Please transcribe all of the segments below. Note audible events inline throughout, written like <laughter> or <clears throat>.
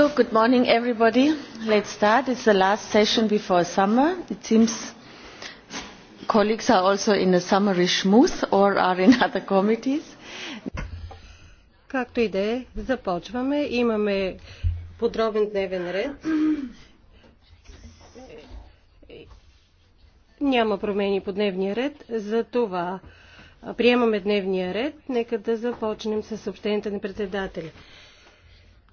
So, good morning, everybody. Let's start. It's the last session before summer. It seems colleagues are also in a summery schmooth or are in <laughs> other committees. Както и да е, започваме. Имаме подробен дневен ред. Няма промени по дневния ред, за това приемаме дневния ред. Нека да започнем с съобщенията на председателя.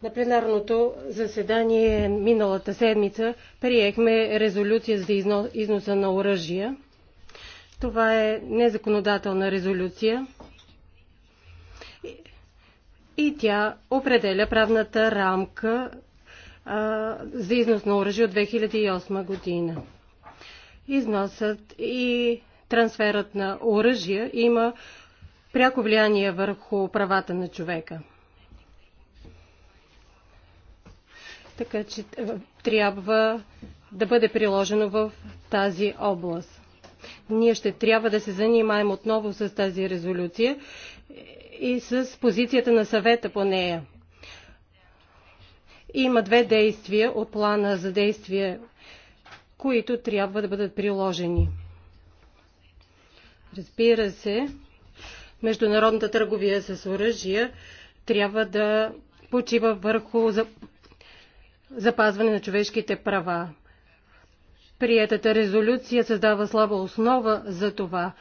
На пленарното заседание миналата седмица приехме резолюция за износа на оръжия. Това е незаконодателна резолюция и тя определя правната рамка за износ на оръжие от 2008 година. Износът и трансферът на оръжия има пряко влияние върху правата на човека. така че е, трябва да бъде приложено в тази област. Ние ще трябва да се занимаем отново с тази резолюция е, и с позицията на съвета по нея. Има две действия от плана за действие, които трябва да бъдат приложени. Разбира се, международната търговия с оръжия трябва да почива върху запазване на човешките права. Приятата резолюция създава слаба основа за това,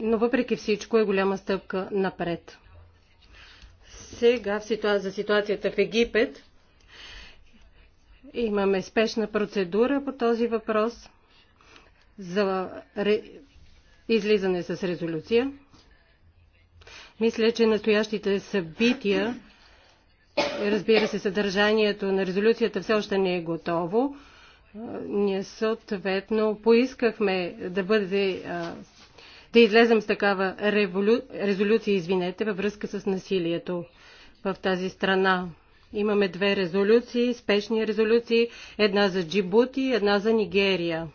но въпреки всичко е голяма стъпка напред. Сега за ситуацията в Египет имаме спешна процедура по този въпрос за ре... излизане с резолюция. Мисля, че настоящите събития Разбира се, съдържанието на резолюцията все още не е готово. Ние съответно поискахме да бъде да излезем с такава револю... резолюция, извинете, във връзка с насилието в тази страна. Имаме две резолюции, спешни резолюции, една за Джибути, една за Нигерия.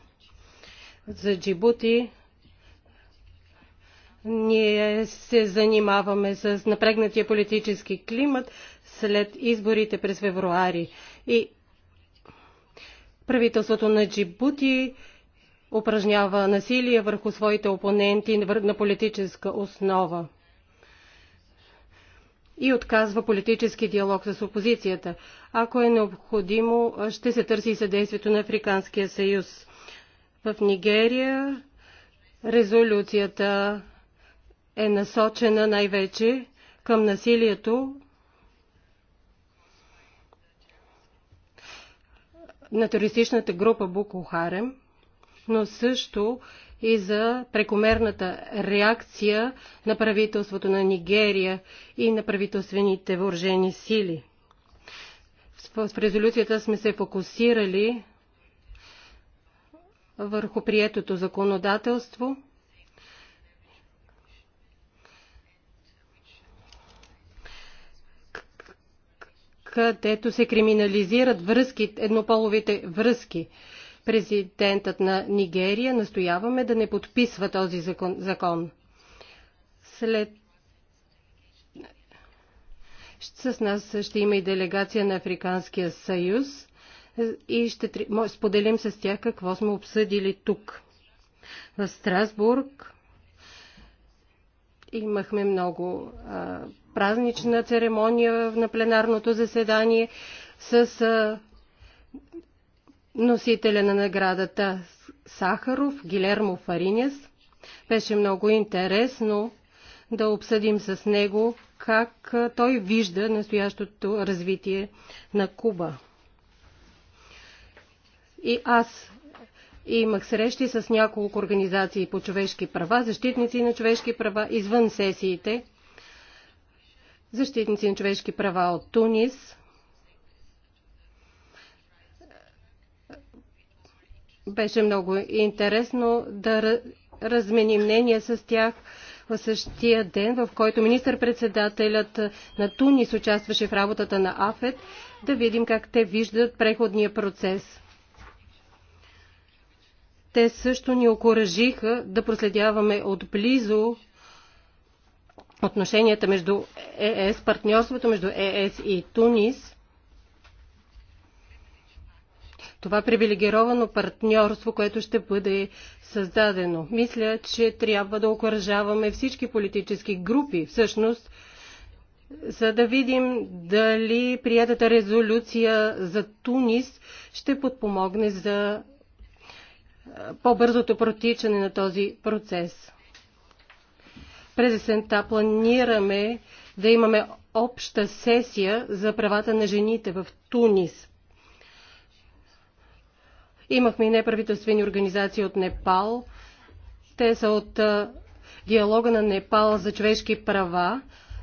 За Джибути ние се занимаваме с напрегнатия политически климат, след изборите през февруари. И правителството на Джибути упражнява насилие върху своите опоненти на политическа основа и отказва политически диалог с опозицията. Ако е необходимо, ще се търси съдействието на Африканския съюз. В Нигерия резолюцията е насочена най-вече към насилието на терористичната група Буко Харем, но също и за прекомерната реакция на правителството на Нигерия и на правителствените въоръжени сили. В резолюцията сме се фокусирали върху приетото законодателство – където се криминализират връзки, еднополовите връзки. Президентът на Нигерия настояваме да не подписва този закон. закон. След с нас ще има и делегация на Африканския съюз е, и ще споделим с тях какво сме обсъдили тук. В Страсбург имахме много а, празнична церемония на пленарното заседание с носителя на наградата Сахаров, Гилермо Фариняс. Беше много интересно да обсъдим с него как той вижда настоящото развитие на Куба. И аз имах срещи с няколко организации по човешки права, защитници на човешки права извън сесиите – защитници на човешки права от Тунис. Беше много интересно да размени мнение с тях в същия ден, в който министър-председателят на Тунис участваше в работата на АФЕД, да видим как те виждат преходния процес. Те също ни окоръжиха да проследяваме отблизо отношенията между ЕС, е партньорството между ЕС е и Тунис, това привилегировано партньорство, което ще бъде създадено. Мисля, че трябва да окоръжаваме всички политически групи, всъщност, за да видим дали приятата резолюция за Тунис ще подпомогне за по-бързото протичане на този процес. През есента планираме да имаме обща сесия за правата на жените в Тунис. Имахме и неправителствени организации от Непал. Те са от диалога на Непал за човешки права.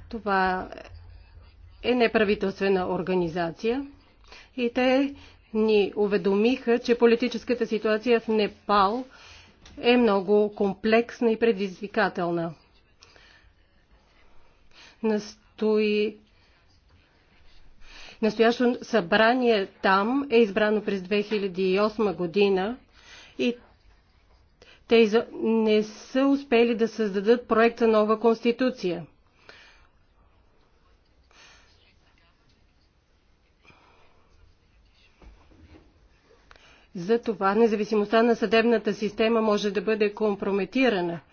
Това е неправителствена организация. И те ни уведомиха, че политическата ситуация в Непал е много комплексна и предизвикателна настои Настоящо събрание там е избрано през 2008 година и те не са успели да създадат проекта нова конституция. Затова независимостта на съдебната система може да бъде компрометирана –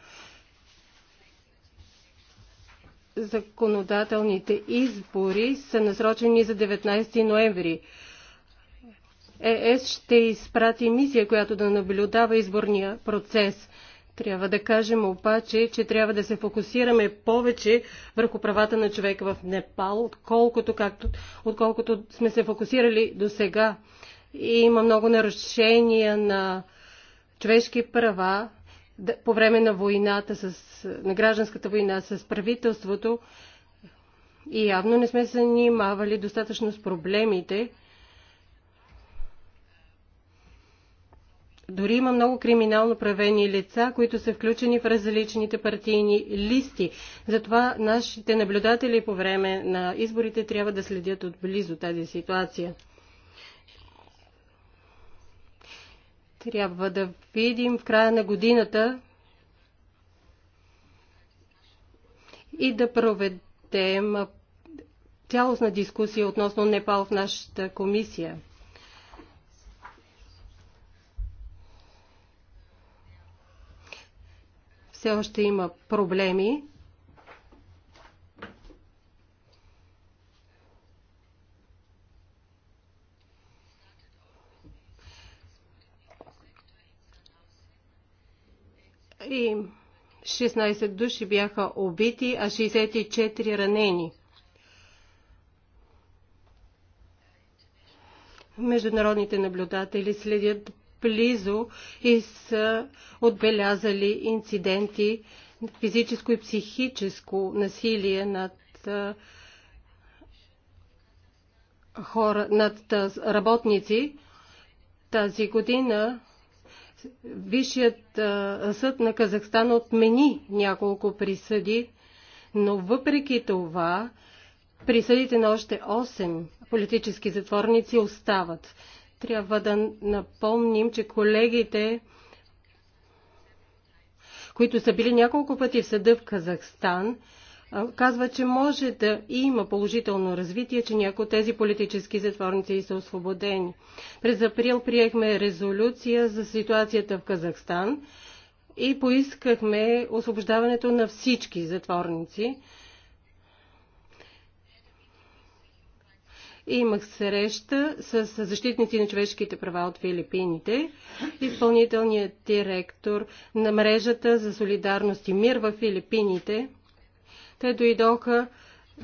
законодателните избори са насрочени за 19 ноември. ЕС ще изпрати мисия, която да наблюдава изборния процес. Трябва да кажем обаче, че трябва да се фокусираме повече върху правата на човека в Непал, отколкото, както, отколкото сме се фокусирали до сега. Има много нарушения на човешки права по време на войната, с, на гражданската война с правителството и явно не сме се занимавали достатъчно с проблемите. Дори има много криминално правени лица, които са включени в различните партийни листи. Затова нашите наблюдатели по време на изборите трябва да следят отблизо тази ситуация. Трябва да видим в края на годината и да проведем цялостна дискусия относно Непал в нашата комисия. Все още има проблеми и 16 души бяха убити, а 64 ранени. Международните наблюдатели следят близо и са отбелязали инциденти физическо и психическо насилие над хора, над работници. Тази година Висшият съд на Казахстан отмени няколко присъди, но въпреки това присъдите на още 8 политически затворници остават. Трябва да напомним, че колегите, които са били няколко пъти в съда в Казахстан, казва, че може да има положително развитие, че някои от тези политически затворници са освободени. През април приехме резолюция за ситуацията в Казахстан и поискахме освобождаването на всички затворници. Имах среща с защитници на човешките права от Филипините, изпълнителният директор на мрежата за солидарност и мир в Филипините – те дойдоха е,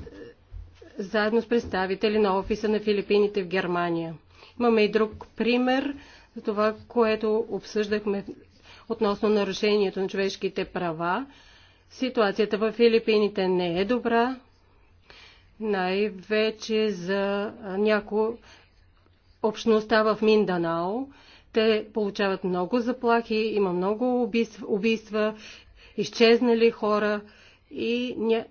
заедно с представители на офиса на Филипините в Германия. Имаме и друг пример за това, което обсъждахме относно нарушението на човешките права. Ситуацията в Филипините не е добра, най-вече за някои общността в Минданао. Те получават много заплахи, има много убийства, убийства изчезнали хора, и ня...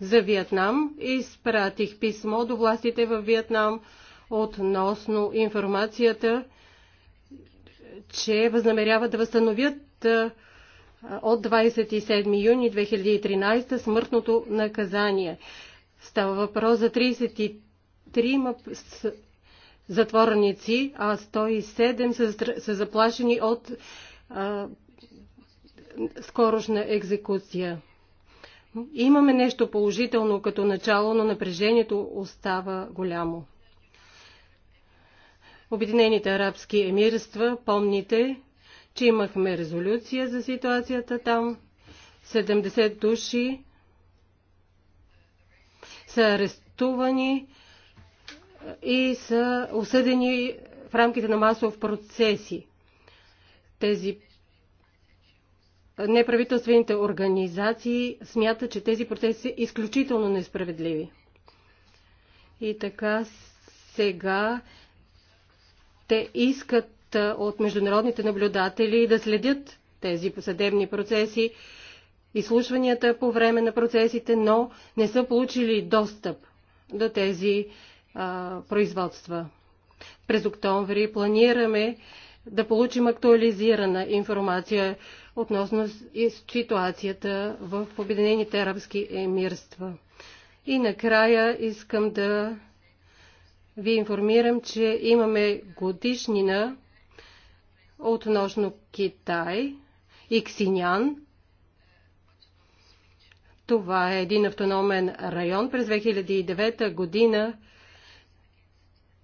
за Виетнам. Изпратих писмо до властите във Виетнам относно информацията, че възнамеряват да възстановят от 27 юни 2013 смъртното наказание. Става въпрос за 33 затворници, а 107 са, заплашени от скорошна екзекуция. Имаме нещо положително като начало, но напрежението остава голямо. Обединените арабски емирства, помните, че имахме резолюция за ситуацията там. 70 души са арестувани и са осъдени в рамките на масов процеси. Тези неправителствените организации смятат, че тези процеси са изключително несправедливи. И така сега те искат от международните наблюдатели да следят тези съдебни процеси, изслушванията по време на процесите, но не са получили достъп до тези производства. През октомври планираме да получим актуализирана информация относно ситуацията в Обединените арабски емирства. И накрая искам да ви информирам, че имаме годишнина относно Китай и Ксинян. Това е един автономен район през 2009 година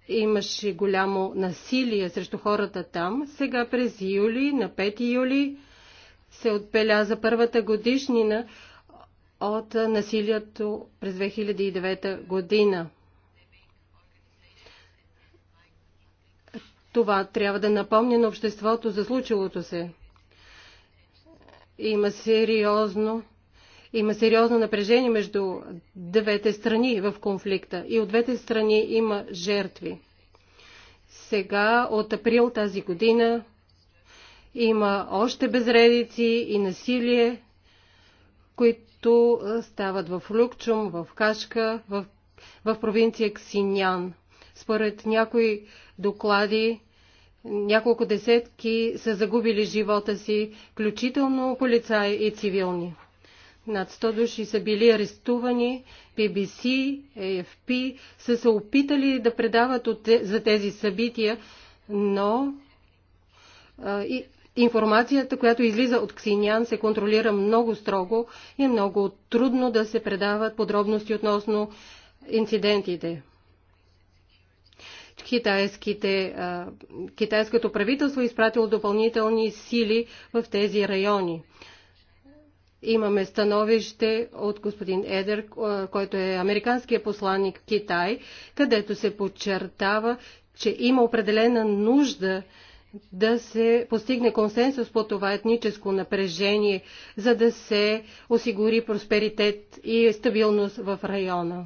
Имаше голямо насилие срещу хората там. Сега през юли, на 5 юли, се отбеляза първата годишнина от насилието през 2009 година. Това трябва да напомня на обществото за случилото се. Има сериозно има сериозно напрежение между двете страни в конфликта и от двете страни има жертви. Сега, от април тази година, има още безредици и насилие, които стават в Лукчум, в Кашка, в, в провинция Ксинян. Според някои доклади, няколко десетки са загубили живота си, включително полицаи и цивилни. Над 100 души са били арестувани, BBC, AFP е са се опитали да предават от, за тези събития, но а, и, информацията, която излиза от Ксинян, се контролира много строго и е много трудно да се предават подробности относно инцидентите. Китайските, а, китайското правителство е изпратило допълнителни сили в тези райони. Имаме становище от господин Едер, който е американския посланник в Китай, където се подчертава, че има определена нужда да се постигне консенсус по това етническо напрежение, за да се осигури просперитет и стабилност в района.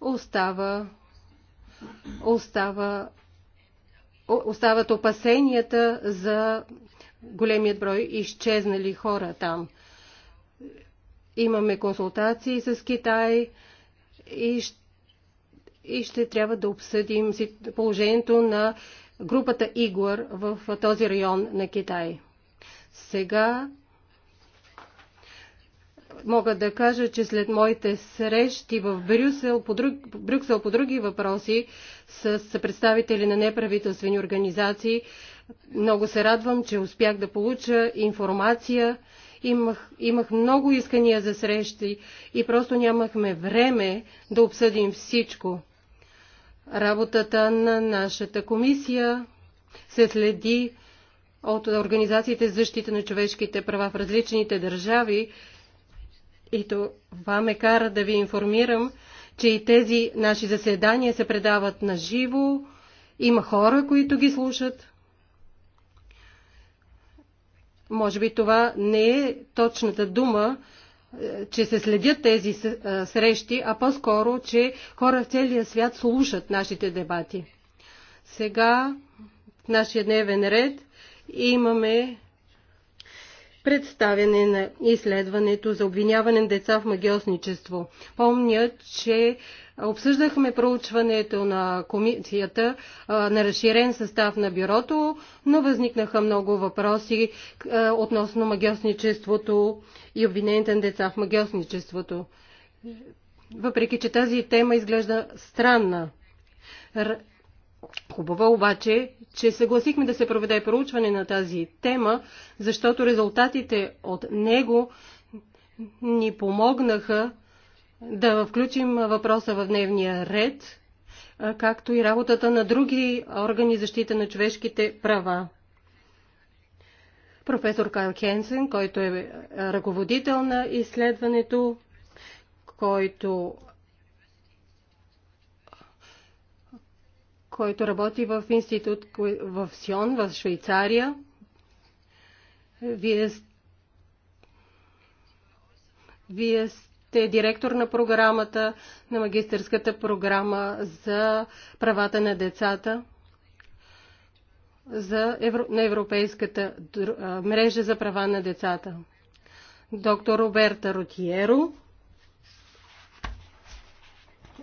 Остава, остава, остават опасенията за големият брой изчезнали хора там. Имаме консултации с Китай и ще, и ще трябва да обсъдим положението на групата Игор в този район на Китай. Сега мога да кажа, че след моите срещи в Брюсел по, друг, Брюксел по други въпроси с представители на неправителствени организации, много се радвам, че успях да получа информация. Имах, имах много искания за срещи и просто нямахме време да обсъдим всичко. Работата на нашата комисия се следи от организациите за защита на човешките права в различните държави и това ме кара да ви информирам, че и тези наши заседания се предават на живо. Има хора, които ги слушат. Може би това не е точната дума, е, че се следят тези е, срещи, а по-скоро, че хора в целия свят слушат нашите дебати. Сега в нашия дневен ред имаме представяне на изследването за обвиняване на деца в магиосничество. Помня, че Обсъждахме проучването на комисията на разширен състав на бюрото, но възникнаха много въпроси относно магиосничеството и обвинените на деца в магиосничеството. Въпреки, че тази тема изглежда странна. Хубаво обаче, че съгласихме да се проведе проучване на тази тема, защото резултатите от него ни помогнаха да включим въпроса в дневния ред, както и работата на други органи защита на човешките права. Професор Кайл Хенсен, който е ръководител на изследването, който който работи в институт в Сион, в Швейцария. Вие, вие е директор на програмата, на магистърската програма за правата на децата за Евро... на Европейската мрежа за права на децата. Доктор Роберта Ротиеро.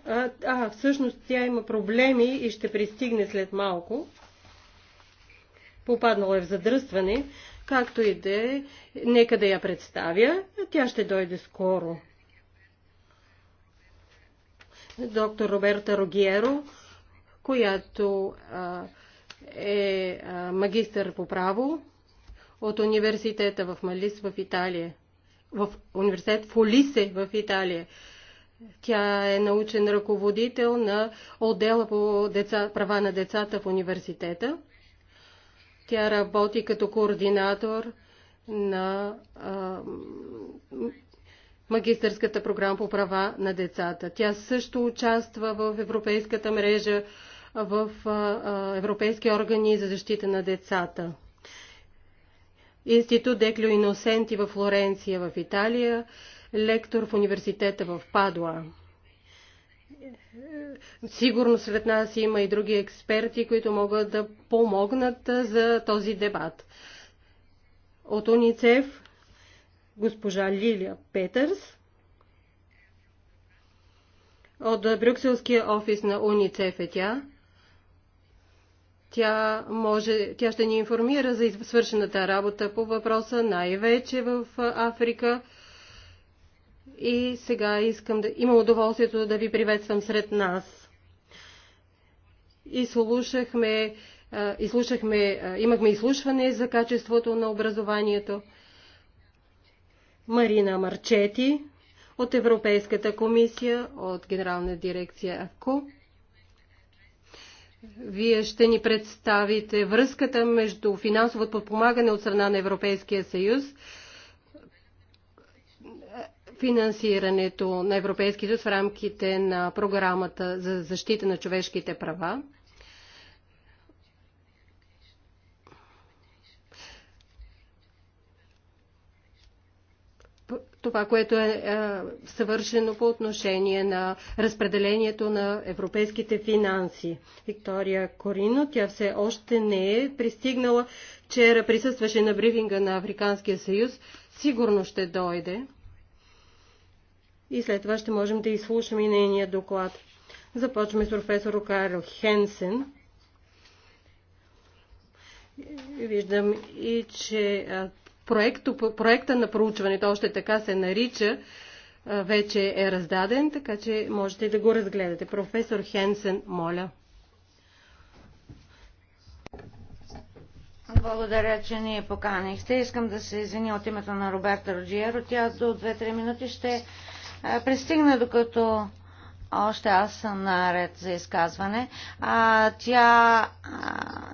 А, а, всъщност тя има проблеми и ще пристигне след малко. Попаднала е в задръстване. Както и да е, нека да я представя. Тя ще дойде скоро доктор Роберта Рогиеро, която е магистър по право от университета в Малис в Италия. В университет Фолисе в Италия. Тя е научен ръководител на отдела по деца, права на децата в университета. Тя работи като координатор на магистърската програма по права на децата. Тя също участва в Европейската мрежа в европейски органи за защита на децата. Институт Деклио Иносенти в Флоренция в Италия, лектор в университета в Падуа. Сигурно сред нас има и други експерти, които могат да помогнат за този дебат. От УНИЦЕФ госпожа Лилия Петърс от Брюкселския офис на УНИЦЕФ е тя. Тя, може, тя ще ни информира за свършената работа по въпроса най-вече в Африка. И сега искам да имам удоволствието да ви приветствам сред нас. И слушахме, слушахме, имахме изслушване за качеството на образованието – Марина Марчети от Европейската комисия, от Генерална дирекция АКО. Вие ще ни представите връзката между финансовото подпомагане от страна на Европейския съюз, финансирането на Европейския съюз в рамките на програмата за защита на човешките права това, което е, е съвършено по отношение на разпределението на европейските финанси. Виктория Корино, тя все още не е пристигнала. Вчера присъстваше на брифинга на Африканския съюз. Сигурно ще дойде. И след това ще можем да изслушаме нейния доклад. Започваме с професор Карл Хенсен. Виждам и, че проекто, проекта на проучването, още така се нарича, вече е раздаден, така че можете да го разгледате. Професор Хенсен, моля. Благодаря, че ни поканихте. Искам да се извиня от името на Роберта Роджиеро. Тя до 2-3 минути ще пристигне, докато още аз съм наред за изказване. А, тя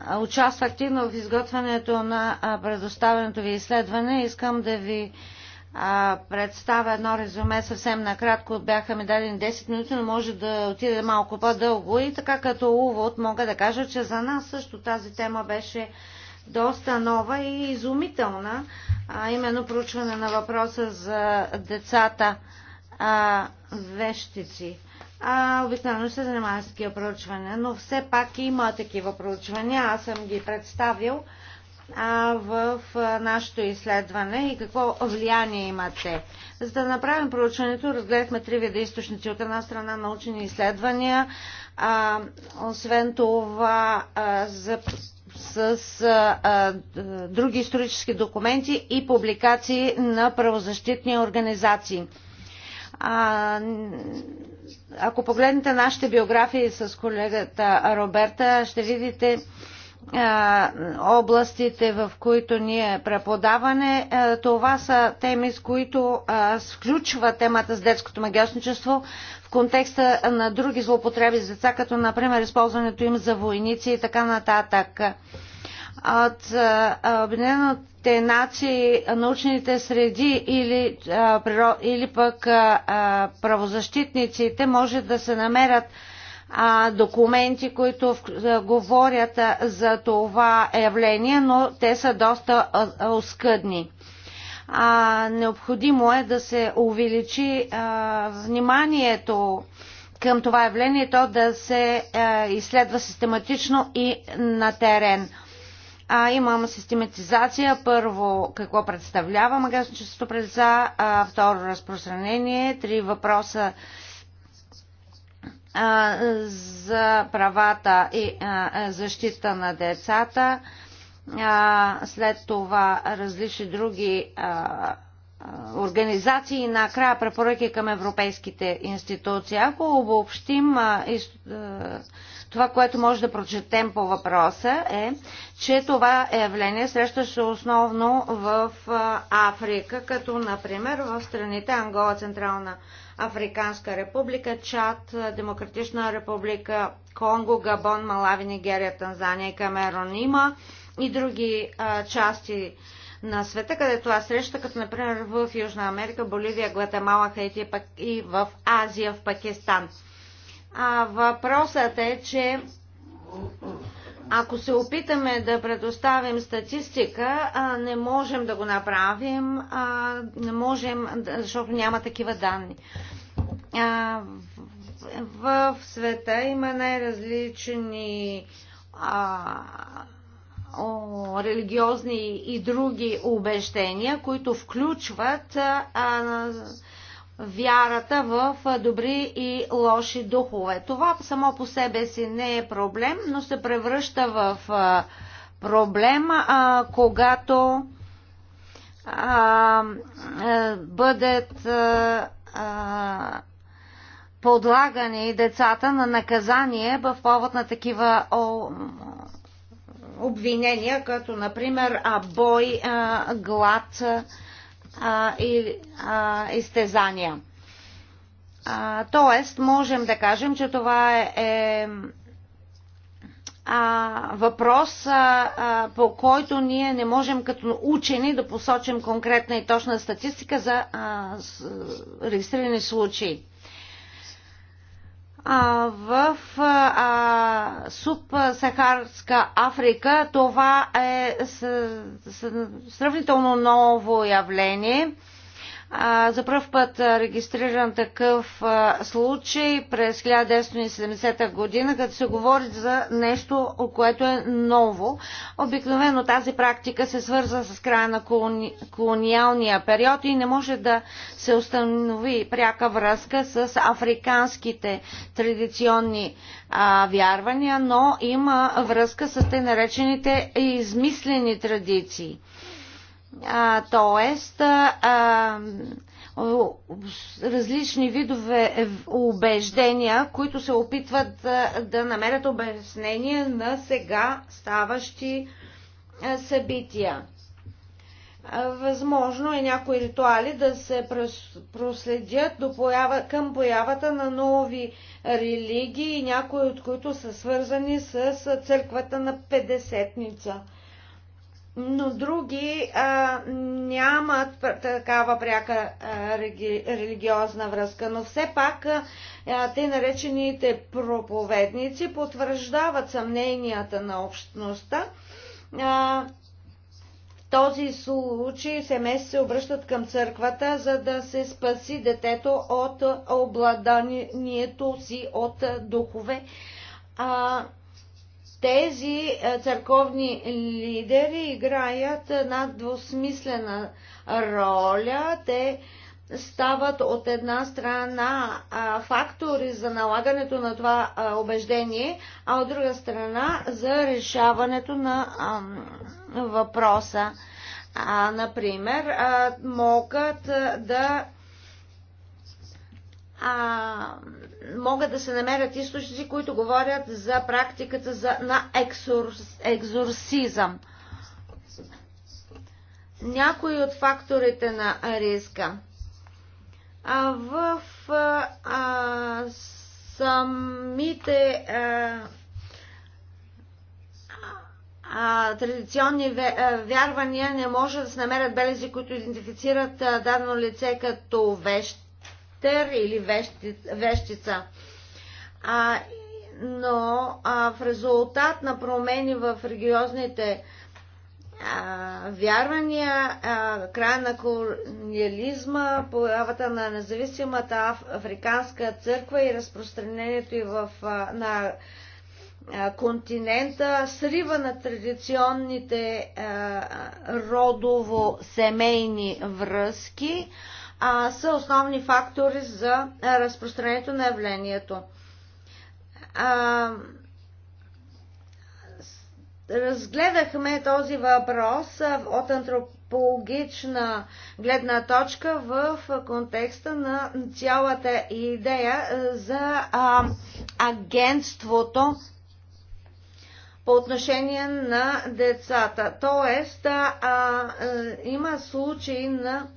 а, участва активно в изготвянето на а, предоставеното ви изследване. Искам да ви а, представя едно резюме съвсем накратко. Бяха ми дадени 10 минути, но може да отиде малко по-дълго. И така като увод мога да кажа, че за нас също тази тема беше доста нова и изумителна, а именно проучване на въпроса за децата а, вещици а, обикновено се занимава с такива проучвания, но все пак има такива проучвания. Аз съм ги представил а, в а, нашето изследване и какво влияние имат те. За да направим проучването, разгледахме три вида източници. От една страна научни изследвания, а, освен това а, за, с, а, а, други исторически документи и публикации на правозащитни организации. А, ако погледнете нашите биографии с колегата Роберта, ще видите а, областите, в които ние преподаване. А, това са теми, с които включва темата с детското магиосничество в контекста на други злоупотреби с деца, като например използването им за войници и така нататък от Обединените нации научните среди или, или пък правозащитниците може да се намерят документи, които говорят за това явление, но те са доста оскъдни. Необходимо е да се увеличи вниманието към това явление, то да се изследва систематично и на терен а, имам систематизация. Първо, какво представлява магазинчеството пред а, второ, разпространение, три въпроса а, за правата и а, защита на децата, а, след това различни други а, организации и накрая препоръки към европейските институции. Ако обобщим а, и, а, това, което може да прочетем по въпроса е, че това явление среща се основно в Африка, като например в страните Ангола, Централна Африканска република, Чад, Демократична република, Конго, Габон, Малави, Нигерия, Танзания и Камерон. Има и други а, части на света, където аз среща, като например в Южна Америка, Боливия, Гватемала, Хаити и в Азия, в Пакистан. А въпросът е, че ако се опитаме да предоставим статистика, не можем да го направим, не можем, защото няма такива данни. В света има най-различни религиозни и други убеждения, които включват вярата в добри и лоши духове. Това само по себе си не е проблем, но се превръща в проблем, когато бъдат подлагани децата на наказание в повод на такива обвинения, като например бой, глад, а, и а, изтезания. А, тоест, можем да кажем, че това е, е, а, въпрос, а, а, по който ние не можем като учени да посочим конкретна и точна статистика за а, с, регистрирани случаи в субсахарска Африка това е сравнително ново явление. За първ път регистриран такъв случай през 1970 година, като се говори за нещо, което е ново. Обикновено тази практика се свърза с края на колониалния период и не може да се установи пряка връзка с африканските традиционни а, вярвания, но има връзка с те наречените измислени традиции. Тоест, различни видове убеждения, които се опитват да намерят обяснение на сега ставащи събития. Възможно е някои ритуали да се проследят до поява, към появата на нови религии, някои от които са свързани с църквата на Педесетница – но други а, нямат такава пряка а, религиозна връзка. Но все пак а, те наречените проповедници потвърждават съмненията на общността. А, в този случай семейства се обръщат към църквата, за да се спаси детето от обладанието си от духове. А, тези е, църковни лидери играят една двусмислена роля. Те стават от една страна е, фактори за налагането на това е, убеждение, а от друга страна за решаването на въпроса. Например, могат да могат да се намерят източници, които говорят за практиката за, на екзорс, екзорсизъм. Някои от факторите на риска. А в а, самите а, а, традиционни вярвания не може да се намерят белези, които идентифицират дадено лице като вещ тер или вещи, вещица. А, но а, в резултат на промени в религиозните а, вярвания, а, края на колониализма, появата на независимата африканска църква и разпространението и в, а, на а, континента, срива на традиционните а, родово-семейни връзки, а, а, са основни фактори за разпространението на явлението. А, разгледахме този въпрос от антропологична гледна точка в контекста на цялата идея за а, агентството по отношение на децата. Тоест, а, а, има случаи на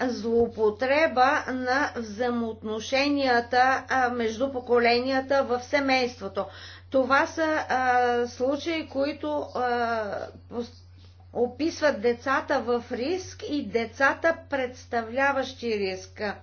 злоупотреба на взаимоотношенията между поколенията в семейството. Това са а, случаи, които а, описват децата в риск и децата представляващи риска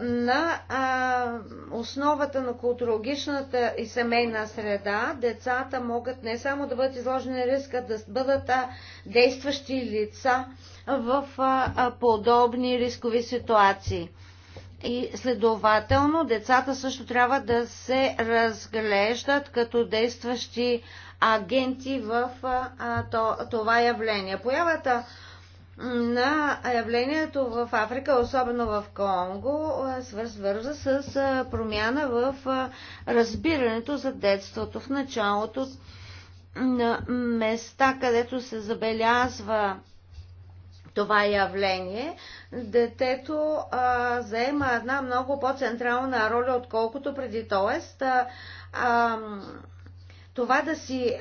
на а, основата на културологичната и семейна среда децата могат не само да бъдат изложени на риска, да бъдат а, действащи лица в а, подобни рискови ситуации. И следователно децата също трябва да се разглеждат като действащи агенти в а, то, това явление. Появата на явлението в Африка, особено в Конго, е свързва с промяна в разбирането за детството. В началото на места, където се забелязва това явление, детето а, заема една много по-централна роля, отколкото преди. Тоест, а, а, това да си е,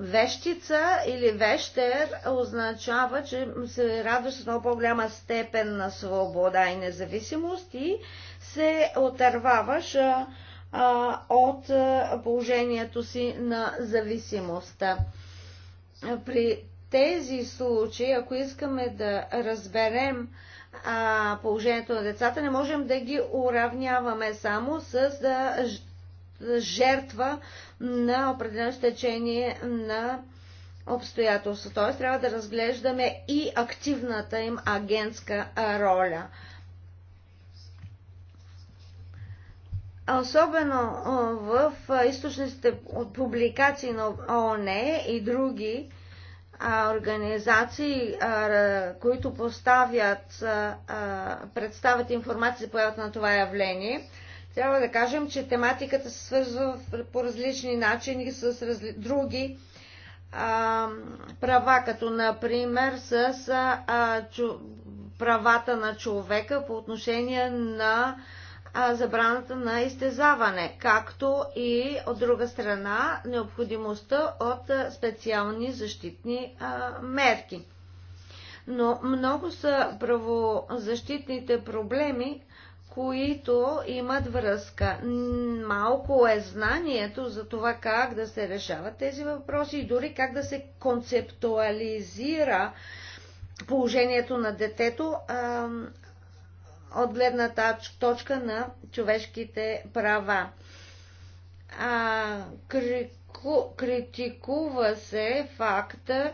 вещица или вещер означава, че се радваш с много по-голяма степен на свобода и независимост и се отърваваш е, от положението си на зависимост. При тези случаи, ако искаме да разберем положението на децата, не можем да ги уравняваме само с да, жертва на определено стечение на обстоятелства. Т.е. трябва да разглеждаме и активната им агентска роля. Особено в източниците публикации на ООН и други организации, които поставят, представят информация за появата на това явление, трябва да кажем, че тематиката се свързва по различни начини с разли... други а, права, като например с а, чу... правата на човека по отношение на а, забраната на изтезаване, както и от друга страна необходимостта от специални защитни а, мерки. Но много са правозащитните проблеми, които имат връзка. Малко е знанието за това как да се решават тези въпроси и дори как да се концептуализира положението на детето а, от гледна точка на човешките права. А, крику, критикува се факта,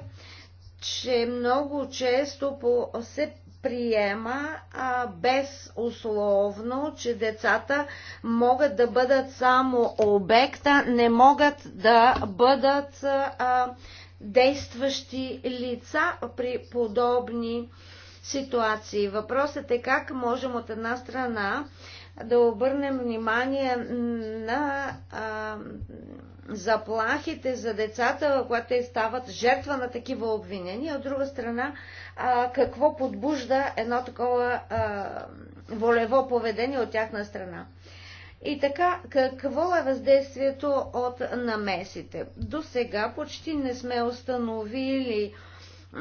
че много често по, се приема а, безусловно, че децата могат да бъдат само обекта, не могат да бъдат а, действащи лица при подобни ситуации. Въпросът е как можем от една страна да обърнем внимание на а, заплахите за децата, когато те стават жертва на такива обвинения, от друга страна, а, какво подбужда едно такова а, волево поведение от тяхна страна. И така, какво е въздействието от намесите? До сега почти не сме установили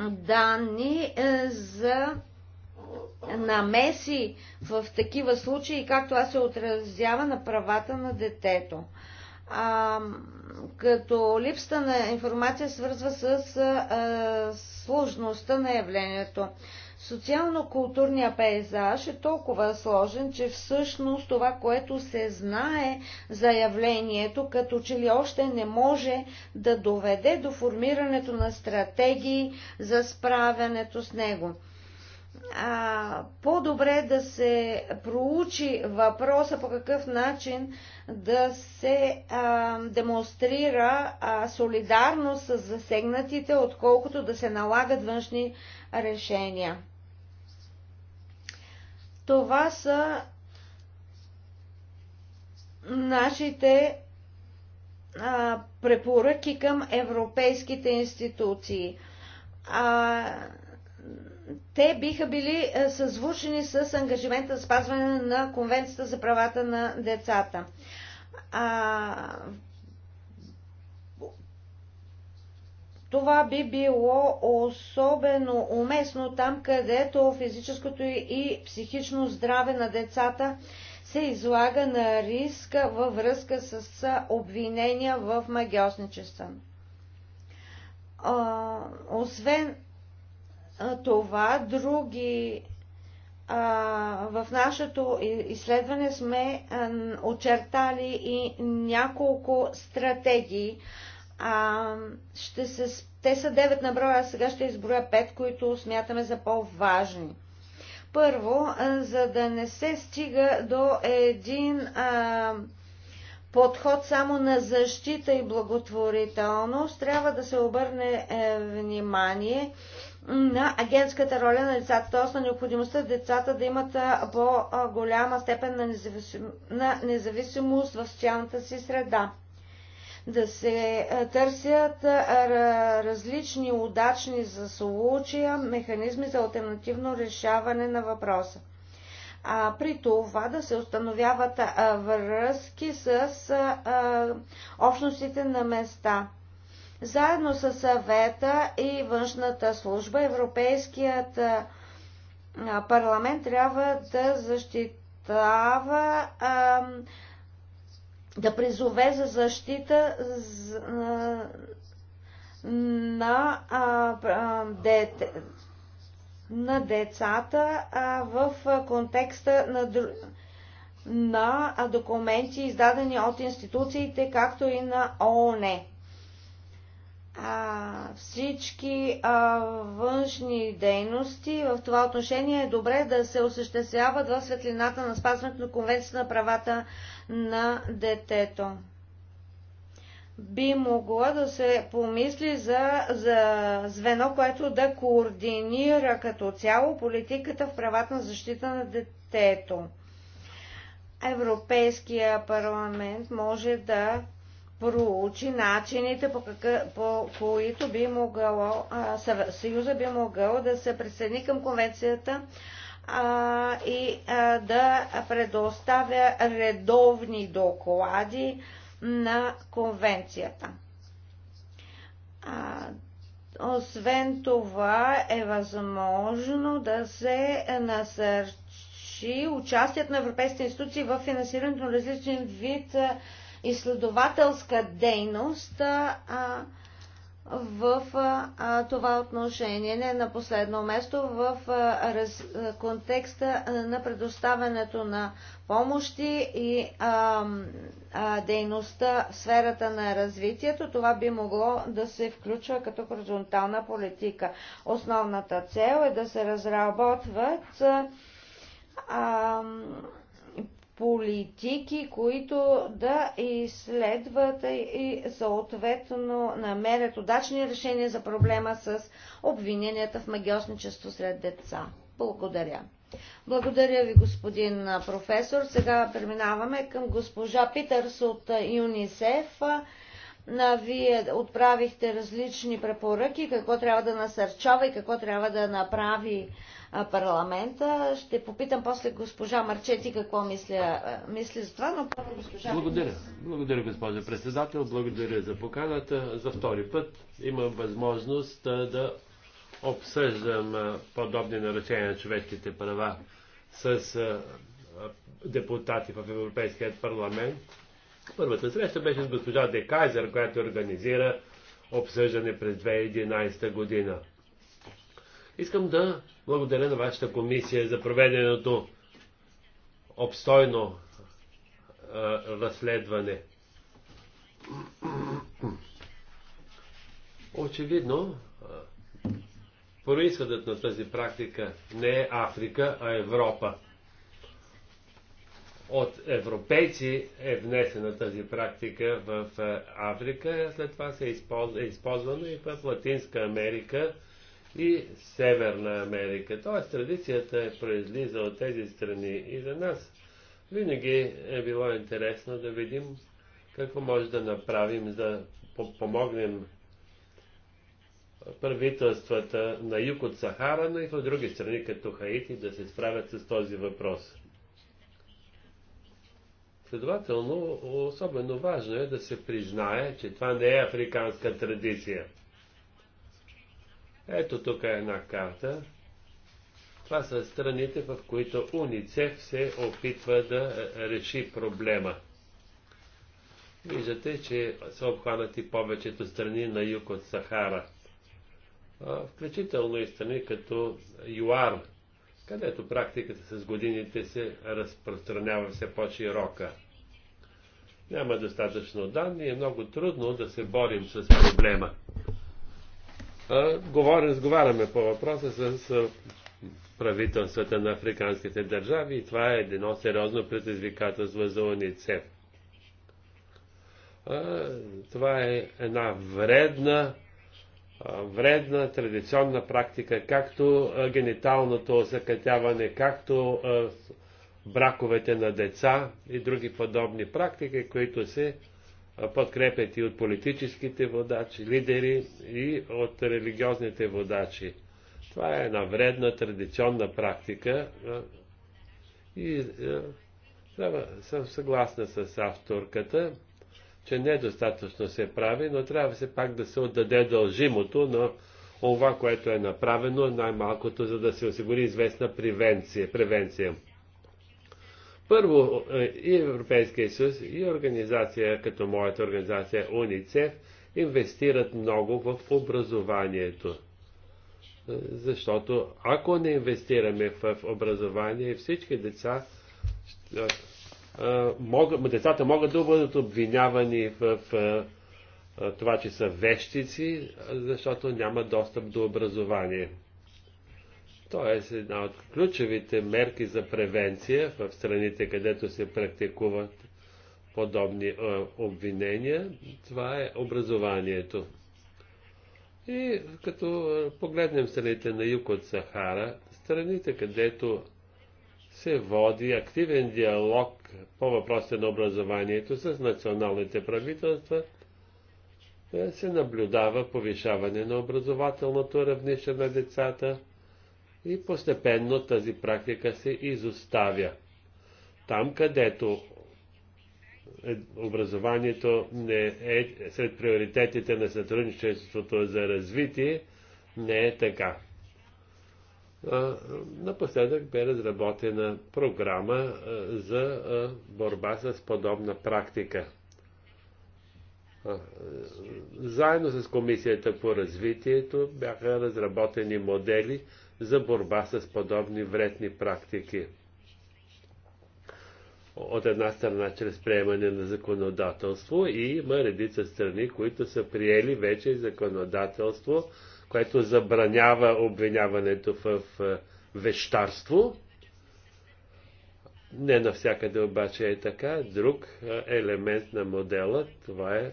данни е, за намеси в такива случаи, както това се отразява на правата на детето а, като липсата на информация свързва с а, сложността на явлението. Социално-културният пейзаж е толкова сложен, че всъщност това, което се знае за явлението, като че ли още не може да доведе до формирането на стратегии за справянето с него по-добре да се проучи въпроса по какъв начин да се а, демонстрира а, солидарност с засегнатите, отколкото да се налагат външни решения. Това са нашите а, препоръки към европейските институции. А, те биха били е, съзвучени с ангажимента за спазване на Конвенцията за правата на децата. А, това би било особено уместно там, където физическото и психично здраве на децата се излага на риска във връзка с обвинения в магиосничество. Освен това, други в нашето изследване сме очертали и няколко стратегии. Ще се, те са 9 на броя, а сега ще изброя 5, които смятаме за по-важни. Първо, за да не се стига до един а, подход само на защита и благотворителност, трябва да се обърне е, внимание на агентската роля на децата, т.е. на необходимостта децата да имат по-голяма степен на, независим, на независимост в социалната си среда. Да се търсят различни удачни за случая механизми за альтернативно решаване на въпроса. А при това да се установяват връзки с общностите на места – заедно с съвета и външната служба, Европейският парламент трябва да защитава, да призове за защита на, на децата в контекста на на документи, издадени от институциите, както и на ООН а, всички а, външни дейности в това отношение е добре да се осъществяват в светлината на спазването на Конвенцията на правата на детето. Би могло да се помисли за, за звено, което да координира като цяло политиката в правата на защита на детето. Европейския парламент може да проучи начините, по, какъв, по които би а, Съюза би могъл да се присъедини към конвенцията а, и а, да предоставя редовни доклади на конвенцията. А, освен това е възможно да се насърчи участието на европейските институции в финансирането на различен вид изследователска дейност а, в а, това отношение. Не на последно место в а, раз, контекста на предоставянето на помощи и а, а, дейността в сферата на развитието, това би могло да се включва като хоризонтална политика. Основната цел е да се разработват а, политики, които да изследват и съответно намерят удачни решения за проблема с обвиненията в магиосничество сред деца. Благодаря. Благодаря ви, господин професор. Сега преминаваме към госпожа Питърс от ЮНИСЕФ на вие отправихте различни препоръки, какво трябва да насърчава и какво трябва да направи парламента. Ще попитам после госпожа Марчети какво мисля, мисля за това, но първо госпожа... Благодаря. Благодаря, госпожа председател. Благодаря за поканата. За втори път имам възможност да обсъждам подобни нарушения на човешките права с депутати в Европейският парламент Първата среща беше с госпожа Де Кайзер, която организира обсъждане през 2011 година. Искам да благодаря на вашата комисия за проведеното обстойно а, разследване. Очевидно, происходът на тази практика не е Африка, а Европа от европейци е внесена тази практика в е, Африка, след това се е, използвана и в Латинска Америка и Северна Америка. Тоест традицията е произлиза от тези страни и за нас винаги е било интересно да видим какво може да направим, да помогнем правителствата на юг от Сахара, но и в други страни като Хаити да се справят с този въпрос. Следователно, особено важно е да се признае, че това не е африканска традиция. Ето тук е една карта. Това са страните, в които УНИЦЕФ се опитва да реши проблема. Виждате, че са обхванати повечето страни на юг от Сахара. Включително и страни като ЮАР, където практиката с годините се разпространява все по-широка. Няма достатъчно данни, и е много трудно да се борим с проблема. Говорим, разговаряме по въпроса с правителствата на африканските държави и това е едно сериозно предизвикателство за унице. Това е една вредна вредна традиционна практика, както гениталното осъкътяване, както браковете на деца и други подобни практики, които се подкрепят и от политическите водачи, лидери и от религиозните водачи. Това е една вредна традиционна практика и съм съгласна с авторката, че недостатъчно се прави, но трябва се пак да се отдаде дължимото на това, което е направено, най-малкото, за да се осигури известна превенция. превенция. Първо, е, и Европейския съюз, и организация, като моята организация УНИЦЕФ, инвестират много в образованието. Е, защото ако не инвестираме в образование, всички деца е, могат, децата могат да бъдат обвинявани в, в това, че са вещици, защото няма достъп до образование. Тоест, една от ключовите мерки за превенция в страните, където се практикуват подобни е, обвинения, това е образованието. И като погледнем страните на юг от Сахара, страните, където се води активен диалог по въпросите на образованието с националните правителства, е, се наблюдава повишаване на образователното равнище на децата и постепенно тази практика се изоставя. Там, където е, образованието не е сред приоритетите на сътрудничеството за развитие, не е така напоследък бе разработена програма за борба с подобна практика. Заедно с Комисията по развитието бяха разработени модели за борба с подобни вредни практики. От една страна чрез приемане на законодателство и има редица страни, които са приели вече законодателство което забранява обвиняването в е, вещарство. Не навсякъде обаче е така. Друг е, елемент на модела, това е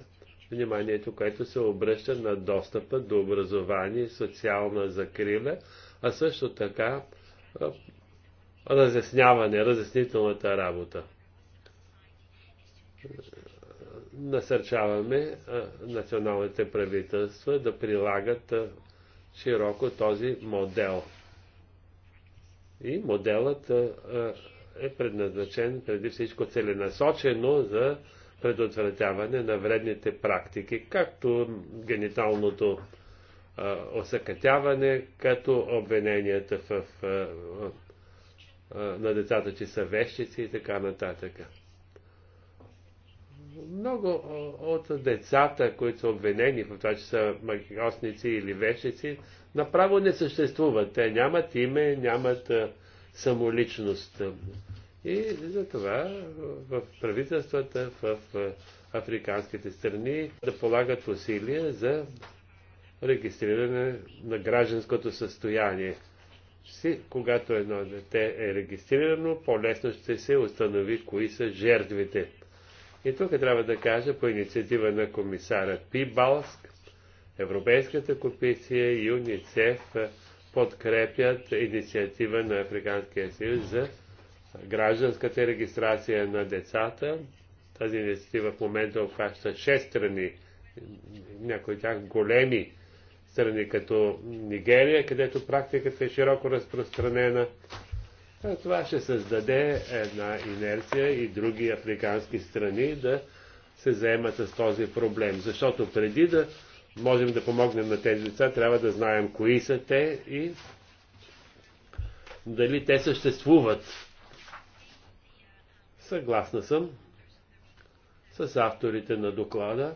вниманието, което се обръща на достъпа до образование, социална закриля, а също така е, разясняване, разяснителната работа. Насърчаваме националните правителства да прилагат широко този модел. И моделът е предназначен преди всичко целенасочено за предотвратяване на вредните практики, както гениталното осъкътяване, като обвиненията в, в, в, на децата, че са вещици и така нататък много от децата, които са обвинени в това, че са магиосници или вещици, направо не съществуват. Те нямат име, нямат самоличност. И затова в правителствата, в африканските страни да полагат усилия за регистриране на гражданското състояние. Когато едно дете е регистрирано, по-лесно ще се установи кои са жертвите. И тук трябва да кажа по инициатива на комисара Пибалск, Европейската комисия и ЮНИЦЕФ подкрепят инициатива на Африканския съюз за гражданската регистрация на децата. Тази инициатива в момента обхваща 6 страни, някои от тях големи страни, като Нигерия, където практиката е широко разпространена, това ще създаде една инерция и други африкански страни да се заемат с този проблем. Защото преди да можем да помогнем на тези деца, трябва да знаем кои са те и дали те съществуват. Съгласна съм с авторите на доклада,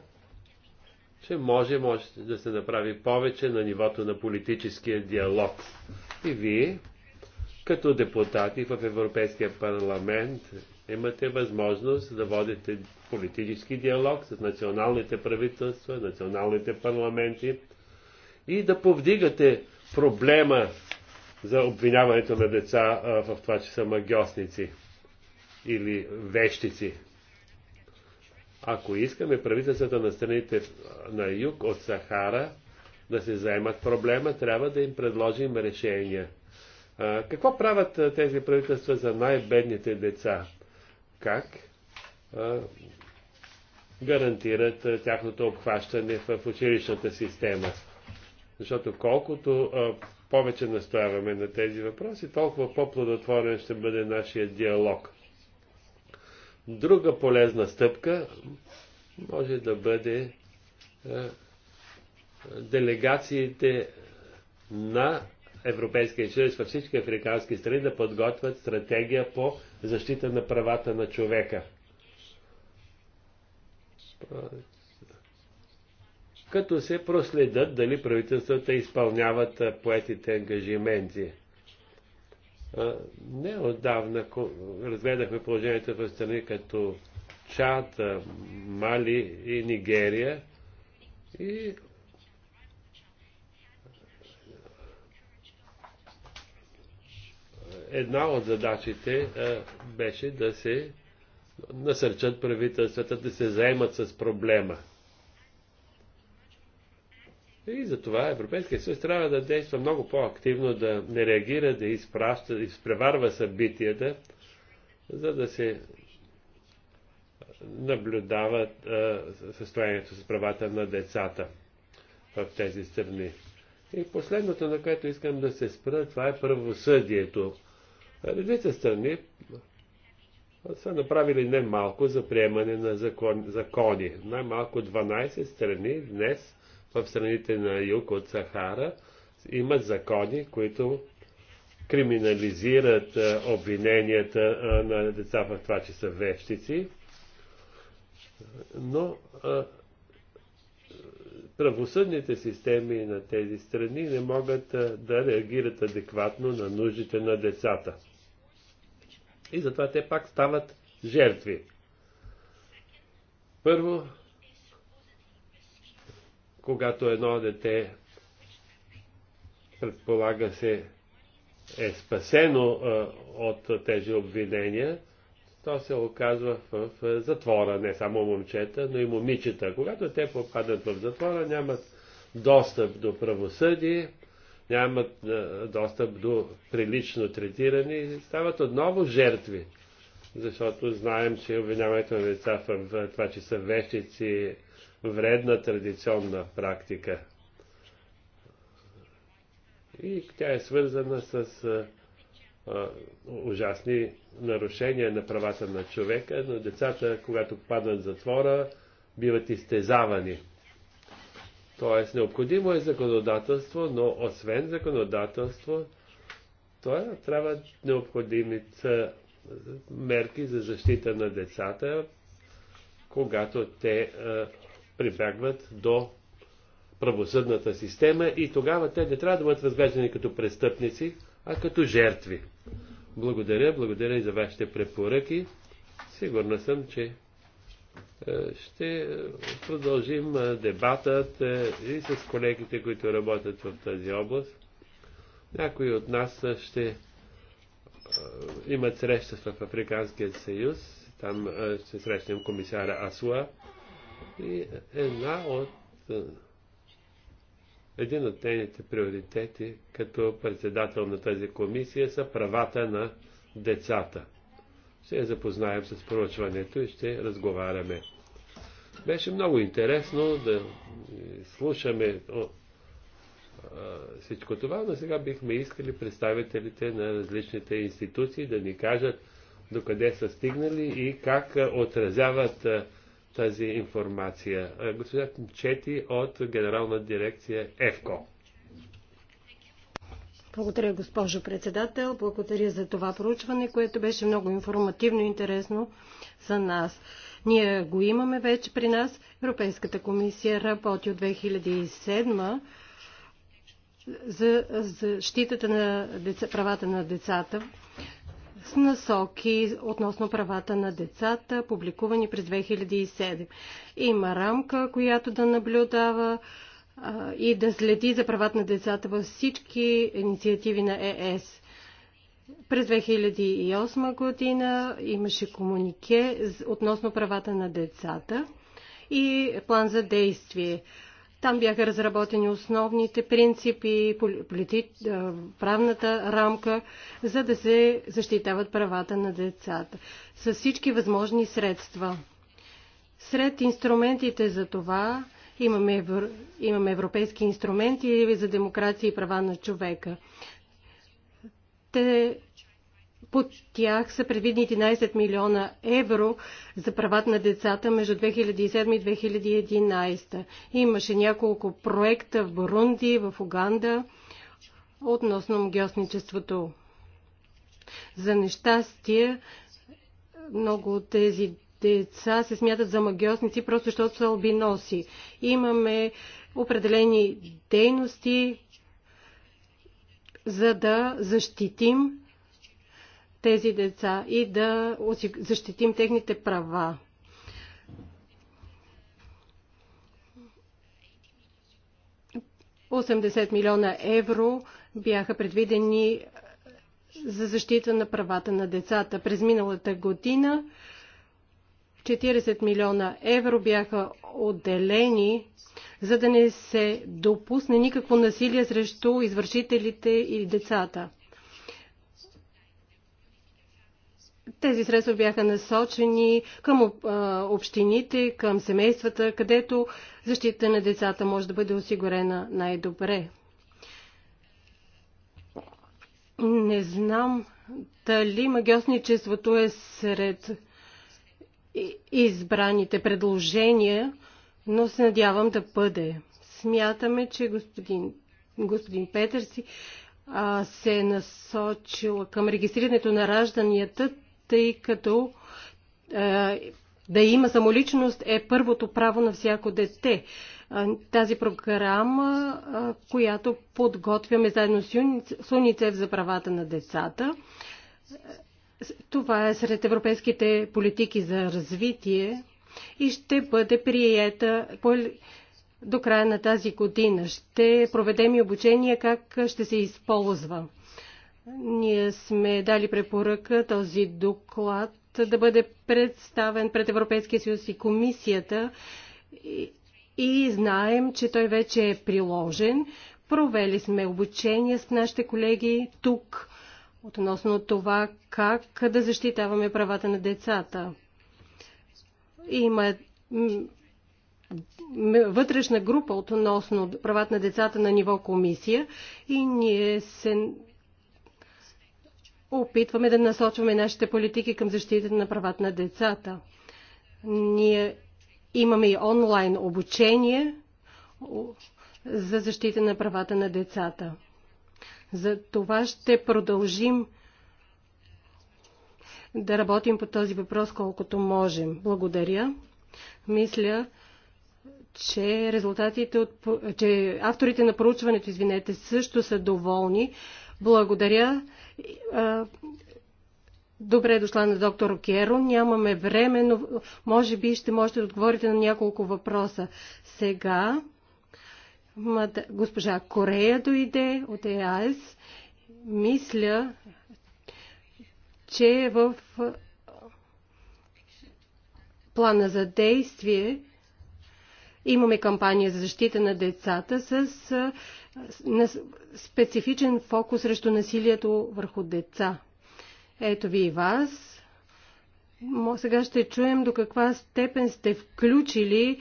че може, може да се направи повече на нивото на политическия диалог. И вие, като депутати в Европейския парламент имате възможност да водите политически диалог с националните правителства, националните парламенти и да повдигате проблема за обвиняването на деца в това, че са магиосници или вещици. Ако искаме правителствата на страните на юг от Сахара да се заемат проблема, трябва да им предложим решения – какво правят тези правителства за най-бедните деца? Как гарантират тяхното обхващане в училищната система? Защото колкото повече настояваме на тези въпроси, толкова по-плодотворен ще бъде нашия диалог. Друга полезна стъпка може да бъде делегациите на Европейския съюз във всички африкански страни да подготвят стратегия по защита на правата на човека. Като се проследят дали правителствата изпълняват поетите ангажименти. Не отдавна разгледахме положението в страни като Чад, Мали и Нигерия и една от задачите беше да се насърчат правителствата да се заемат с проблема. И затова Европейския съюз трябва да действа много по-активно, да не реагира, да изпраща, да изпреварва събитията, за да се наблюдава състоянието с правата на децата в тези страни. И последното, на което искам да се спра, това е правосъдието. Редите страни са направили немалко за приемане на закон, закони. Най-малко 12 страни днес в страните на юг от Сахара имат закони, които криминализират обвиненията на деца в това, че са вещици. Но правосъдните системи на тези страни не могат да реагират адекватно на нуждите на децата и затова те пак стават жертви. Първо, когато едно дете предполага се е спасено а, от тези обвинения, то се оказва в, в затвора, не само момчета, но и момичета. Когато те попадат в затвора, нямат достъп до правосъдие, нямат достъп до прилично третиране и стават отново жертви. Защото знаем, че обвиняването на деца в това, че са вещици, вредна традиционна практика. И тя е свързана с а, ужасни нарушения на правата на човека, но децата, когато падат в затвора, биват изтезавани. Тоест, необходимо е законодателство, но освен законодателство, това е, трябва необходими са мерки за защита на децата, когато те а, прибягват до правосъдната система и тогава те не трябва да бъдат разглеждани като престъпници, а като жертви. Благодаря, благодаря и за вашите препоръки. Сигурна съм, че е, ще продължим е, дебатът е, и с колегите, които работят в тази област. Някои от нас ще имат среща в Африканския съюз. Там ще срещнем комисара Асуа. И една от един от нейните приоритети като председател на тази комисия са правата на децата се я запознаем с проучването и ще разговаряме. Беше много интересно да слушаме о, а, всичко това, но сега бихме искали представителите на различните институции да ни кажат докъде са стигнали и как отразяват тази информация. Госпожа Чети от Генерална дирекция ЕФКО. Благодаря, госпожо председател. Благодаря за това проучване, което беше много информативно и интересно за нас. Ние го имаме вече при нас. Европейската комисия работи от 2007 за защитата на деца, правата на децата с насоки относно правата на децата, публикувани през 2007. Има рамка, която да наблюдава и да следи за правата на децата във всички инициативи на ЕС. През 2008 година имаше комунике относно правата на децата и план за действие. Там бяха разработени основните принципи, полити... правната рамка, за да се защитават правата на децата с всички възможни средства. Сред инструментите за това Имаме, евро, имаме европейски инструменти за демокрация и права на човека. Те под тях са предвидни 11 милиона евро за правата на децата между 2007 и 2011. Имаше няколко проекта в Бурунди, в Уганда относно мгиосничеството. За нещастие, много от тези деца се смятат за магиосници, просто защото са албиноси. Имаме определени дейности, за да защитим тези деца и да защитим техните права. Осемдесет милиона евро бяха предвидени за защита на правата на децата. През миналата година 40 милиона евро бяха отделени, за да не се допусне никакво насилие срещу извършителите и децата. Тези средства бяха насочени към общините, към семействата, където защита на децата може да бъде осигурена най-добре. Не знам дали магиосничеството е сред избраните предложения, но се надявам да бъде. Смятаме, че господин, господин Петърси а, се е насочил към регистрирането на ражданията, тъй като а, да има самоличност е първото право на всяко дете. Тази програма, която подготвяме заедно с УНИЦЕФ за правата на децата, това е сред европейските политики за развитие и ще бъде приета до края на тази година. Ще проведем и обучение как ще се използва. Ние сме дали препоръка този доклад да бъде представен пред Европейския съюз и комисията и, и знаем, че той вече е приложен. Провели сме обучение с нашите колеги тук относно това как да защитаваме правата на децата. Има вътрешна група относно правата на децата на ниво комисия и ние се опитваме да насочваме нашите политики към защита на правата на децата. Ние имаме и онлайн обучение за защита на правата на децата. За това ще продължим да работим по този въпрос колкото можем. Благодаря. Мисля, че резултатите от, че авторите на проучването, извинете, също са доволни. Благодаря. Добре дошла на доктор Керо, Нямаме време, но може би ще можете да отговорите на няколко въпроса. Сега Госпожа Корея дойде от ЕАЗ. Мисля, че в плана за действие имаме кампания за защита на децата с специфичен фокус срещу насилието върху деца. Ето ви и вас. Сега ще чуем до каква степен сте включили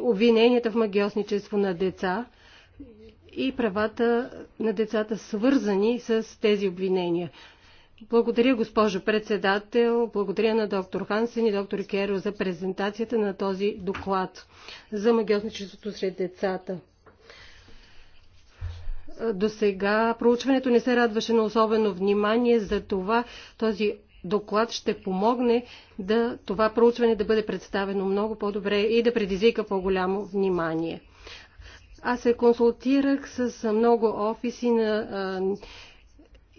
обвиненията в магиосничество на деца и правата на децата, свързани с тези обвинения. Благодаря, госпожо председател. Благодаря на доктор Хансен и доктор Керо за презентацията на този доклад за магиосничеството сред децата. До сега проучването не се радваше на особено внимание за това този доклад ще помогне да това проучване да бъде представено много по-добре и да предизвика по-голямо внимание. Аз се консултирах с много офиси на,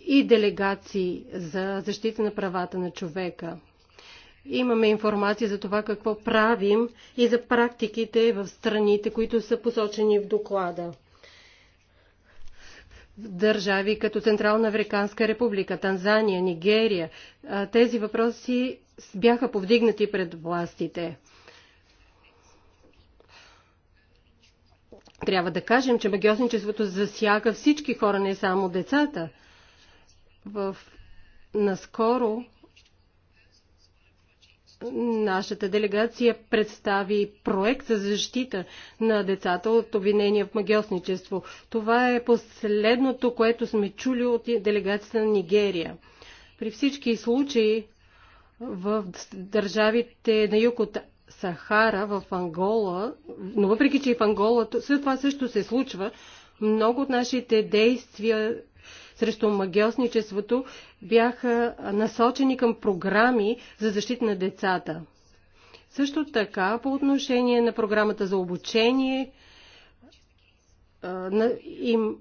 и делегации за защита на правата на човека. Имаме информация за това какво правим и за практиките в страните, които са посочени в доклада държави като Централна Африканска република, Танзания, Нигерия. Тези въпроси бяха повдигнати пред властите. Трябва да кажем, че магиосничеството засяга всички хора, не само децата. В... Наскоро Нашата делегация представи проект за защита на децата от обвинения в магиосничество. Това е последното, което сме чули от делегацията на Нигерия. При всички случаи в държавите на юг от Сахара, в Ангола, но въпреки, че и в Ангола, след това също се случва, много от нашите действия срещу магиосничеството бяха насочени към програми за защита на децата. Също така, по отношение на програмата за обучение, им,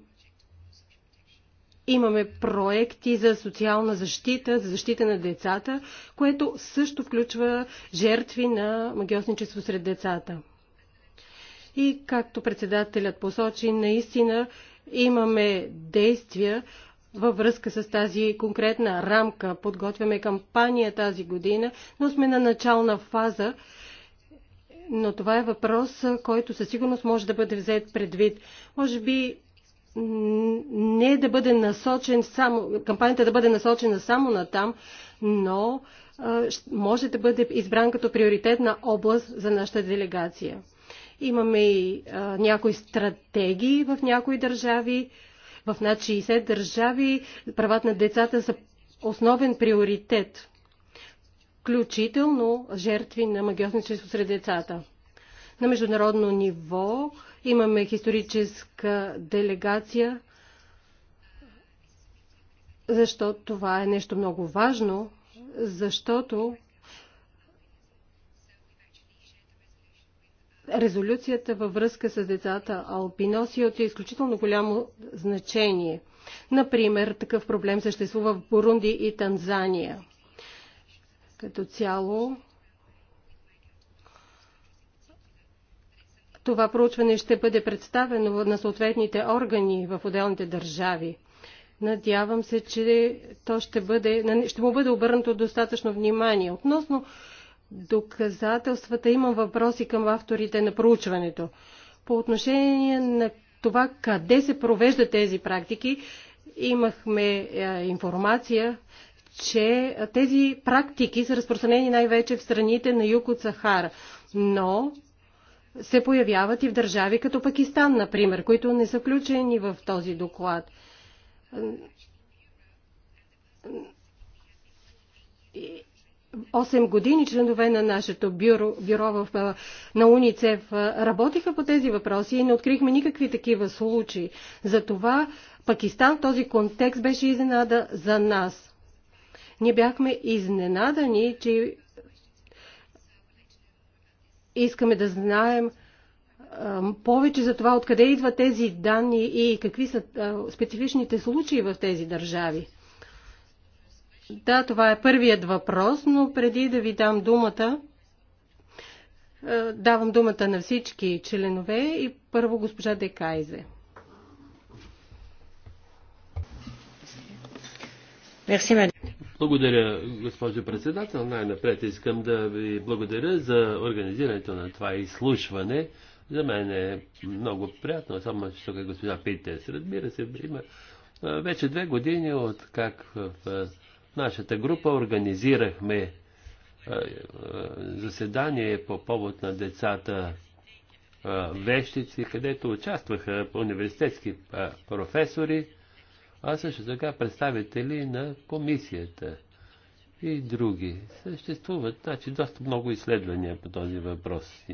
имаме проекти за социална защита, за защита на децата, което също включва жертви на магиосничество сред децата. И както председателят посочи, наистина Имаме действия във връзка с тази конкретна рамка. Подготвяме кампания тази година, но сме на начална фаза. Но това е въпрос, който със сигурност може да бъде взет предвид. Може би не да бъде насочен само, кампанията да бъде насочена само на там, но може да бъде избран като приоритетна област за нашата делегация. Имаме и а, някои стратегии в някои държави. В над 60 държави правата на децата са основен приоритет, включително жертви на магиосничество сред децата. На международно ниво имаме историческа делегация, защото това е нещо много важно, защото резолюцията във връзка с децата алпиноси е от е изключително голямо значение. Например, такъв проблем съществува в Бурунди и Танзания. Като цяло, това проучване ще бъде представено на съответните органи в отделните държави. Надявам се, че то ще, бъде, ще му бъде обърнато достатъчно внимание. Относно доказателствата имам въпроси към авторите на проучването. По отношение на това къде се провеждат тези практики, имахме е, информация, че тези практики са разпространени най-вече в страните на юг от Сахара, но се появяват и в държави като Пакистан, например, които не са включени в този доклад. И, 8 години членове на нашето бюро, бюро в, на УНИЦЕФ работиха по тези въпроси и не открихме никакви такива случаи. Затова Пакистан в този контекст беше изненада за нас. Ние бяхме изненадани, че искаме да знаем повече за това откъде идват тези данни и какви са специфичните случаи в тези държави. Да, това е първият въпрос, но преди да ви дам думата, е, давам думата на всички членове и първо госпожа Декайзе. Благодаря, госпожо председател. Най-напред искам да ви благодаря за организирането на това изслушване. За мен е много приятно, само тук е госпожа Питес. Разбира се, има е, вече две години от как в нашата група организирахме заседание по повод на децата вещици, където участваха университетски професори, а също така представители на комисията и други. Съществуват значи, доста много изследвания по този въпрос.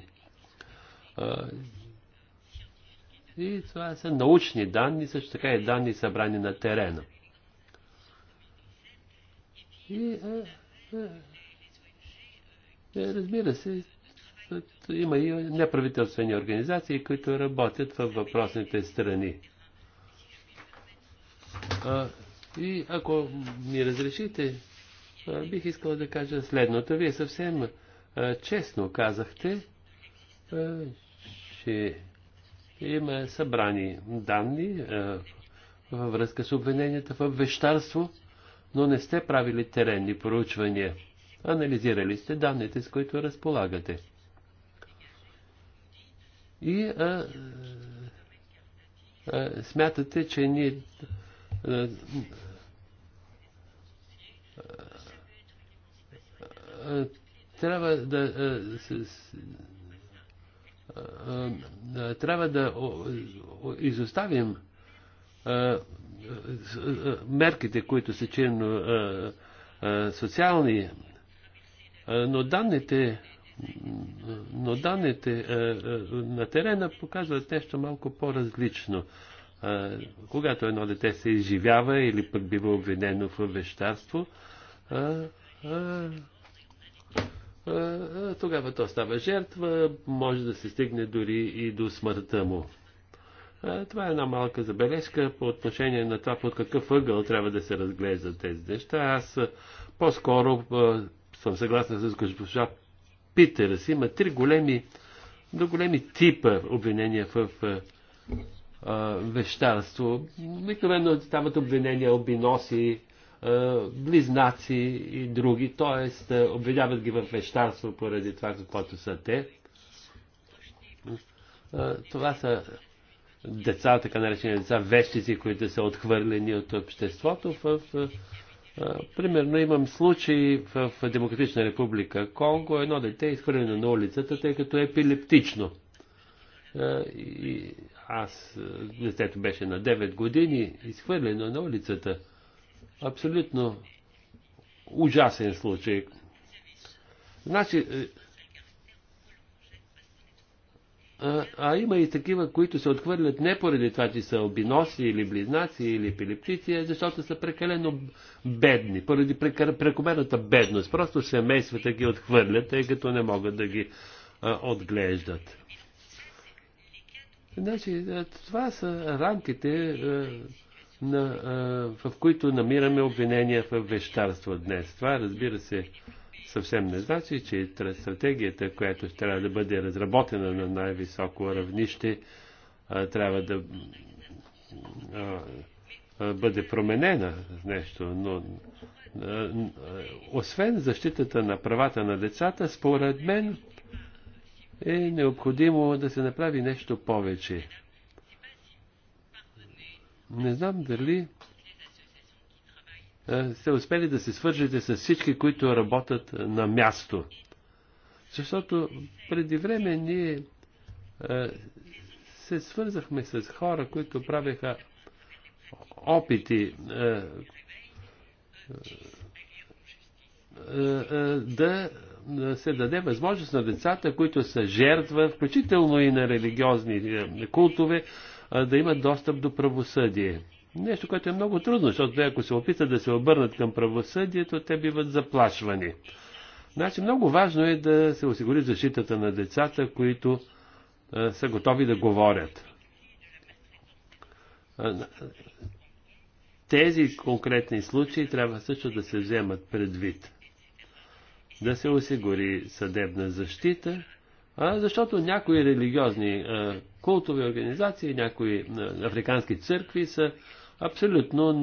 И това са научни данни, също така и данни събрани на терена. И, а, а, е, разбира се, има и неправителствени организации, които работят в въпросните страни. А, и ако ми разрешите, а, бих искал да кажа следното. Вие съвсем а, честно казахте, а, че има събрани данни а, във връзка с обвиненията в вещарство но не сте правили теренни проучвания. Анализирали сте данните, с които разполагате. И а, а, смятате, че ние а, а, трябва да а, трябва да изоставим мерките, които са чинно социални, но данните, но данните на терена показват нещо малко по-различно. Когато едно дете се изживява или пък бива обвинено в вещарство, тогава то става жертва, може да се стигне дори и до смъртта му. Това е една малка забележка по отношение на това под какъв ъгъл трябва да се разглеждат тези неща. Аз по-скоро съм съгласен с госпожа Питерс. Има три големи, до големи типа обвинения в вещарство. Обикновено стават обвинения обиноси, близнаци и други, т.е. обвиняват ги в вещарство поради това, което са те. това са деца, така наречени деца, вещици, които са отхвърлени от обществото. В, примерно имам случай в Демократична република Конго, едно дете е изхвърлено на улицата, тъй като е епилептично. И аз, детето беше на 9 години, изхвърлено на улицата. Абсолютно ужасен случай. Значи, а, а има и такива, които се отхвърлят не поради това, че са обиноси или близнаци или епилептици, а защото са прекалено бедни, поради прекомерната бедност. Просто семействата ги отхвърлят, тъй като не могат да ги а, отглеждат. Значи, това са рамките, а, на, а, в които намираме обвинения в вещарство днес. Това, разбира се, съвсем не значи, че стратегията, която трябва да бъде разработена на най-високо равнище, трябва да бъде променена нещо, но освен защитата на правата на децата, според мен е необходимо да се направи нещо повече. Не знам дали е, сте успели да се свържете с всички, които работят на място. Защото преди време ние е, се свързахме с хора, които правеха опити е, да се даде възможност на децата, които са жертва, включително и на религиозни култове, да имат достъп до правосъдие. Нещо, което е много трудно, защото ако се опитат да се обърнат към правосъдието, те биват заплашвани. Значи много важно е да се осигури защитата на децата, които а, са готови да говорят. Тези конкретни случаи трябва също да се вземат предвид. Да се осигури съдебна защита, а, защото някои религиозни а, култови организации, някои а, африкански църкви са абсолютно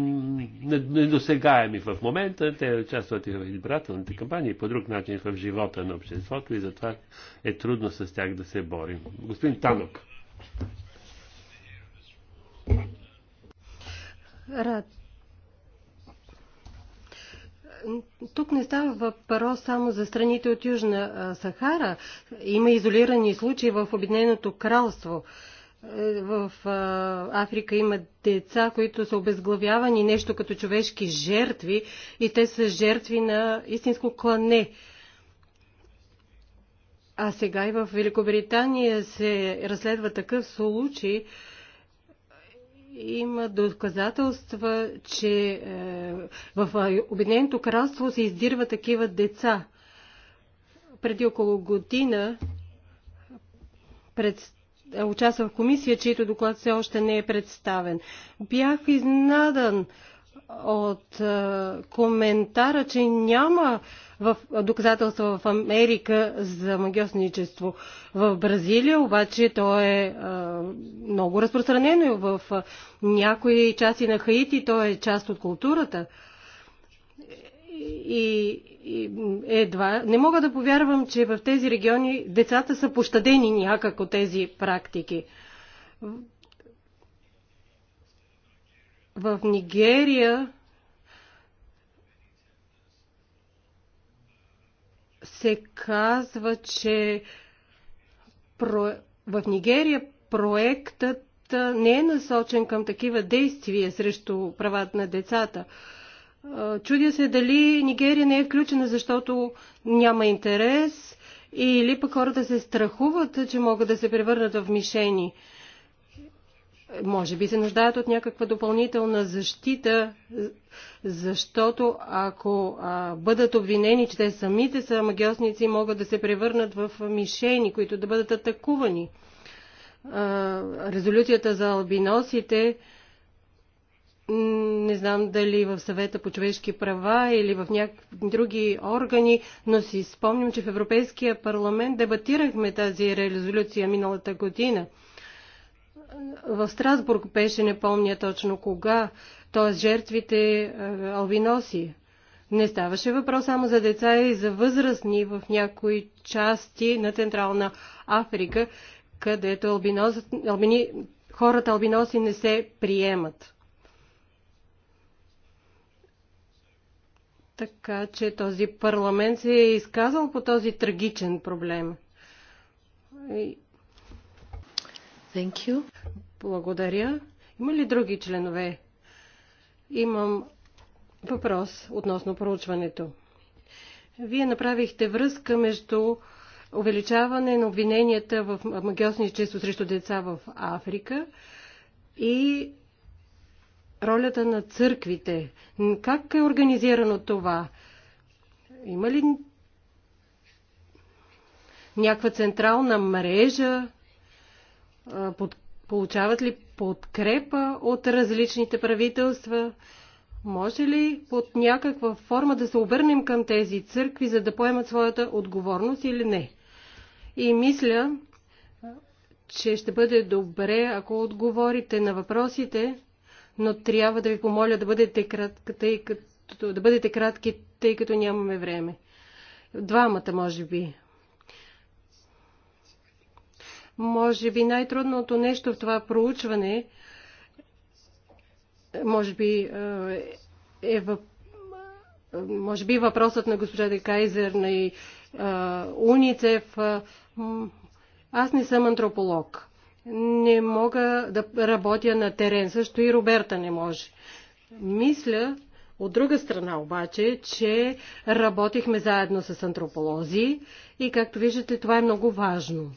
недосегаеми в момента. Те участват и в избирателните кампании, и по друг начин в живота на обществото и затова е трудно с тях да се борим. Господин Танок. Рад. Тук не става въпрос само за страните от Южна Сахара. Има изолирани случаи в Обединеното кралство в Африка има деца, които са обезглавявани нещо като човешки жертви и те са жертви на истинско клане. А сега и в Великобритания се разследва такъв случай. Има доказателства, че е, в Обединеното кралство се издирва такива деца. Преди около година пред участва в комисия, чието доклад все още не е представен. Бях изнадан от е, коментара, че няма в доказателства в Америка за магиосничество. В Бразилия обаче то е а, е, много разпространено и в а, е, някои части на Хаити, то е част от културата и, и едва не мога да повярвам, че в тези региони децата са пощадени някак от тези практики. В Нигерия се казва, че про... в Нигерия проектът не е насочен към такива действия срещу правата на децата. Чудя се дали Нигерия не е включена, защото няма интерес или пък хората се страхуват, че могат да се превърнат в мишени. Може би се нуждаят от някаква допълнителна защита, защото ако а, бъдат обвинени, че те самите са магиосници, могат да се превърнат в мишени, които да бъдат атакувани. А, резолюцията за албиносите а, не знам дали в съвета по човешки права или в някакви други органи, но си спомням, че в Европейския парламент дебатирахме тази резолюция миналата година. В Страсбург беше, не помня точно кога, т.е. жертвите албиноси. Не ставаше въпрос само за деца и за възрастни в някои части на Централна Африка, където албиноз... албини... хората албиноси не се приемат. Така че този парламент се е изказал по този трагичен проблем. Thank you. Благодаря. Има ли други членове? Имам въпрос относно проучването. Вие направихте връзка между увеличаване на обвиненията в магиосничество срещу деца в Африка и ролята на църквите. Как е организирано това? Има ли някаква централна мрежа? Под, получават ли подкрепа от различните правителства? Може ли под някаква форма да се обърнем към тези църкви, за да поемат своята отговорност или не? И мисля, че ще бъде добре, ако отговорите на въпросите, но трябва да ви помоля да бъдете, кратка, тъй като, да бъдете кратки, тъй като нямаме време. Двамата, може би. Може би най-трудното нещо в това проучване, може би е, е въп... може би въпросът на госпожа Декайзер на и, Уницев. Аз не съм антрополог не мога да работя на терен. Също и Роберта не може. Мисля, от друга страна обаче, че работихме заедно с антрополози и както виждате, това е много важно.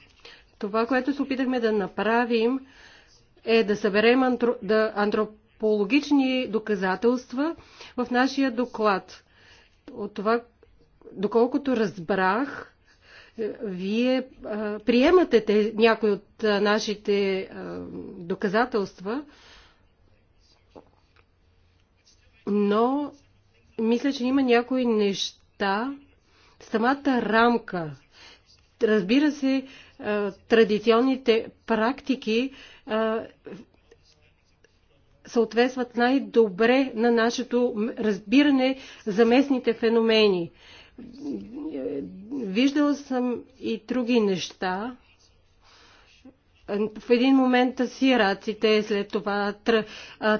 Това, което се опитахме да направим, е да съберем антро... да... антропологични доказателства в нашия доклад. От това, доколкото разбрах, вие а, приемате те, някои от а, нашите а, доказателства, но мисля, че има някои неща, самата рамка. Разбира се, а, традиционните практики а, съответстват най-добре на нашето разбиране за местните феномени. А, Виждала съм и други неща. В един момент сираците, след това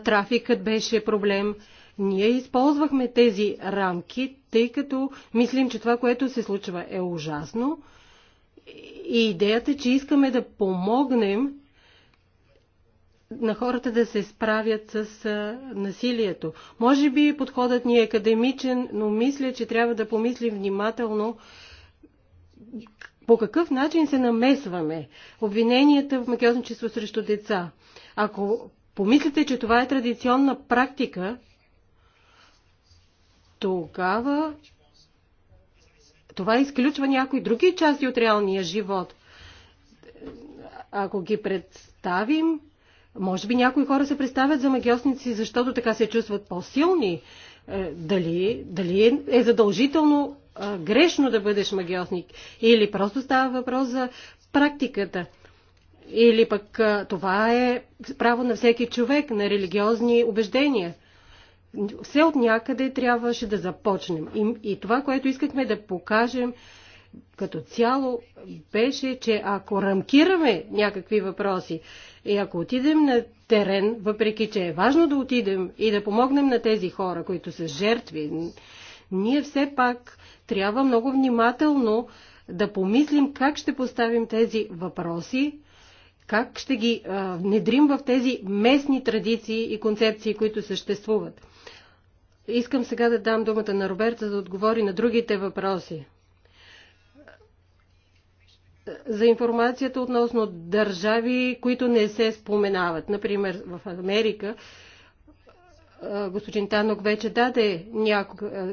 трафикът беше проблем. Ние използвахме тези рамки, тъй като мислим, че това, което се случва е ужасно. И идеята, че искаме да помогнем на хората да се справят с насилието. Може би подходът ни е академичен, но мисля, че трябва да помислим внимателно по какъв начин се намесваме обвиненията в македоничество срещу деца. Ако помислите, че това е традиционна практика, тогава това изключва някои други части от реалния живот. Ако ги представим може би някои хора се представят за магиосници, защото така се чувстват по-силни. Е, дали, дали е, е задължително е, грешно да бъдеш магиосник? Или просто става въпрос за практиката? Или пък това е право на всеки човек, на религиозни убеждения? Все от някъде трябваше да започнем. И, и това, което искахме да покажем, като цяло беше, че ако рамкираме някакви въпроси и ако отидем на терен, въпреки че е важно да отидем и да помогнем на тези хора, които са жертви, ние все пак трябва много внимателно да помислим как ще поставим тези въпроси, как ще ги а, внедрим в тези местни традиции и концепции, които съществуват. Искам сега да дам думата на Роберта да отговори на другите въпроси за информацията относно държави, които не се споменават. Например, в Америка господин Танок вече даде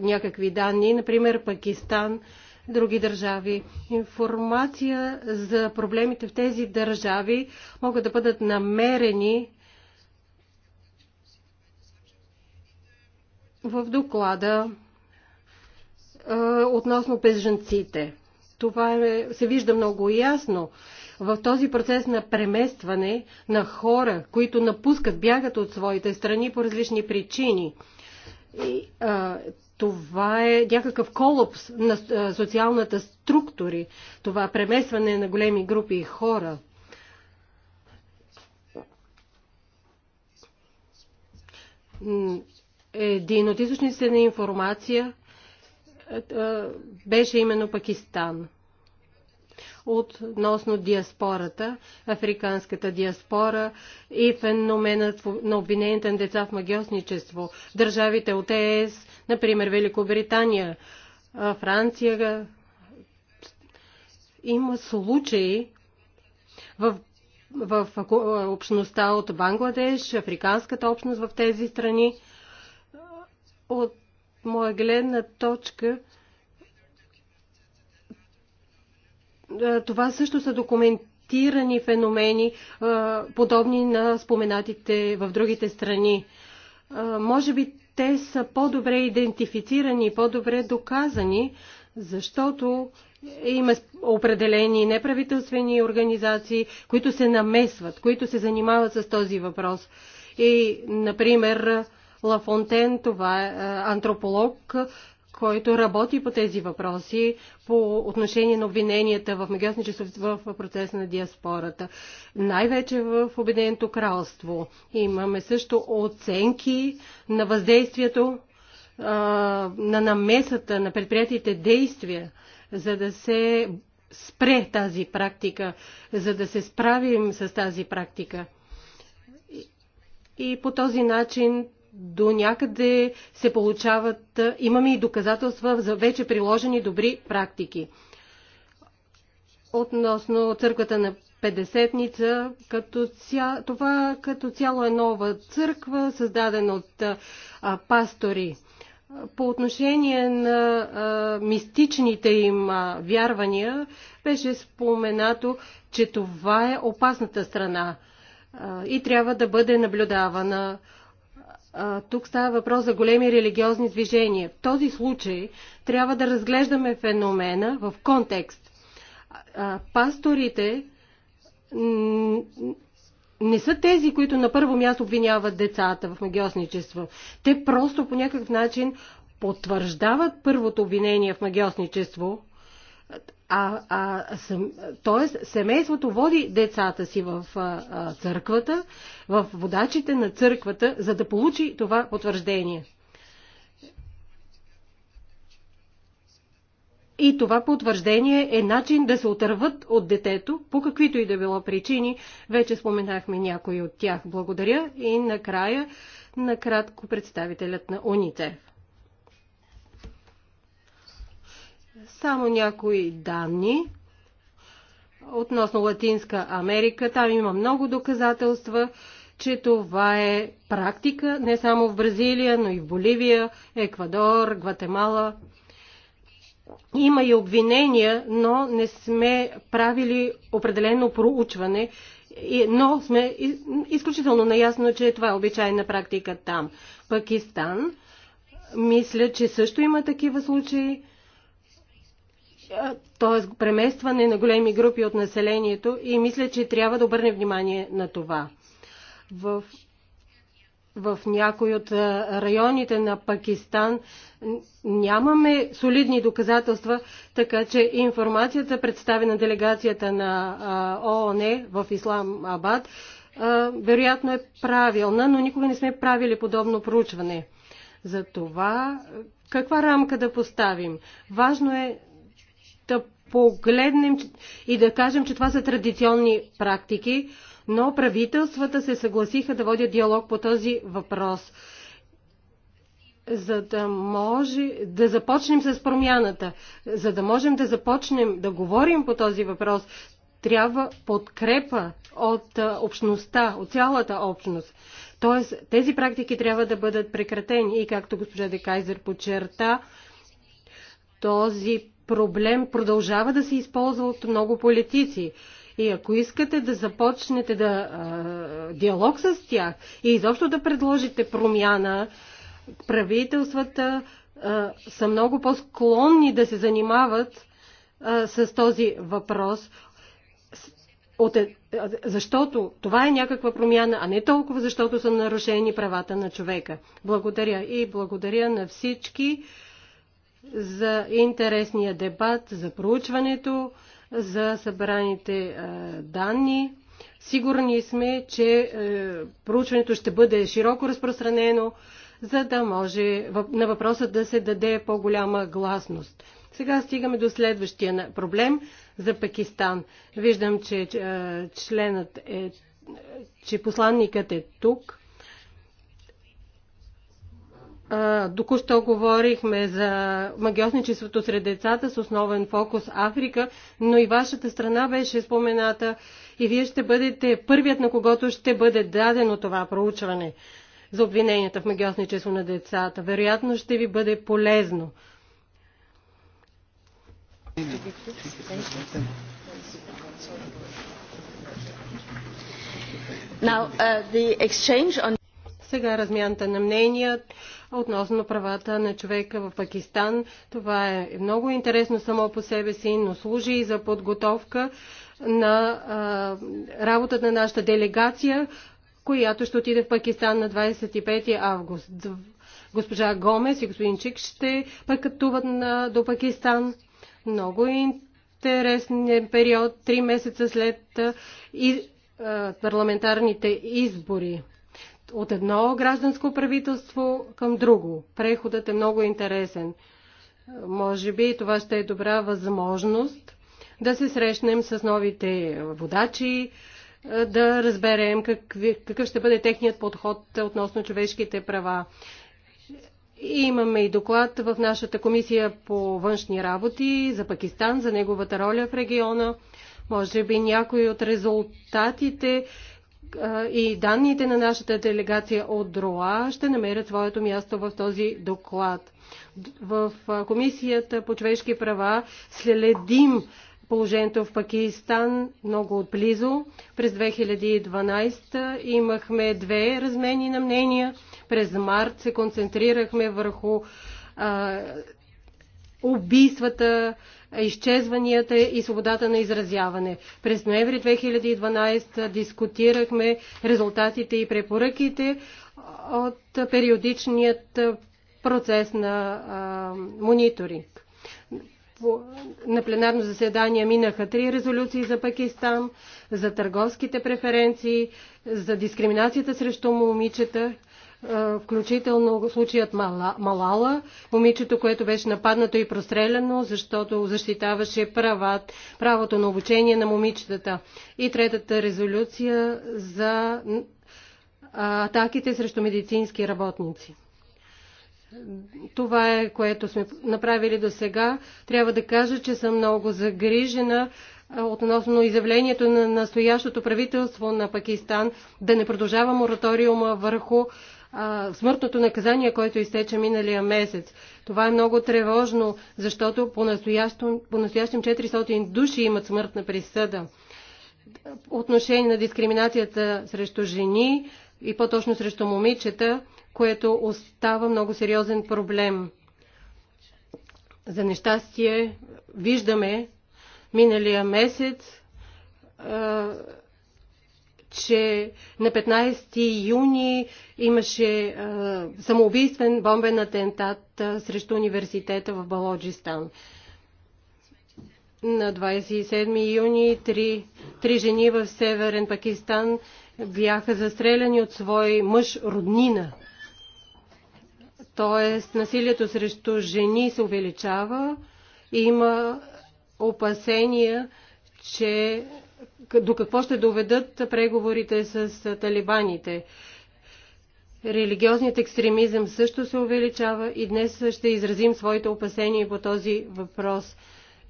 някакви данни, например Пакистан, други държави. Информация за проблемите в тези държави могат да бъдат намерени в доклада относно бежанците. Това е, се вижда много ясно. В този процес на преместване на хора, които напускат, бягат от своите страни по различни причини. И, а, това е някакъв колапс на а, социалната структури, това преместване на големи групи хора. Един от източниците на информация е, беше именно Пакистан. Относно диаспората, африканската диаспора и феноменът на обвинените на деца в магиосничество. Държавите от ЕС, например Великобритания, Франция, има случаи в в общността от Бангладеш, африканската общност в тези страни, от моя гледна точка, това също са документирани феномени, подобни на споменатите в другите страни. Може би те са по-добре идентифицирани, по-добре доказани, защото има определени неправителствени организации, които се намесват, които се занимават с този въпрос. И, например, Лафонтен, това е, е антрополог, който работи по тези въпроси по отношение на обвиненията в мегасничество в процеса на диаспората. Най-вече в Обединеното кралство. Имаме също оценки на въздействието е, на намесата на предприятите действия, за да се спре тази практика, за да се справим с тази практика. И по този начин до някъде се получават, имаме и доказателства за вече приложени добри практики. Относно църквата на Педесетница, като ця... това като цяло е нова църква, създадена от а, пастори. По отношение на а, мистичните им а, вярвания, беше споменато, че това е опасната страна а, и трябва да бъде наблюдавана тук става въпрос за големи религиозни движения. В този случай трябва да разглеждаме феномена в контекст. Пасторите не са тези, които на първо място обвиняват децата в магиосничество. Те просто по някакъв начин потвърждават първото обвинение в магиосничество, а, а, съм, тоест, семейството води децата си в а, църквата, в водачите на църквата, за да получи това потвърждение. И това потвърждение е начин да се отърват от детето, по каквито и да било причини. Вече споменахме някои от тях. Благодаря. И накрая, накратко представителят на УНИЦЕФ. Само някои данни относно Латинска Америка. Там има много доказателства, че това е практика не само в Бразилия, но и в Боливия, Еквадор, Гватемала. Има и обвинения, но не сме правили определено проучване, но сме изключително наясно, че това е обичайна практика там. Пакистан, мисля, че също има такива случаи т.е. преместване на големи групи от населението и мисля, че трябва да обърне внимание на това. В, в някои от районите на Пакистан нямаме солидни доказателства, така че информацията, представена делегацията на ООН в Ислам Абад, вероятно е правилна, но никога не сме правили подобно проучване. За това каква рамка да поставим? Важно е да погледнем и да кажем, че това са традиционни практики, но правителствата се съгласиха да водят диалог по този въпрос, за да може да започнем с промяната, за да можем да започнем да говорим по този въпрос, трябва подкрепа от общността, от цялата общност. Тоест, тези практики трябва да бъдат прекратени и както госпожа Декайзер подчерта, този проблем продължава да се използва от много политици. И ако искате да започнете да, а, диалог с тях и изобщо да предложите промяна, правителствата а, са много по-склонни да се занимават а, с този въпрос, от, е, защото това е някаква промяна, а не толкова защото са нарушени правата на човека. Благодаря и благодаря на всички за интересния дебат, за проучването, за събраните е, данни. Сигурни сме, че е, проучването ще бъде широко разпространено, за да може на въпроса да се даде по-голяма гласност. Сега стигаме до следващия проблем за Пакистан. Виждам, че е, членът е, че посланникът е тук. Току-що говорихме за магиосничеството сред децата с основен фокус Африка, но и вашата страна беше спомената и вие ще бъдете първият, на когото ще бъде дадено това проучване за обвиненията в магиосничество на децата. Вероятно ще ви бъде полезно. Now, uh, the exchange on сега размяната на мнения относно правата на човека в Пакистан. Това е много интересно само по себе си, но служи и за подготовка на а, работата на нашата делегация, която ще отиде в Пакистан на 25 август. Госпожа Гомес и господин Чик ще пътуват на, до Пакистан. Много интересен е период, три месеца след и, а, парламентарните избори от едно гражданско правителство към друго. Преходът е много интересен. Може би това ще е добра възможност да се срещнем с новите водачи, е, да разберем какви, какъв ще бъде техният подход относно човешките права. Имаме и доклад в нашата комисия по външни работи за Пакистан, за неговата роля в региона. Може би някои от резултатите и данните на нашата делегация от ДРОА ще намерят своето място в този доклад. В Комисията по човешки права следим положението в Пакистан много отблизо. През 2012 имахме две размени на мнения. През март се концентрирахме върху а, убийствата, изчезванията и свободата на изразяване. През ноември 2012 дискутирахме резултатите и препоръките от периодичният процес на а, мониторинг. На пленарно заседание минаха три резолюции за Пакистан, за търговските преференции, за дискриминацията срещу момичета включително случаят Малала, момичето, което беше нападнато и простреляно, защото защитаваше прават, правото на обучение на момичетата. И третата резолюция за атаките срещу медицински работници. Това е, което сме направили до сега. Трябва да кажа, че съм много загрижена относно изявлението на настоящото правителство на Пакистан да не продължава мораториума върху смъртното наказание, което изтече миналия месец. Това е много тревожно, защото по по-настоящем 400 души имат смъртна присъда. Отношение на дискриминацията срещу жени и по-точно срещу момичета, което остава много сериозен проблем. За нещастие виждаме миналия месец че на 15 юни имаше а, самоубийствен бомбен атентат а, срещу университета в Балоджистан. На 27 юни три, три жени в северен Пакистан бяха застреляни от свой мъж роднина. Тоест насилието срещу жени се увеличава и има опасения, че до какво ще доведат преговорите с талибаните. Религиозният екстремизъм също се увеличава и днес ще изразим своите опасения по този въпрос.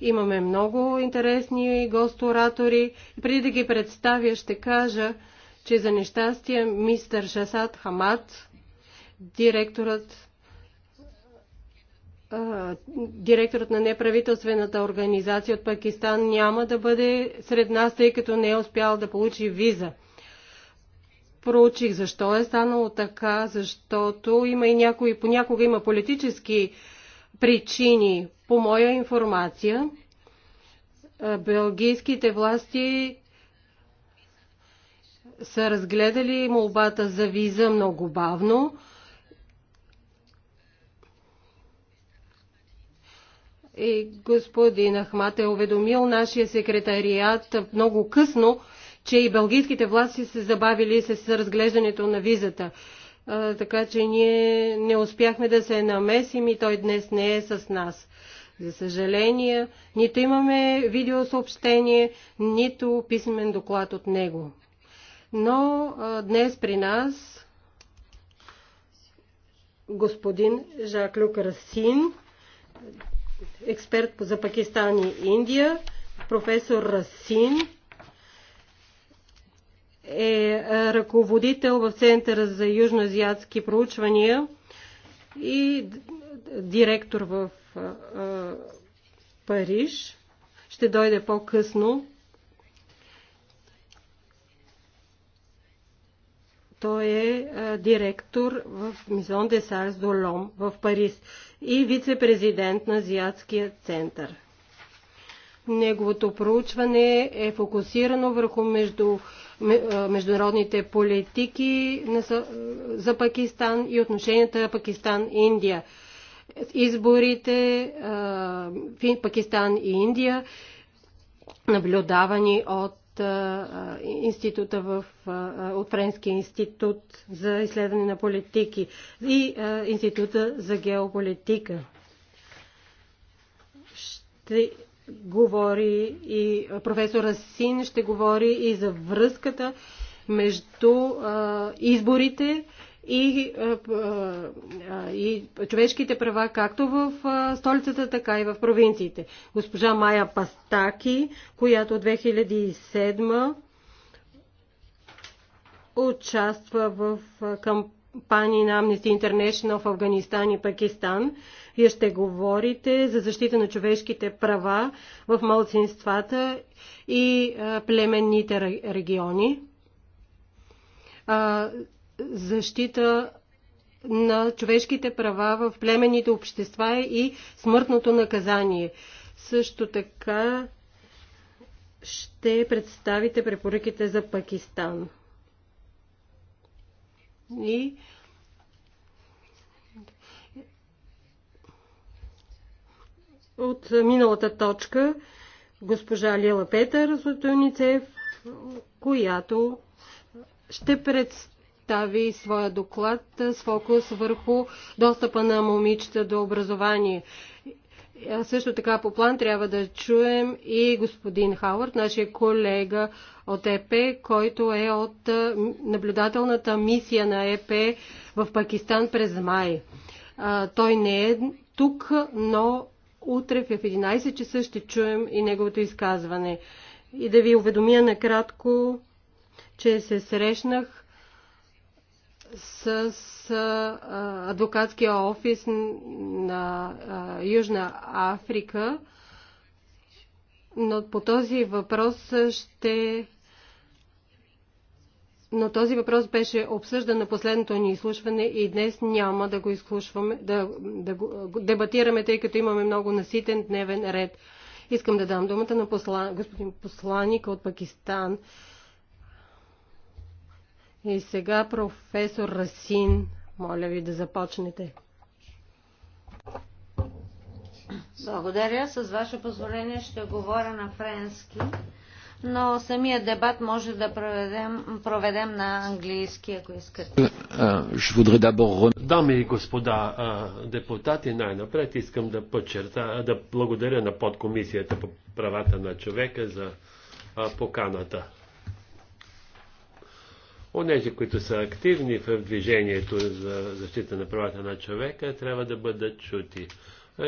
Имаме много интересни госторатори. Преди да ги представя, ще кажа, че за нещастие мистър Шасад Хамад, директорът директорът на неправителствената организация от Пакистан няма да бъде сред нас, тъй като не е успял да получи виза. Проучих защо е станало така, защото има и някои, понякога има политически причини. По моя информация, белгийските власти са разгледали молбата за виза много бавно И господин Ахмат е уведомил нашия секретариат много късно, че и бългийските власти се забавили с разглеждането на визата. А, така че ние не успяхме да се намесим и той днес не е с нас. За съжаление, нито имаме видеосъобщение, нито писмен доклад от него. Но а, днес при нас господин Жак Люк Расин, експерт за Пакистан и Индия, професор Расин е, е ръководител в Центъра за южноазиатски проучвания и директор в Париж. Ще дойде по-късно. Той е директор в Мизон де Сарс Долом в Париз и вице-президент на Азиатския център. Неговото проучване е фокусирано върху между, международните политики за Пакистан и отношенията Пакистан-Индия. Изборите Пакистан и Индия, наблюдавани от института в, от Френския институт за изследване на политики и института за геополитика. Ще говори и професора Син ще говори и за връзката между изборите и, и човешките права както в столицата, така и в провинциите. Госпожа Майя Пастаки, която от 2007 участва в кампании на Amnesty International в Афганистан и Пакистан. Вие ще говорите за защита на човешките права в малцинствата и племенните региони защита на човешките права в племените общества и смъртното наказание. Също така ще представите препоръките за Пакистан. И от миналата точка госпожа Лила Петър от ЮНИЦЕФ, която ще представи представи своя доклад с фокус върху достъпа на момичета до образование. А също така по план трябва да чуем и господин Хауърд, нашия колега от ЕП, който е от наблюдателната мисия на ЕП в Пакистан през май. Той не е тук, но утре в 11 часа ще чуем и неговото изказване. И да ви уведомя накратко, че се срещнах с адвокатския офис на Южна Африка, но по този въпрос ще. Но този въпрос беше обсъждан на последното ни изслушване и днес няма да го изслушваме, да, да го дебатираме, тъй като имаме много наситен дневен ред. Искам да дам думата на посла... господин посланник от Пакистан. И сега професор Расин, моля ви да започнете. Благодаря. С ваше позволение ще говоря на френски, но самия дебат може да проведем, проведем на английски, ако искате. Е, е, Дами и господа е, депутати, най-напред искам да подчерта, да благодаря на подкомисията по правата на човека за поканата. Онези, които са активни в движението за защита на правата на човека, трябва да бъдат чути.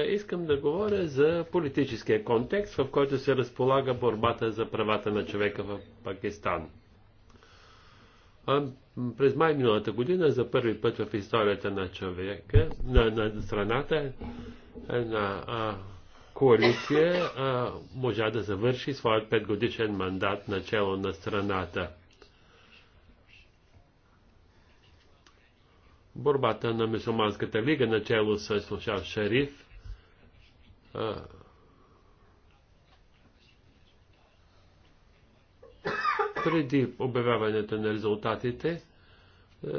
Искам да говоря за политическия контекст, в който се разполага борбата за правата на човека в Пакистан. През май миналата година, за първи път в историята на човека, на, на страната, на а, коалиция а, можа да завърши своят петгодишен мандат начало на страната. борбата на мусулманската лига, начало с Слушав Шариф, преди обявяването на резултатите, е,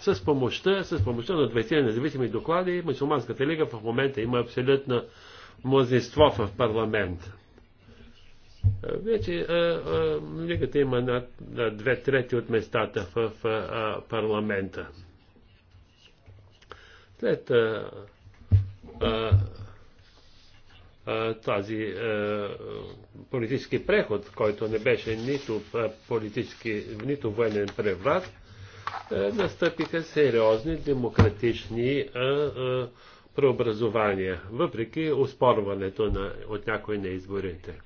с помощта, с помощта на 20 независими доклади, Мусулманската лига в момента има абсолютно мнозинство в парламента. Е, вече лигата е, е, има над две трети от местата в а, парламента. След а, а, тази политически преход, който не беше нито политически, нито военен преврат, настъпиха сериозни демократични преобразования, въпреки успорването на, от някои на изборите.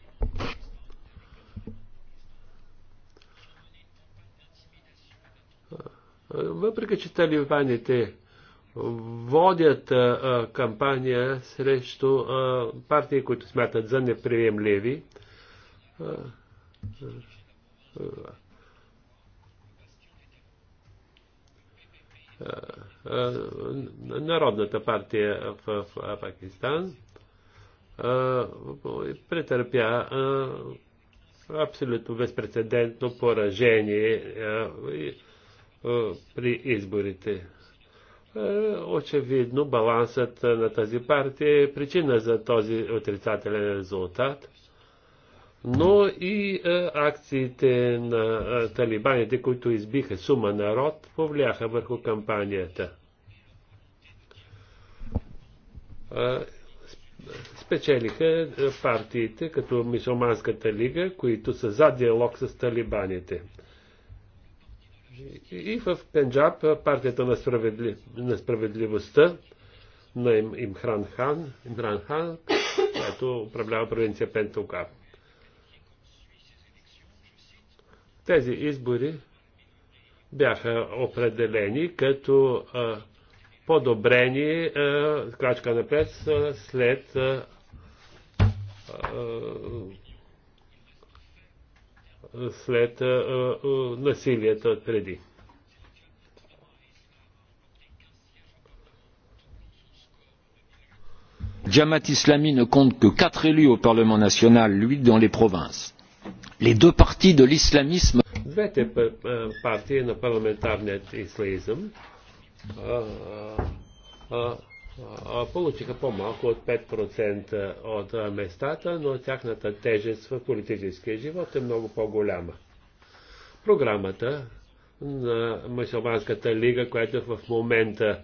Въпреки, че талибаните водят а, кампания срещу а, партии, които смятат за неприемливи, Народната партия в, Пакистан претърпя абсолютно безпредседентно поражение и при изборите. Очевидно, балансът на тази партия е причина за този отрицателен резултат, но и акциите на талибаните, които избиха сума народ, повлияха върху кампанията. Спечелиха партиите като Мисулманската лига, които са за диалог с талибаните. И в Пенджаб партията на, справедли... на справедливостта на Им... Имхран Хан, Имхран Хан, която управлява провинция Пентука. Тези избори бяха определени като а, подобрени а, крачка напред след а, а, след насилията преди. Jamaat Islami ne compte que quatre élus au Parlement national, lui dans les provinces. Les deux parties de l'islamisme. Двете партии на парламентарният ислаизъм получиха по-малко от 5% от местата, но тяхната тежест в политическия живот е много по-голяма. Програмата на Мусулманската лига, която в момента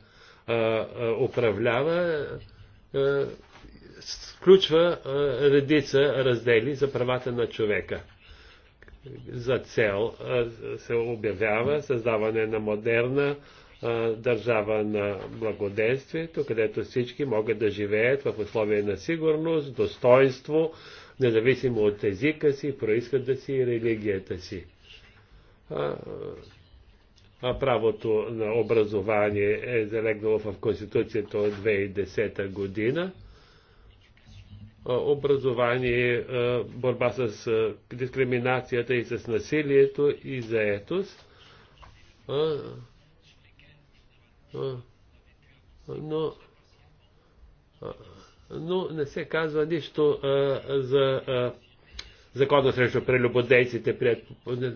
а, а, управлява, а, включва а, редица раздели за правата на човека. За цел а, се обявява създаване на модерна, държава на благоденствието, където всички могат да живеят в условия на сигурност, достоинство, независимо от езика си, происхода си и религията си. А, а правото на образование е залегнало в Конституцията от 2010 година. образование, борба с дискриминацията и с насилието и заетост но, но не се казва нищо за закона срещу прелюбодейците, пред,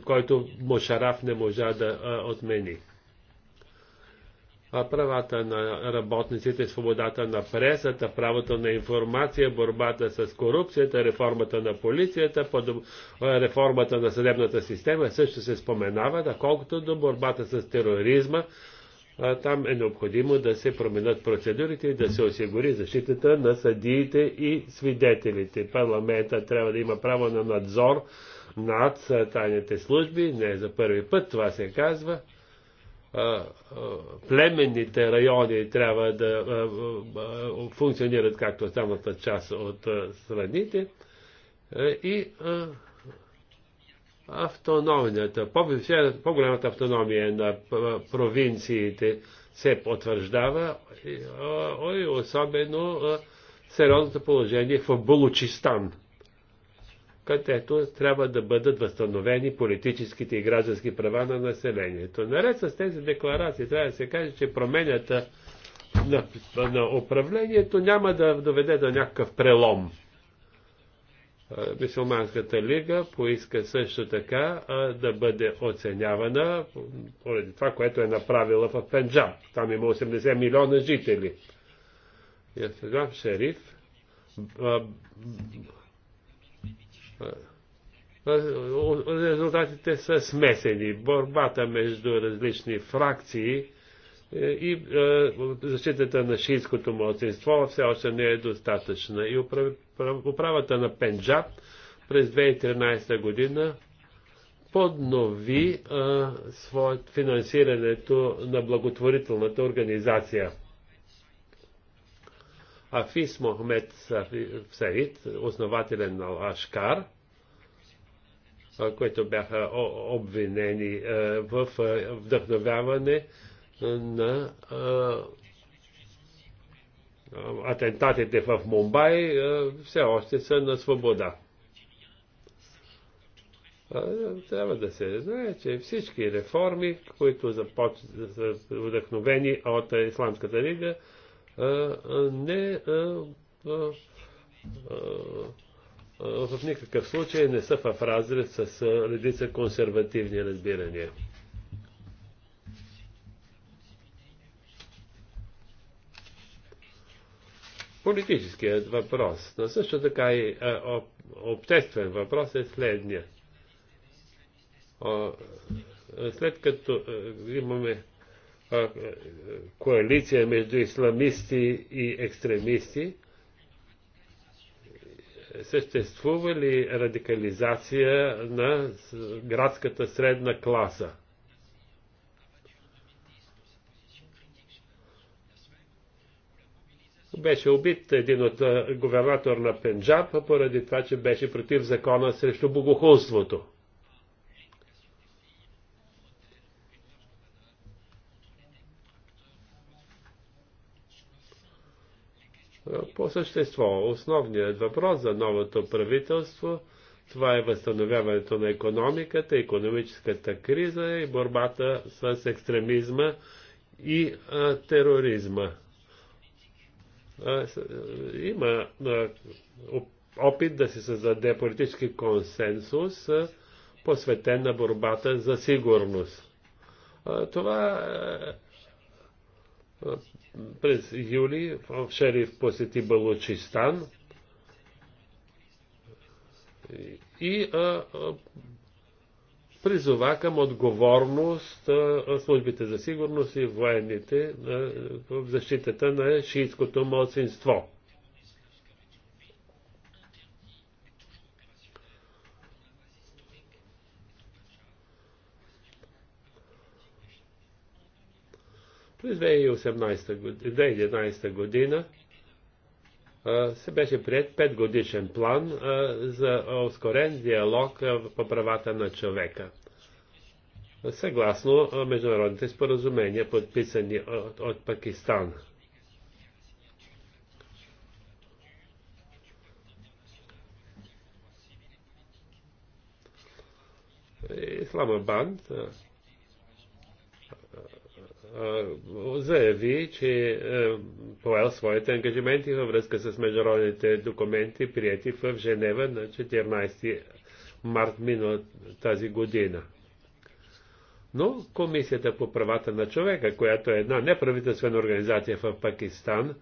който Мошараф не можа да отмени. Правата на работниците, свободата на пресата, правото на информация, борбата с корупцията, реформата на полицията, реформата на съдебната система също се споменава, да колкото до борбата с тероризма, там е необходимо да се променят процедурите и да се осигури защитата на съдиите и свидетелите. Парламента трябва да има право на надзор над тайните служби. Не за първи път това се казва. Племенните райони трябва да функционират както останата част от страните. И автономията, по-голямата автономия на провинциите се потвърждава и особено сериозното положение в Булучистан, където трябва да бъдат възстановени политическите и граждански права на населението. Наред с тези декларации трябва да се каже, че променята на, на управлението няма да доведе до някакъв прелом. Е, Мисулманската лига поиска също така да бъде оценявана поради това, което е направила в Пенджаб. Там има 80 милиона жители. И сега, Шериф резултатите са смесени. Борбата между различни фракции е, и е, защитата на шиитското младсинство все още не е достатъчна. И управата на Пенджаб през 2013 година поднови е, финансирането на благотворителната организация. Афис Мохмед Саид, основателен на Лашкар, които бяха обвинени в вдъхновяване на атентатите в Мумбай все още са на свобода. Трябва да се знае, че всички реформи, които започват, са вдъхновени от Исламската лига, не в никакъв случай не са в разрез с редица консервативни разбирания. Политическият въпрос, но също така и а, обществен въпрос е следния. след като а, имаме коалиция между исламисти и екстремисти, съществува ли радикализация на градската средна класа? беше убит един от губернатор на Пенджаб, поради това, че беше против закона срещу богохулството. По същество, основният въпрос за новото правителство, това е възстановяването на економиката, економическата криза и борбата с екстремизма и а, тероризма има опит да се създаде политически консенсус, посветен на борбата за сигурност. Това през юли Шериф посети Балучистан и призова към отговорност службите за сигурност и военните в защитата на шиитското младсинство. През 2018 година, 2011 година се беше прият петгодишен план за ускорен диалог по правата на човека. Съгласно международните споразумения, подписани от, от Пакистан. Исламабад заяви, че е, поел своите ангажименти във връзка с международните документи, прияти в Женева на 14 март минал тази година. Но Комисията по правата на човека, която е една неправителствена организация в Пакистан,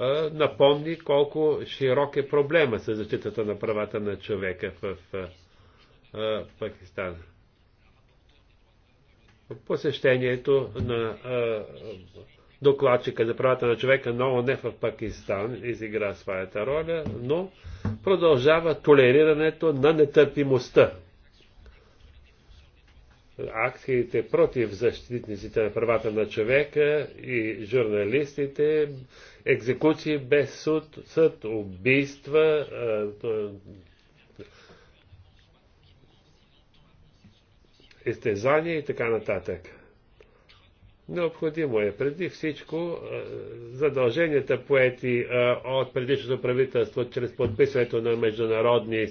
е, напомни колко широк е проблема с защитата на правата на човека в е, Пакистан посещението на докладчика за правата на човека на не в Пакистан изигра своята роля, но продължава толерирането на нетърпимостта. Акциите против защитниците на правата на човека и журналистите, екзекуции без суд, съд, убийства, изтезания и така нататък. Необходимо е преди всичко задълженията поети от предишното правителство чрез подписването на международни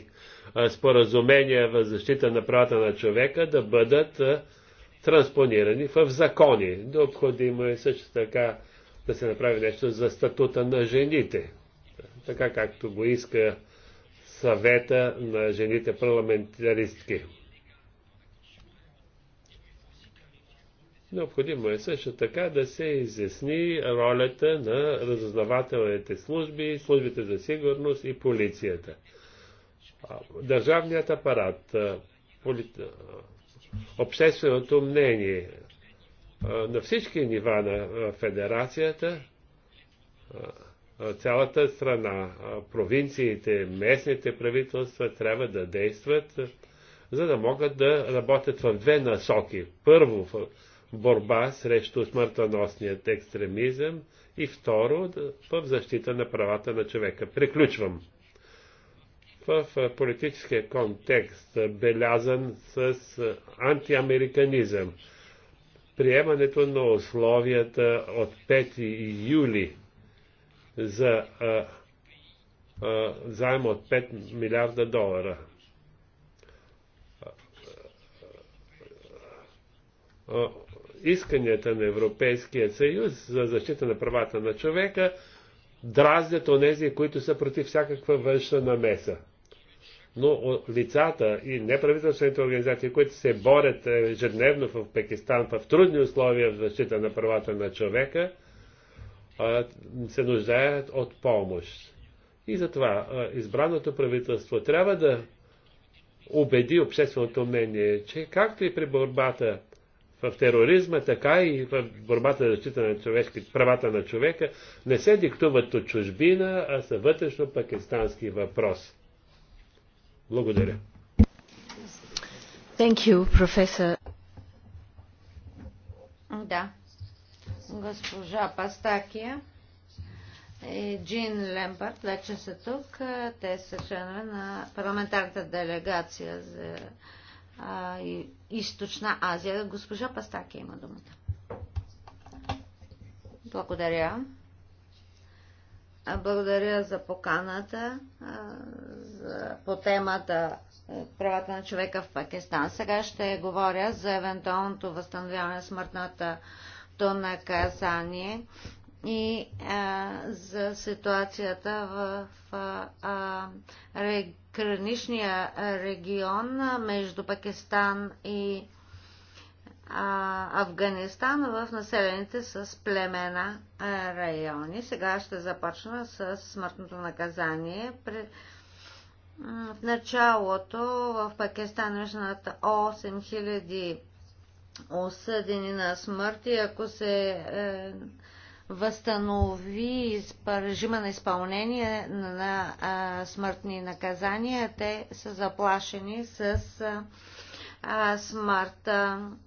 споразумения в защита на правата на човека да бъдат транспонирани в закони. Необходимо е също така да се направи нещо за статута на жените, така както го иска съвета на жените парламентаристки. Необходимо е също така да се изясни ролята на разузнавателните служби, службите за сигурност и полицията. Държавният апарат, поли... общественото мнение на всички нива на федерацията, цялата страна, провинциите, местните правителства трябва да действат, за да могат да работят в две насоки. Първо, борба срещу смъртоносният екстремизъм и второ в защита на правата на човека. Приключвам. В политическия контекст, белязан с антиамериканизъм, приемането на условията от 5 юли за заем от 5 милиарда долара. Uh, исканията на Европейския съюз за защита на правата на човека дразнят онези, които са против всякаква външна намеса. Но лицата и неправителствените организации, които се борят е, ежедневно в Пакистан в трудни условия в защита на правата на човека, се нуждаят от помощ. И затова избраното правителство трябва да убеди общественото мнение, че както и при борбата в тероризма, така и в борбата за защита на човешки, правата на човека не се диктуват от чужбина, а са вътрешно пакистански въпрос. Благодаря. Thank you, професор. Да. Госпожа Пастакия и е Джин Лембард вече са тук. Те са членове на парламентарната делегация за а, източна Азия. Госпожа Пастаки има думата. Благодаря. Благодаря за поканата а, по темата е, правата на човека в Пакистан. Сега ще говоря за евентуалното възстановяване на смъртната то наказание и а, за ситуацията в а, а, рег, граничния регион между Пакистан и а, Афганистан в населените с племена райони. Сега ще започна с смъртното наказание. При, в началото в Пакистан имаше над 8000 осъдени на смърт и ако се е, възстанови режима на изпълнение на а, смъртни наказания. Те са заплашени с а, смърт.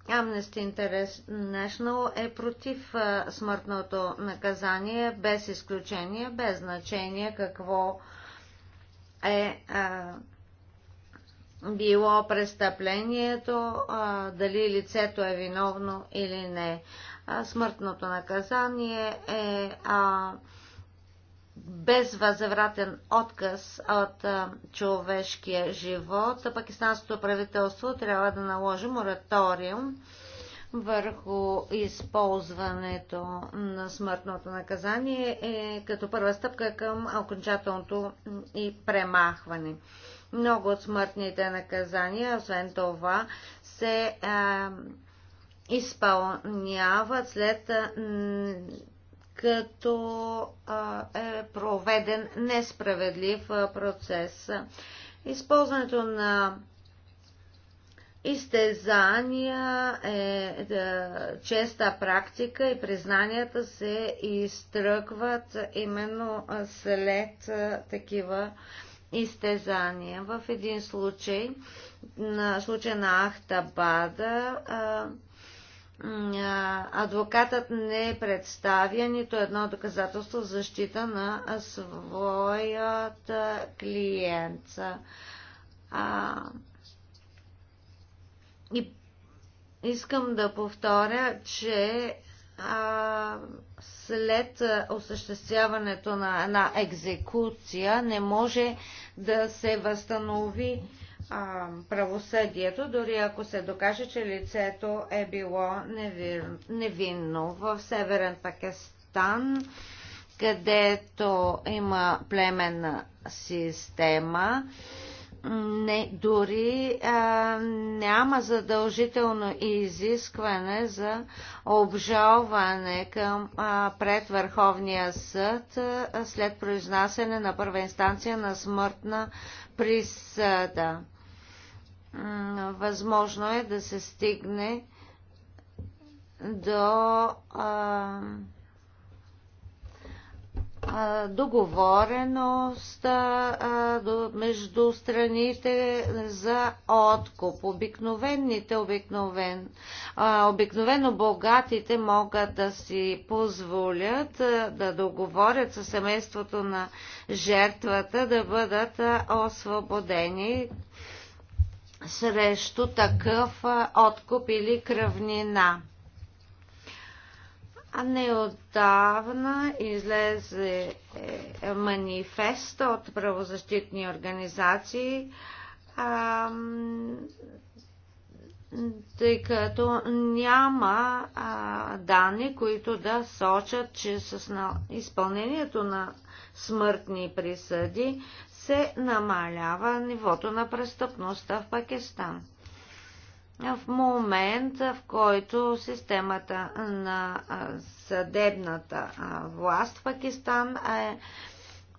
Amnesty International е против а, смъртното наказание без изключение, без значение какво е а, било престъплението, а, дали лицето е виновно или не смъртното наказание е а, безвъзвратен отказ от а, човешкия живот. Пакистанското правителство трябва да наложи мораториум върху използването на смъртното наказание е като първа стъпка към окончателното и премахване. Много от смъртните наказания, освен това, се а, изпълняват след като е проведен несправедлив процес. Използването на изтезания е честа практика и признанията се изтръгват именно след такива изтезания. В един случай, на случай на Ахтабада, адвокатът не е представя нито едно доказателство в защита на своят клиент. А, и искам да повторя, че а, след осъществяването на една екзекуция не може да се възстанови а, правосъдието, дори ако се докаже, че лицето е било невинно. В Северен Пакистан, където има племенна система, не, дори а, няма задължително изискване за обжалване към, а, пред Върховния съд а, след произнасяне на първа инстанция на смъртна присъда възможно е да се стигне до договореност между страните за откуп. Обикновените, обикновен, обикновено богатите могат да си позволят да договорят със семейството на жертвата да бъдат освободени срещу такъв откуп или кръвнина. А неотдавна излезе е, манифест от правозащитни организации, а, тъй като няма а, данни, които да сочат, че с на, изпълнението на смъртни присъди се намалява нивото на престъпността в Пакистан. В момент, в който системата на съдебната власт в Пакистан е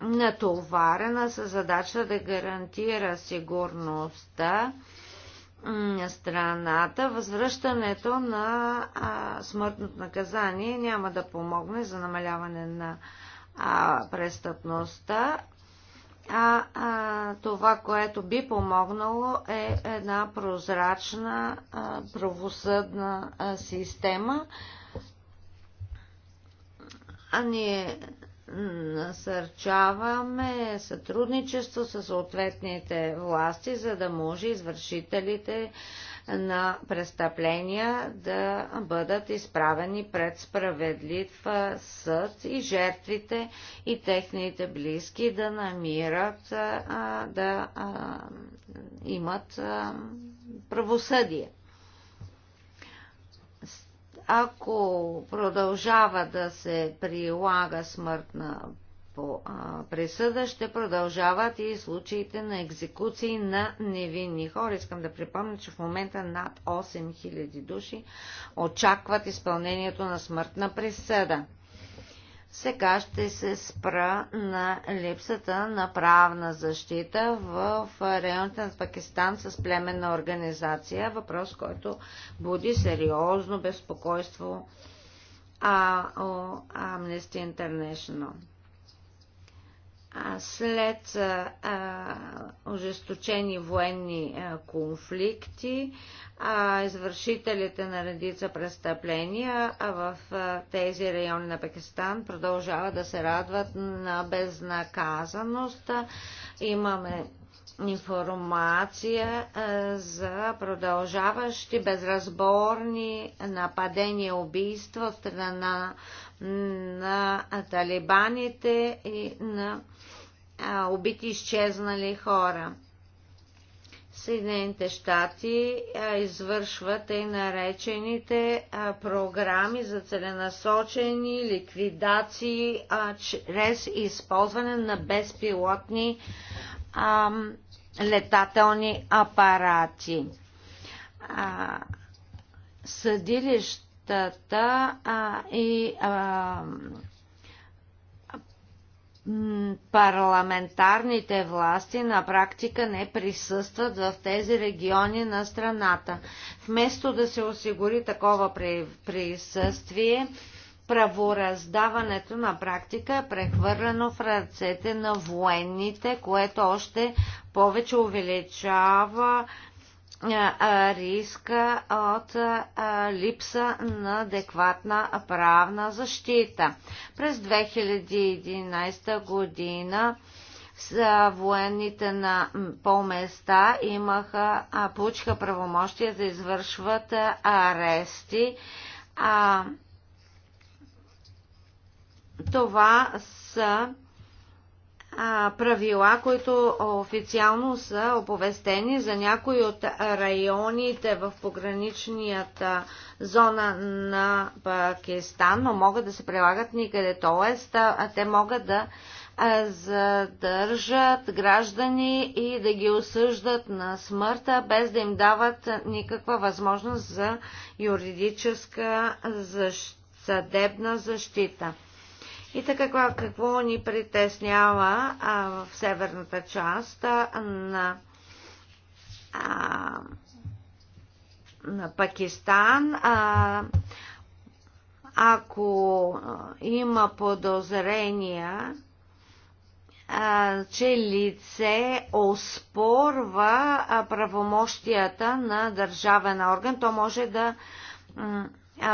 натоварена с задача да гарантира сигурността на страната, възвръщането на смъртното наказание няма да помогне за намаляване на престъпността, а, а това, което би помогнало е една прозрачна а, правосъдна а, система. А ние насърчаваме сътрудничество с съответните власти, за да може извършителите а, на престъпления да бъдат изправени пред справедлив съд и жертвите и техните близки да намират, да имат правосъдие ако продължава да се прилага смъртна по а, присъда ще продължават и случаите на екзекуции на невинни хора. Искам да припомня, че в момента над 8000 души очакват изпълнението на смъртна присъда. Сега ще се спра на липсата на правна защита в районите на Пакистан с племенна организация. Въпрос, който буди сериозно безпокойство а, о, Amnesty International след ожесточени военни конфликти, извършителите на редица престъпления в тези райони на Пакистан продължават да се радват на безнаказаност. Имаме информация за продължаващи безразборни нападения и убийства от страна на талибаните и на а, убити изчезнали хора. Съединените щати извършват и наречените а, програми за целенасочени ликвидации а, чрез използване на безпилотни а, летателни апарати. Съдилищ Та-та-та. а, и а, парламентарните власти на практика не присъстват в тези региони на страната. Вместо да се осигури такова присъствие, правораздаването на практика е прехвърлено в ръцете на военните, което още повече увеличава риска от липса на адекватна правна защита. През 2011 година военните на по места имаха, получиха правомощия да извършват арести. А, това са правила, които официално са оповестени за някои от районите в пограничнията зона на Пакистан, но могат да се прилагат никъде. Тоест, те могат да задържат граждани и да ги осъждат на смъртта, без да им дават никаква възможност за юридическа защ... съдебна защита. И така, какво, какво ни притеснява а, в северната част а, на, а, на Пакистан? А, ако има подозрения, че лице оспорва правомощията на държавен орган, то може да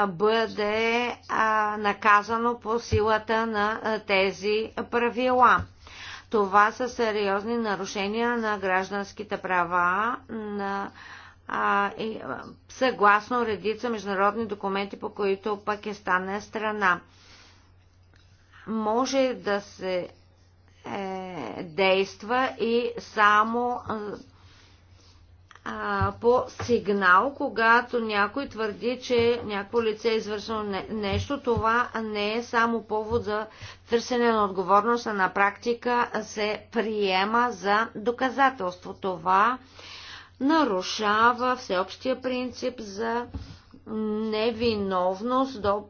бъде наказано по силата на тези правила. Това са сериозни нарушения на гражданските права на съгласно редица международни документи, по които Пакистан е страна. Може да се е, действа и само а, по сигнал, когато някой твърди, че някакво лице е извършено не, нещо, това не е само повод за търсене на отговорност, а на практика се приема за доказателство. Това нарушава всеобщия принцип за невиновност до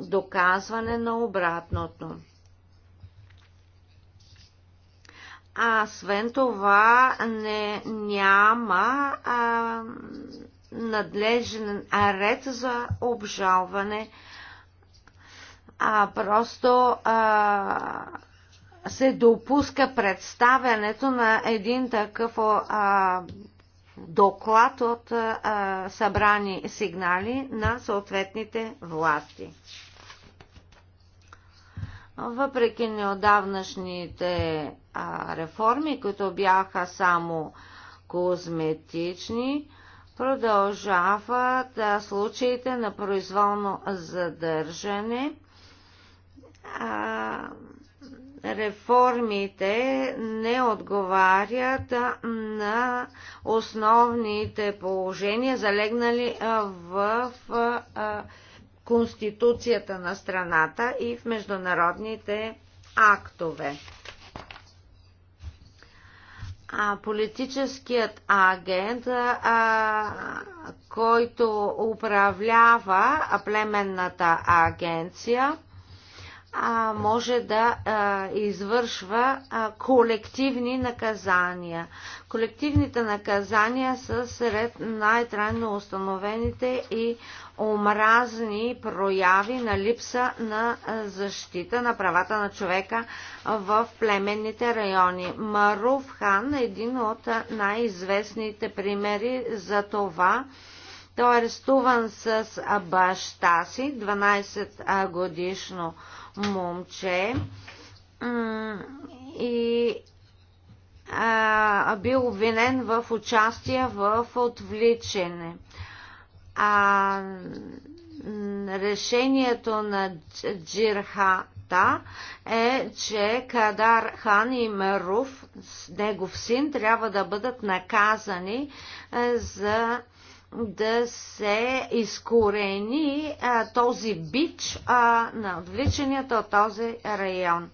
доказване на обратното. А свен това не, няма а, надлежен ред за обжалване, а просто а, се допуска представянето на един такъв а, доклад от а, събрани сигнали на съответните власти въпреки неодавнашните а, реформи, които бяха само козметични, продължават а, случаите на произволно задържане. А, реформите не отговарят на основните положения, залегнали в Конституцията на страната и в международните актове. А политическият агент, а, който управлява племенната агенция, а, може да а, извършва а, колективни наказания. Колективните наказания са сред най-трайно установените и омразни прояви на липса на защита на правата на човека в племенните райони. Маруф Хан е един от най-известните примери за това. Той е арестуван с баща си, 12 годишно момче и а, бил обвинен в участие в отвличане а, решението на Джирхата е, че Кадар Хан и Меруф, негов син, трябва да бъдат наказани е, за да се изкорени а, е, този бич а, е, на отвличанията от този район.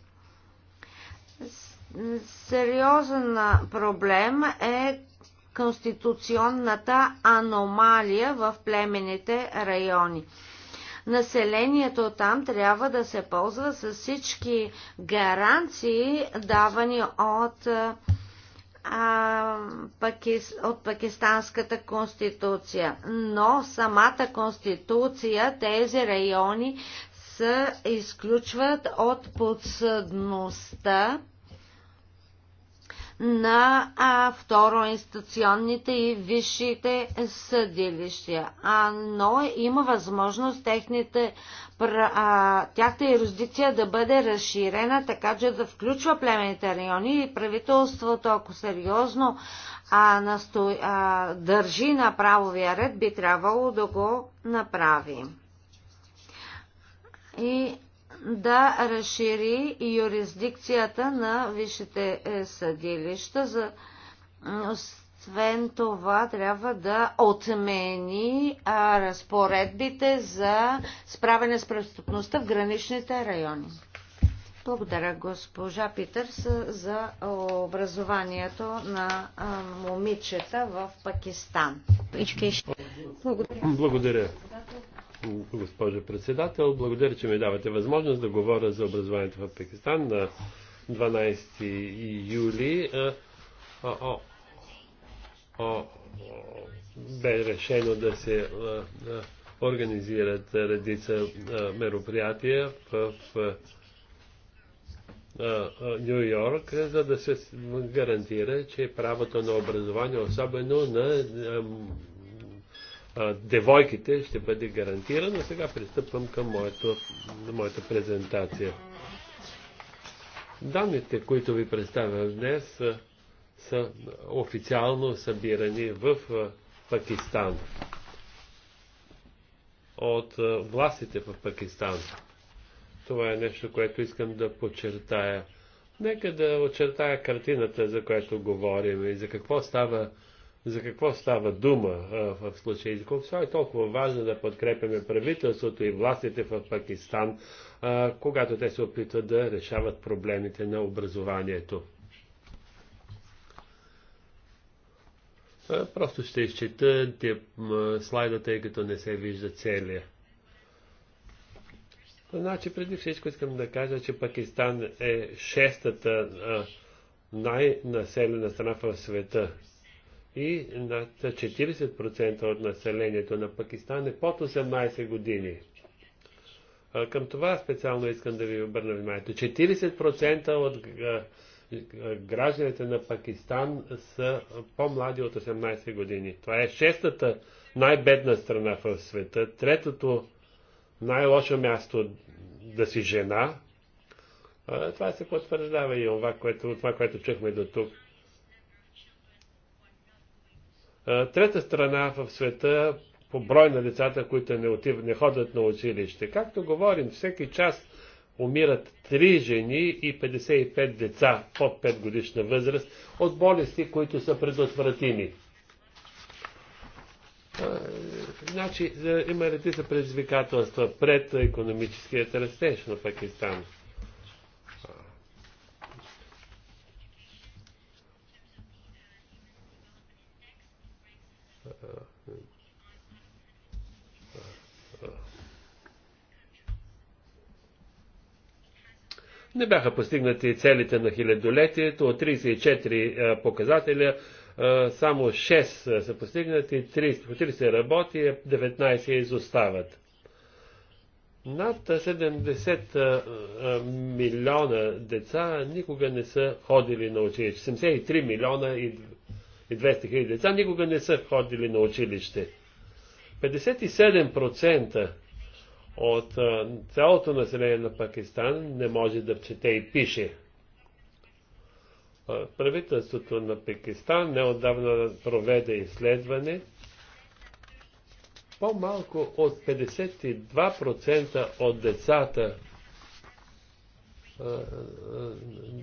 Сериозен проблем е конституционната аномалия в племените райони. Населението там трябва да се ползва с всички гаранции, давани от, а, пакис, от пакистанската конституция. Но самата конституция тези райони се изключват от подсъдността на а, второинстационните и висшите съдилища. А, но има възможност техните, а, тяхта юрисдикция да бъде разширена, така че да включва племените райони и правителството, ако сериозно а, насто, а, държи на правовия ред, би трябвало да го направи. И да разшири юрисдикцията на висшите е, съдилища. За, освен това, трябва да отмени а, разпоредбите за справяне с престъпността в граничните райони. Благодаря госпожа Питърс за образованието на момичета в Пакистан. Благодаря. Благодаря госпожо председател. Благодаря, че ми давате възможност да говоря за образованието в Пакистан на 12 юли. О, о, бе решено да се организират редица мероприятия в Нью Йорк, за да се гарантира, че правото на образование, особено на девойките ще бъде А Сега пристъпвам към моето, моята презентация. Данните, които ви представям днес, са, са официално събирани в Пакистан от властите в Пакистан. Това е нещо, което искам да подчертая. Нека да очертая картината, за която говорим и за какво става за какво става дума а, в случая. За какво е толкова важно да подкрепяме правителството и властите в Пакистан, а, когато те се опитват да решават проблемите на образованието. А, просто ще изчета слайда, тъй като не се вижда целия. Значи, преди всичко искам да кажа, че Пакистан е шестата най-населена страна в света и над 40% от населението на Пакистан е под 18 години. Към това специално искам да ви обърна вниманието. 40% от гражданите на Пакистан са по-млади от 18 години. Това е шестата най-бедна страна в света, третото най-лошо място да си жена. Това се потвърждава и това, което, това, което чухме до тук. трета страна в света по брой на децата, които не, отив, не ходят на училище. Както говорим, всеки час умират 3 жени и 55 деца под 5 годишна възраст от болести, които са предотвратими. Значи, има редица предизвикателства пред економическият растеж на Пакистан. Не бяха постигнати целите на хилядолетието. От 34 показателя само 6 са постигнати, 30, 30 работи, 19 изостават. Над 70 милиона деца никога не са ходили на училище. 73 милиона и 200 хиляди деца никога не са ходили на училище. 57% от цялото население на Пакистан не може да чете и пише. Правителството на Пакистан неодавна проведе изследване. По-малко от 52% от децата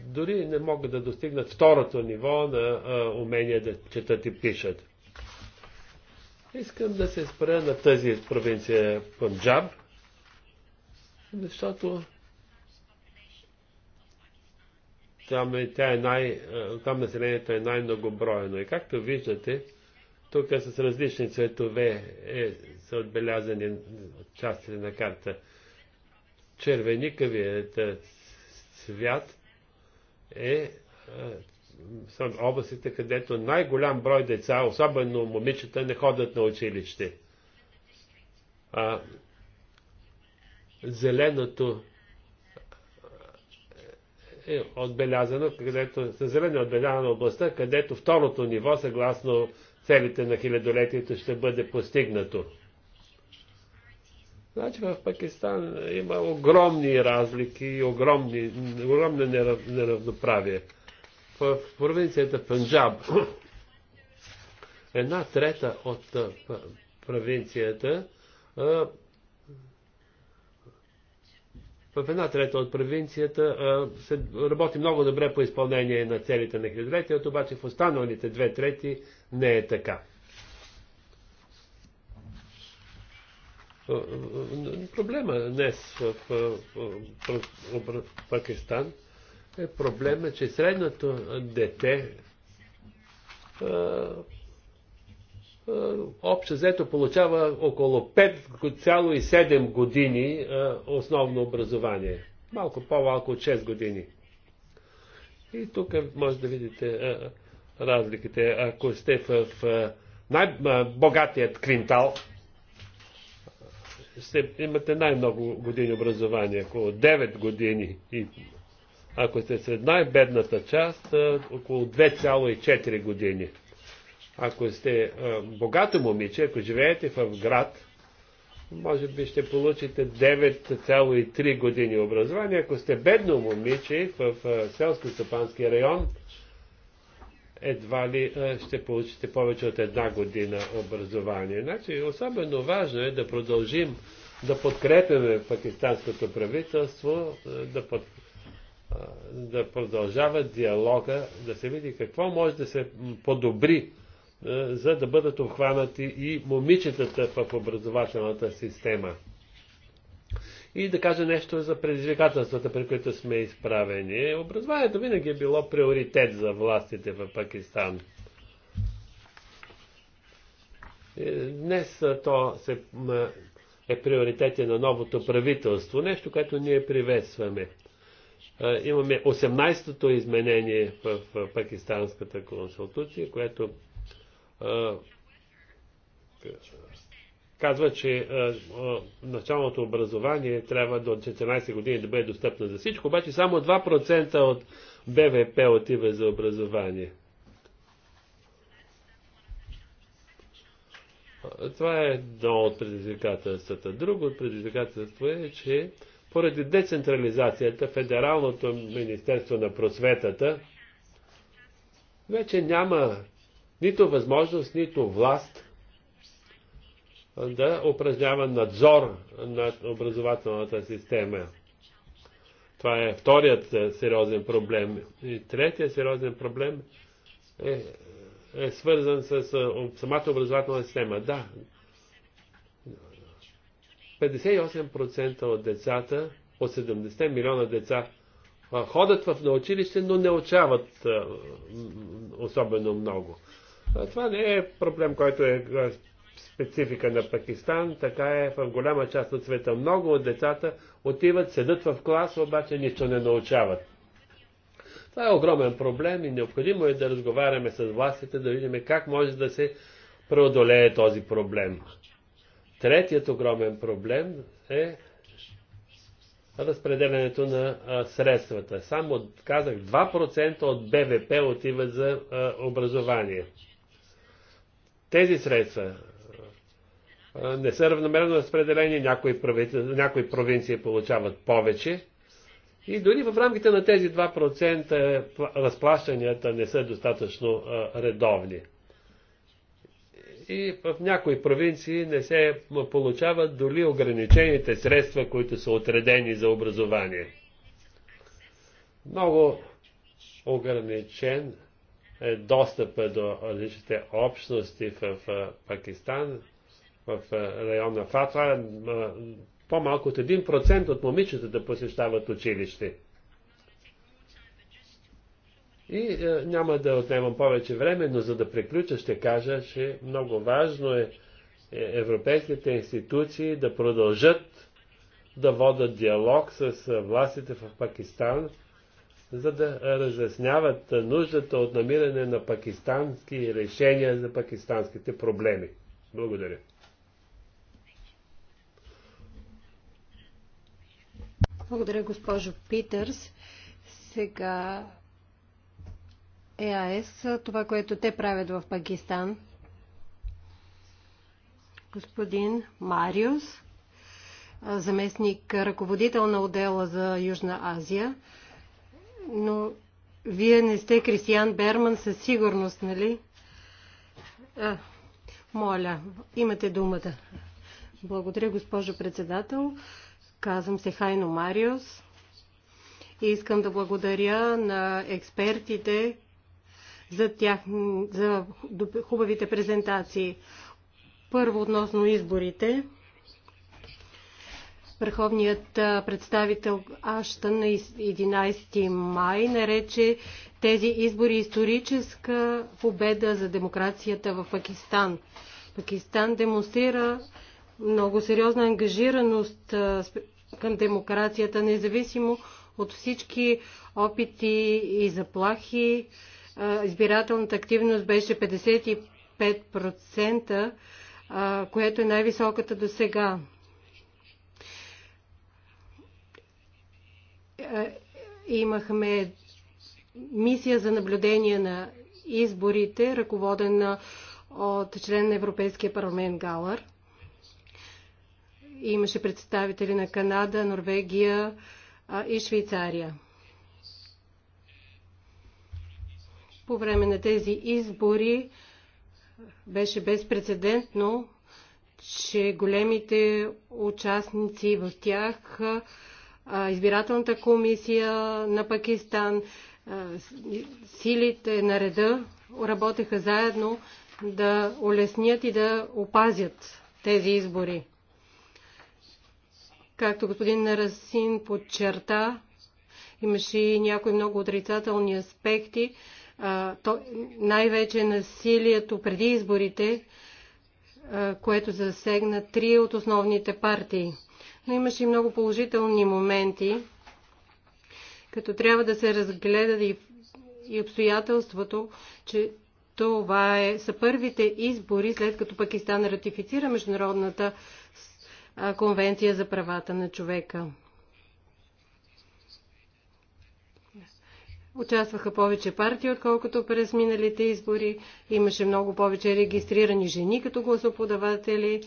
дори не могат да достигнат второто ниво на умение да четат и пишат. Искам да се спра на тази провинция Пунджаб – защото там, е, тя е най, там населението е най-многобройно. И както виждате, тук е с различни цветове е, са отбелязани части на карта. Червеникавият цвят е са областите, където най-голям брой деца, особено момичета, не ходят на училище. А, зеленото е, е отбелязано, където, са зелено е отбелязана областта, където второто ниво, съгласно целите на хилядолетието, ще бъде постигнато. Значи в Пакистан има огромни разлики и огромни, огромно нерав, неравноправие. В провинцията Панджаб една трета от провинцията в една трета от провинцията се работи много добре по изпълнение на целите на хилядолетието, обаче в останалите две трети не е така. Проблема днес в, в Пакистан е проблема, че средното дете е, общо взето получава около 5,7 години е, основно образование. Малко по-малко от 6 години. И тук може да видите е, разликите. Ако сте в най-богатият квинтал, сте, имате най-много години образование, около 9 години. И ако сте сред най-бедната част, около 2,4 години. Ако сте е, богато момиче, ако живеете в град, може би ще получите 9,3 години образование. Ако сте бедно момиче в е, селско-стопански район, едва ли е, ще получите повече от една година образование. Значи, особено важно е да продължим да подкрепяме пакистанското правителство, да, под, да продължава диалога, да се види какво може да се подобри е, за да бъдат обхванати и момичетата в образователната система. И да кажа нещо за предизвикателствата, при които сме изправени. Образованието винаги е било приоритет за властите в Пакистан. Е, днес то се, е приоритет на новото правителство, нещо, което ние приветстваме. Е, имаме 18-то изменение в пакистанската конституция, което казва, че началното образование трябва до 14 години да бъде достъпно за всичко, обаче само 2% от БВП отива за образование. Това е едно от предизвикателствата. Друго от предизвикателство е, че поради децентрализацията Федералното Министерство на просветата вече няма нито възможност, нито власт да упражнява надзор над образователната система. Това е вторият е, сериозен проблем. И третият сериозен проблем е, е свързан с е, самата образователна система. Да, 58% от децата, от 70 милиона деца, ходят в училище, но не учават е, особено много. Това не е проблем, който е специфика на Пакистан, така е в голяма част от света. Много от децата отиват, седат в клас, обаче нищо не научават. Това е огромен проблем и необходимо е да разговаряме с властите, да видим как може да се преодолее този проблем. Третият огромен проблем е разпределянето на средствата. Само казах, 2% от БВП отива за образование тези средства не са равномерно разпределени, някои, правици, някои провинции получават повече. И дори в рамките на тези 2% разплащанията не са достатъчно редовни. И в някои провинции не се получават дори ограничените средства, които са отредени за образование. Много ограничен е, достъпа до различните общности в Пакистан, в района Фатва, по-малко от 1% от момичетата посещават училище. И е, няма да отнемам повече време, но за да приключа ще кажа, че много важно е, е европейските институции да продължат да водят диалог с е, властите в Пакистан, за да разясняват нуждата от намиране на пакистански решения за пакистанските проблеми. Благодаря. Благодаря, госпожо Питърс. Сега ЕАС, това, което те правят в Пакистан. Господин Мариус, заместник ръководител на отдела за Южна Азия но вие не сте Кристиан Берман със сигурност, нали? А, моля, имате думата. Благодаря, госпожо председател. Казвам се Хайно Мариус. И искам да благодаря на експертите за, тях, за хубавите презентации. Първо относно изборите. Върховният представител Аштън на 11 май нарече тези избори историческа победа за демокрацията в Пакистан. Пакистан демонстрира много сериозна ангажираност към демокрацията, независимо от всички опити и заплахи. Избирателната активност беше 55%, което е най-високата до сега. Е, имахме мисия за наблюдение на изборите, ръководена от член на Европейския парламент Галър. Имаше представители на Канада, Норвегия и Швейцария. По време на тези избори беше безпредседентно, че големите участници в тях избирателната комисия на Пакистан, силите на реда работеха заедно да улеснят и да опазят тези избори. Както господин Нарасин подчерта, имаше и някои много отрицателни аспекти, най-вече насилието преди изборите, което засегна три от основните партии – но имаше и много положителни моменти, като трябва да се разгледа и, и обстоятелството, че това е, са първите избори, след като Пакистан ратифицира Международната конвенция за правата на човека. Участваха повече партии, отколкото през миналите избори. Имаше много повече регистрирани жени като гласоподаватели.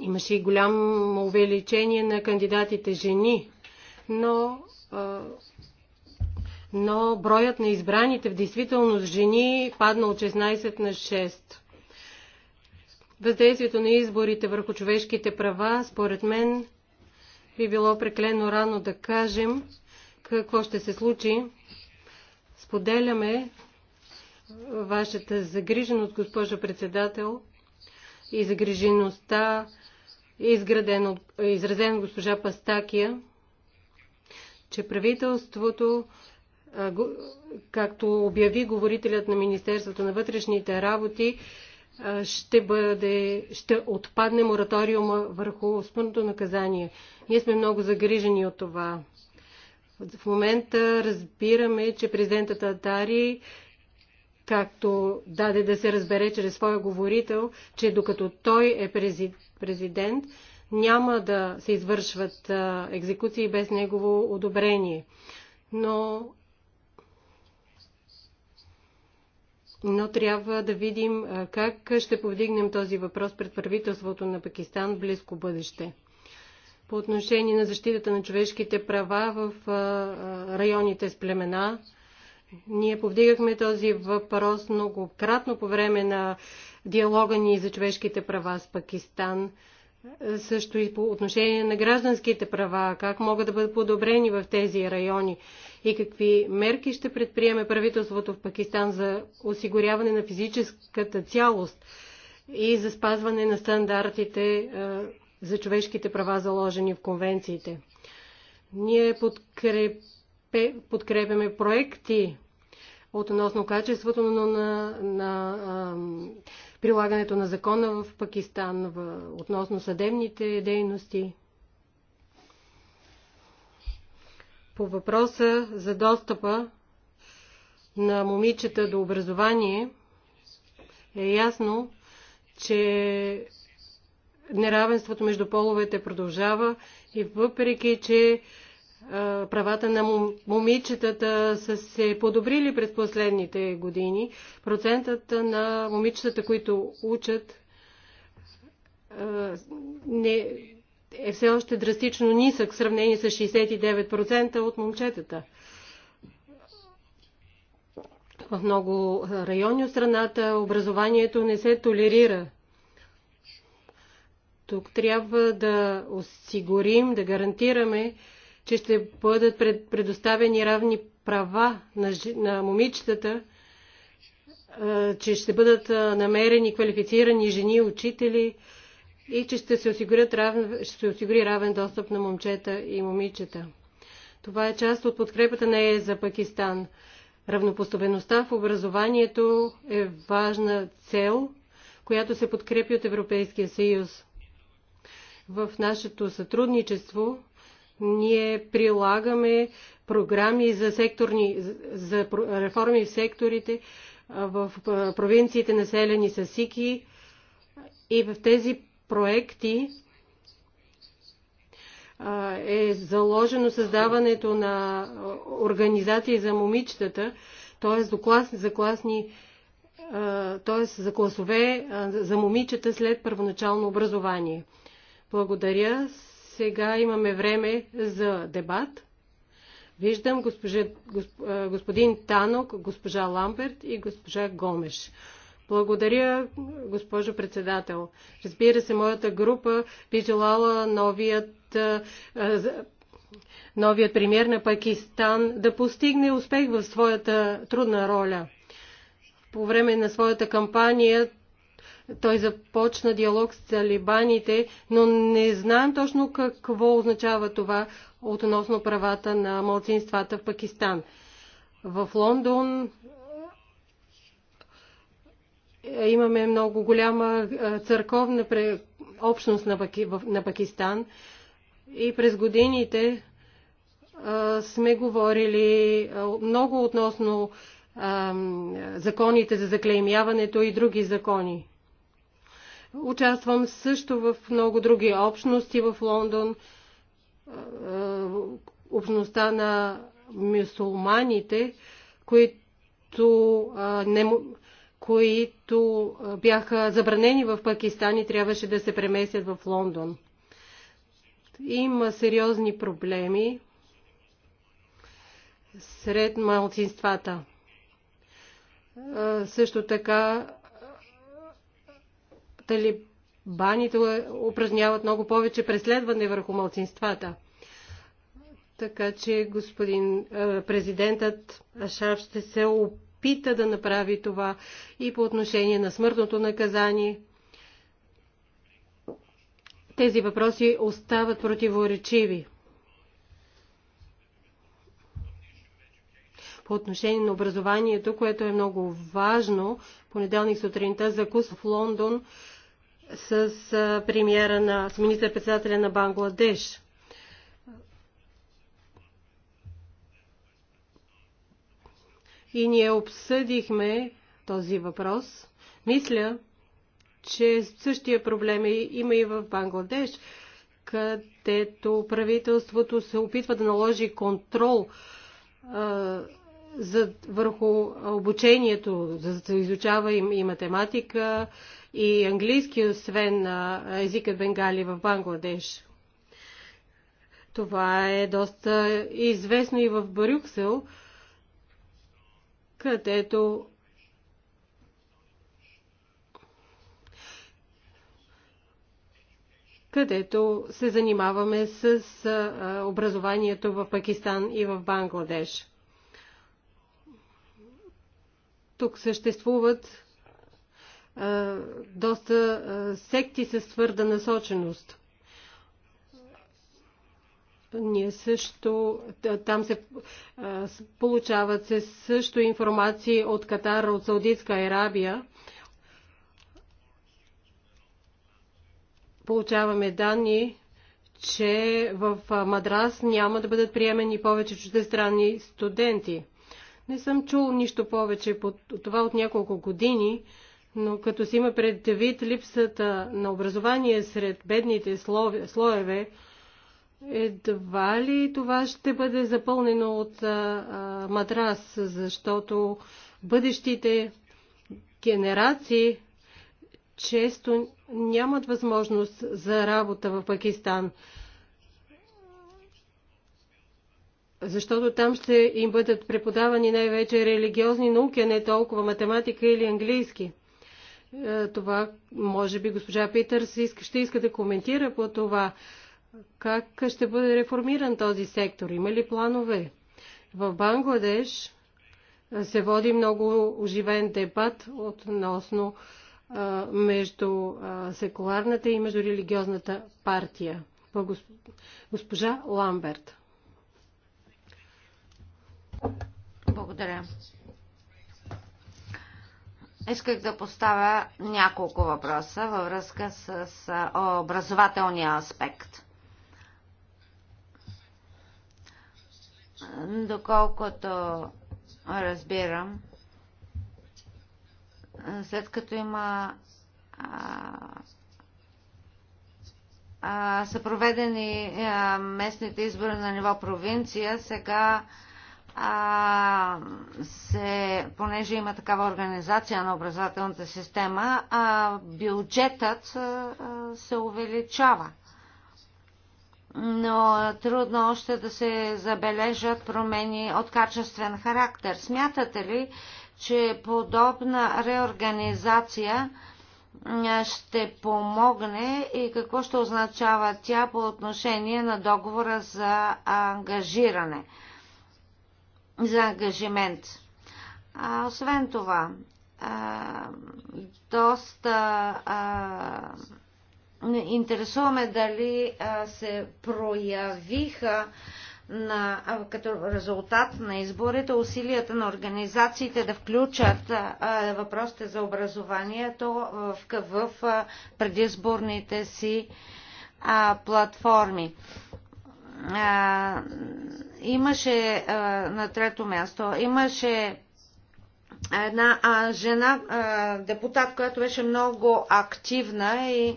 Имаше и голямо увеличение на кандидатите жени, но, но броят на избраните в действителност жени падна от 16 на 6. Въздействието на изборите върху човешките права, според мен, би било преклено рано да кажем какво ще се случи. Споделяме вашата загриженост, госпожо председател, и загрижеността изграден от, изразен от госпожа Пастакия, че правителството, както обяви говорителят на Министерството на вътрешните работи, ще, бъде, ще отпадне мораториума върху смъртното наказание. Ние сме много загрижени от това. В момента разбираме, че президентът Атари, както даде да се разбере чрез своя говорител, че докато той е президент, президент, няма да се извършват екзекуции без негово одобрение. Но, но трябва да видим как ще повдигнем този въпрос пред правителството на Пакистан в близко бъдеще. По отношение на защитата на човешките права в районите с племена, ние повдигахме този въпрос многократно по време на диалога ни за човешките права с Пакистан, също и по отношение на гражданските права, как могат да бъдат подобрени в тези райони и какви мерки ще предприеме правителството в Пакистан за осигуряване на физическата цялост и за спазване на стандартите е, за човешките права, заложени в конвенциите. Ние подкрепе, подкрепяме проекти относно качеството на, на, на прилагането на закона в Пакистан в, относно съдебните дейности. По въпроса за достъпа на момичета до образование е ясно, че неравенството между половете продължава и въпреки, че правата на момичетата са се подобрили през последните години. Процентът на момичетата, които учат, не, е все още драстично нисък в сравнение с 69% от момчетата. В много райони от страната образованието не се толерира. Тук трябва да осигурим, да гарантираме, че ще бъдат пред, предоставени равни права на, на момичетата, че ще бъдат намерени квалифицирани жени, учители и че ще се, осигурят равен, ще се осигури равен достъп на момчета и момичета. Това е част от подкрепата на ЕС за Пакистан. Равнопоставеността в образованието е важна цел, която се подкрепи от Европейския съюз. В нашето сътрудничество ние прилагаме програми за, секторни, за реформи в секторите в провинциите населени с Сики и в тези проекти е заложено създаването на организации за момичетата, т.е. за класни, за класни т.е. за класове за момичета след първоначално образование. Благодаря. Сега имаме време за дебат. Виждам госпожа, госп, господин Танок, госпожа Ламберт и госпожа Гомеш. Благодаря, госпожо председател. Разбира се, моята група би желала новият, новият премьер на Пакистан да постигне успех в своята трудна роля. По време на своята кампания той започна диалог с талибаните, но не знаем точно какво означава това относно правата на младсинствата в Пакистан. В Лондон е, имаме много голяма е, църковна общност на Пакистан и през годините е, сме говорили много относно законите за заклеймяването и други закони. Участвам също в много други общности в Лондон. Е, е, общността на мюсулманите, които, е, не, които бяха забранени в Пакистан и трябваше да се преместят в Лондон. Има сериозни проблеми сред малцинствата. Също така талибаните упражняват много повече преследване върху малцинствата. Така че господин президентът Ашаф ще се опита да направи това и по отношение на смъртното наказание. Тези въпроси остават противоречиви. По отношение на образованието, което е много важно, понеделник сутринта закус в Лондон с премиера на, с министър-председателя на Бангладеш. И ние обсъдихме този въпрос. Мисля, че същия проблем е, има и в Бангладеш, където правителството се опитва да наложи контрол а, за, върху обучението, за да се изучава и, и математика, и английски, освен езика бенгали в Бангладеш. Това е доста известно и в Брюксел, където където се занимаваме с образованието в Пакистан и в Бангладеш. Тук съществуват доста секти с твърда насоченост. Ние също, там се получават се също информации от Катар, от Саудитска Арабия. Получаваме данни, че в Мадрас няма да бъдат приемени повече чуждестранни студенти. Не съм чул нищо повече по това от няколко години, но като си има предвид липсата на образование сред бедните слоеве, едва ли това ще бъде запълнено от матрас, защото бъдещите генерации често нямат възможност за работа в Пакистан. Защото там ще им бъдат преподавани най-вече религиозни науки, а не толкова математика или английски. Е, това, може би, госпожа Питърс ще иска да коментира по това. Как ще бъде реформиран този сектор? Има ли планове? В Бангладеш се води много оживен дебат относно между секуларната и между религиозната партия. Госпожа Ламберт. Благодаря. Исках да поставя няколко въпроса във връзка с образователния аспект. Доколкото разбирам, след като има а, а, са проведени а, местните избори на ниво провинция, сега а, а, се, понеже има такава организация на образователната система, а, бюджетът а, се увеличава. Но трудно още да се забележат промени от качествен характер. Смятате ли, че подобна реорганизация ще помогне и какво ще означава тя по отношение на договора за ангажиране? за ангажимент. А, освен това, а, доста а, интересуваме дали а, се проявиха на, като резултат на изборите усилията на организациите да включат а, въпросите за образованието в, в, в предизборните си а, платформи. А, имаше а, на трето място, имаше една а, жена, а, депутат, която беше много активна и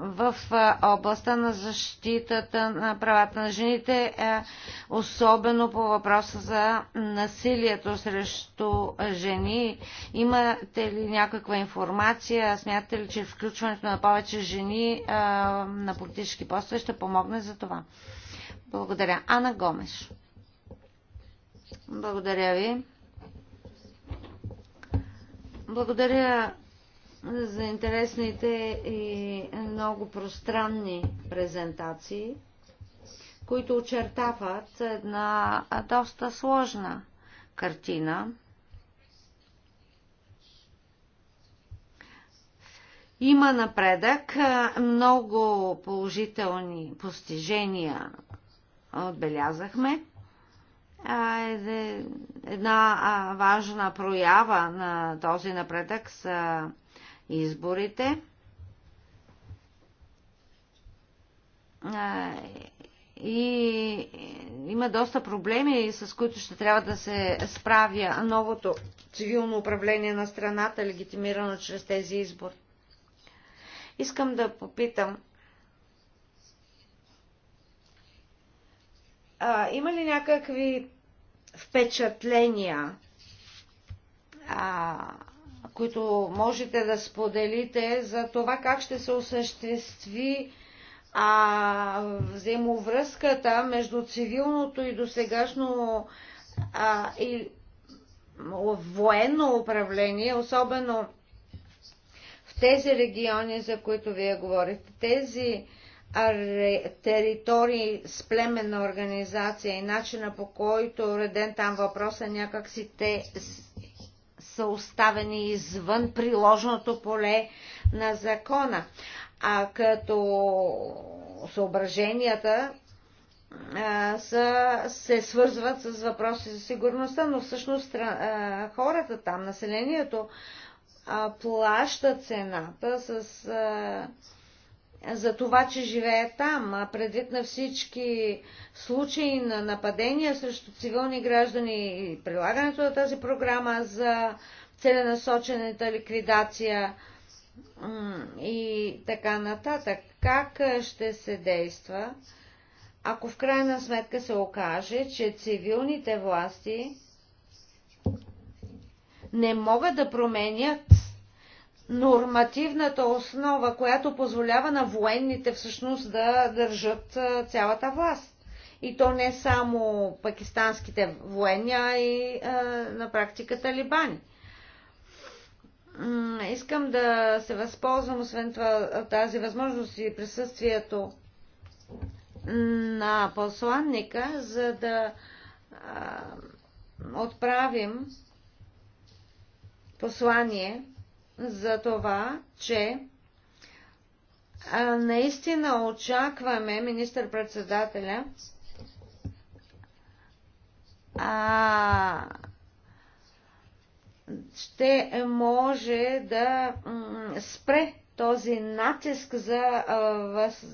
в областта на защитата на правата на жените, особено по въпроса за насилието срещу жени. Имате ли някаква информация? Смятате ли, че включването на повече жени на политически постове ще помогне за това? Благодаря. Ана Гомеш. Благодаря ви. Благодаря за интересните и много пространни презентации, които очертават една доста сложна картина. Има напредък, много положителни постижения отбелязахме. Е, една важна проява на този напредък са изборите. И има доста проблеми, с които ще трябва да се справя новото цивилно управление на страната, легитимирано чрез тези избори. Искам да попитам, а, има ли някакви впечатления а, които можете да споделите за това как ще се осъществи а, взаимовръзката между цивилното и досегашно а, и военно управление, особено в тези региони, за които вие говорите, Тези територии с племенна организация и начина по който е реден там въпроса някакси те са оставени извън приложното поле на закона. А като съображенията са, се свързват с въпроси за сигурността, но всъщност хората там, населението, плащат цената с за това, че живее там, а предвид на всички случаи на нападения срещу цивилни граждани и прилагането на тази програма за целенасочената ликвидация и така нататък. Как ще се действа, ако в крайна сметка се окаже, че цивилните власти не могат да променят нормативната основа, която позволява на военните всъщност да държат цялата власт. И то не само пакистанските военни, а и на практика талибани. Искам да се възползвам, освен това, тази възможност и присъствието на посланника, за да отправим послание за това, че наистина очакваме министър-председателя а, ще може да спре този натиск за въз...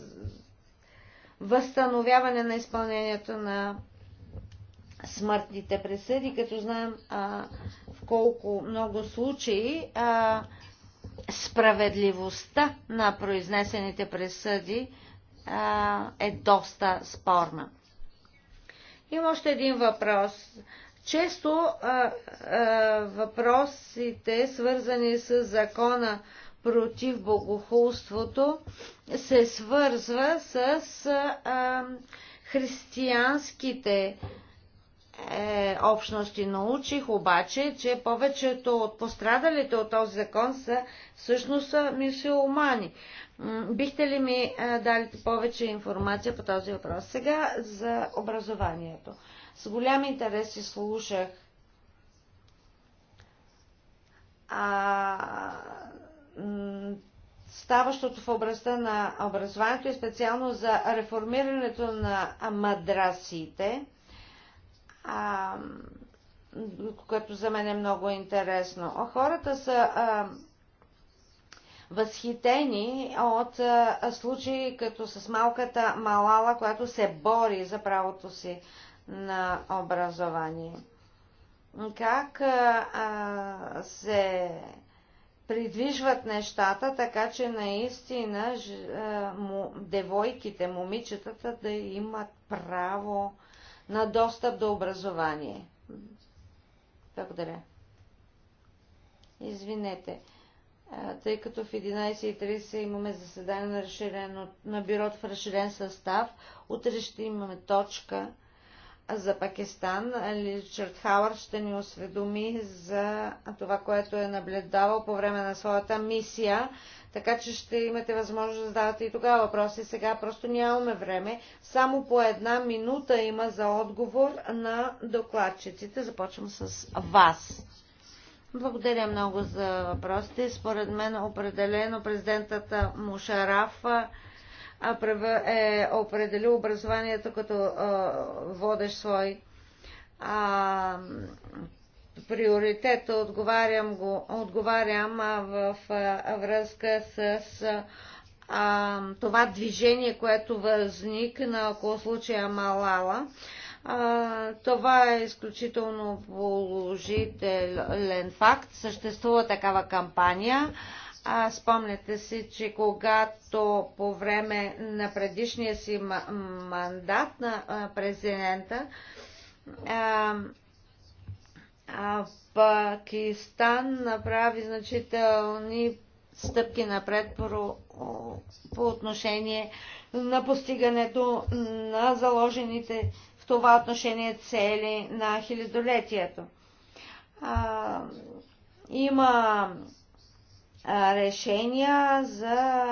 възстановяване на изпълнението на смъртните присъди, като знаем а, колко много случаи а, справедливостта на произнесените пресъди, а, е доста спорна. Има още един въпрос. Често а, а, въпросите, свързани с закона против богохулството, се свързва с а, християнските е, общности. Научих обаче, че повечето от пострадалите от този закон са всъщност са мисиомани. Бихте ли ми е, дали повече информация по този въпрос? Сега за образованието. С голям интерес и слушах а, ставащото в областта на образованието и специално за реформирането на мадрасите а, което за мен е много интересно. Хората са а, възхитени от а, случаи като с малката Малала, която се бори за правото си на образование. Как а, а, се придвижват нещата, така че наистина ж, а, му, девойките, момичетата да имат право на достъп до образование. Благодаря. Извинете, тъй като в 11.30 имаме заседание на, на бюрото в разширен състав, утре ще имаме точка за Пакистан. Ричард Хауърд ще ни осведоми за това, което е наблюдавал по време на своята мисия, така че ще имате възможност да задавате и тогава въпроси. Сега просто нямаме време. Само по една минута има за отговор на докладчиците. Започвам с вас. Благодаря много за въпросите. Според мен определено президентът Мушарафа е определил образованието като водещ свой а, приоритет. Отговарям, го, отговарям в връзка с а, това движение, което възникна около случая Малала. А, това е изключително положителен факт. Съществува такава кампания. А, спомняте си, че когато по време на предишния си мандат на президента а, а, Пакистан направи значителни стъпки напред по, по отношение на постигането на заложените в това отношение цели на хилядолетието. А, има решения за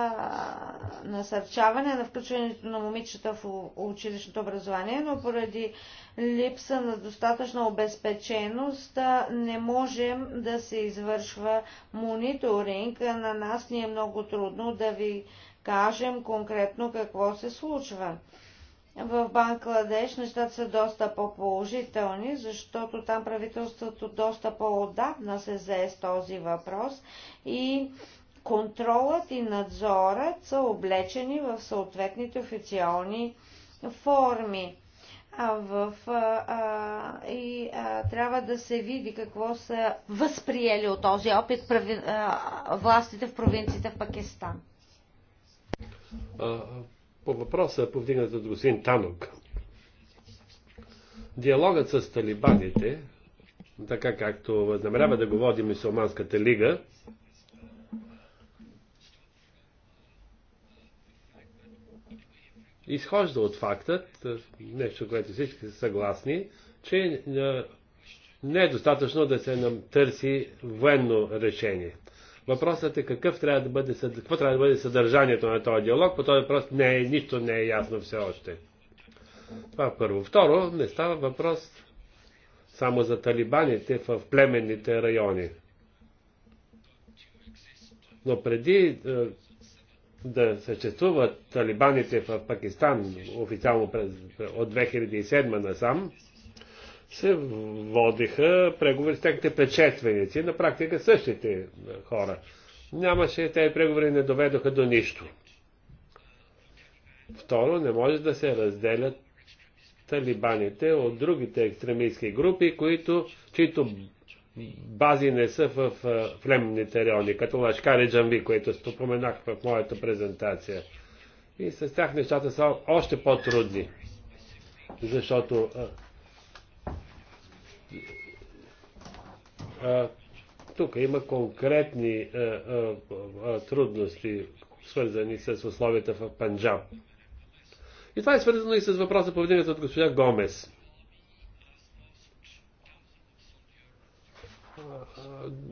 насърчаване на включването на момичета в училищното образование, но поради липса на достатъчна обезпеченост не можем да се извършва мониторинг. На нас ни е много трудно да ви кажем конкретно какво се случва. В Бангладеш нещата са доста по-положителни, защото там правителството доста по-отдавна се зае с този въпрос и контролът и надзорът са облечени в съответните официални форми. А в, а, а, и а, трябва да се види какво са възприели от този опит прави, а, властите в провинциите в Пакистан по въпроса, повдигнат от господин Танок. Диалогът с талибаните, така както възнамерява да го води Мисулманската лига, изхожда от фактът, нещо, което всички са съгласни, че не е достатъчно да се нам търси военно решение. Въпросът е какъв трябва да бъде, какво трябва да бъде съдържанието на този диалог. По този въпрос не е, нищо не е ясно все още. Това е първо. Второ, не става въпрос само за талибаните в племенните райони. Но преди е, да съществуват талибаните в Пакистан официално през, от 2007 насам, се водиха преговори с техните предшественици, на практика същите хора. Нямаше, тези преговори не доведоха до нищо. Второ, не може да се разделят талибаните от другите екстремистски групи, които, чието бази не са в племенните райони, като Лашкари Джамби, които споменах в моята презентация. И с тях нещата са още по-трудни, защото а, тук има конкретни а, е, а, е, е, трудности, свързани с условията в Панджаб. И това е свързано и с въпроса поведението от господин Гомес.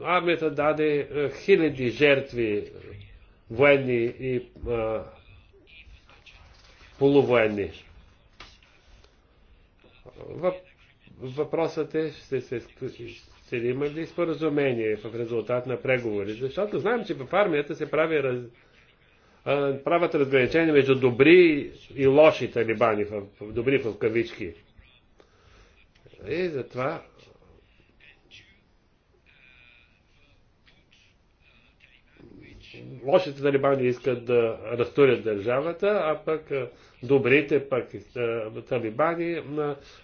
Армията даде хиляди жертви, военни и а, полувоенни. Въп Въпросът е, ще се ще има ли споразумение в резултат на преговори? Защото знаем, че в армията се прави раз... правят разграничения между добри и лоши талибани, в... добри в кавички. И затова лошите талибани искат да разтурят държавата, а пък добрите пък талибани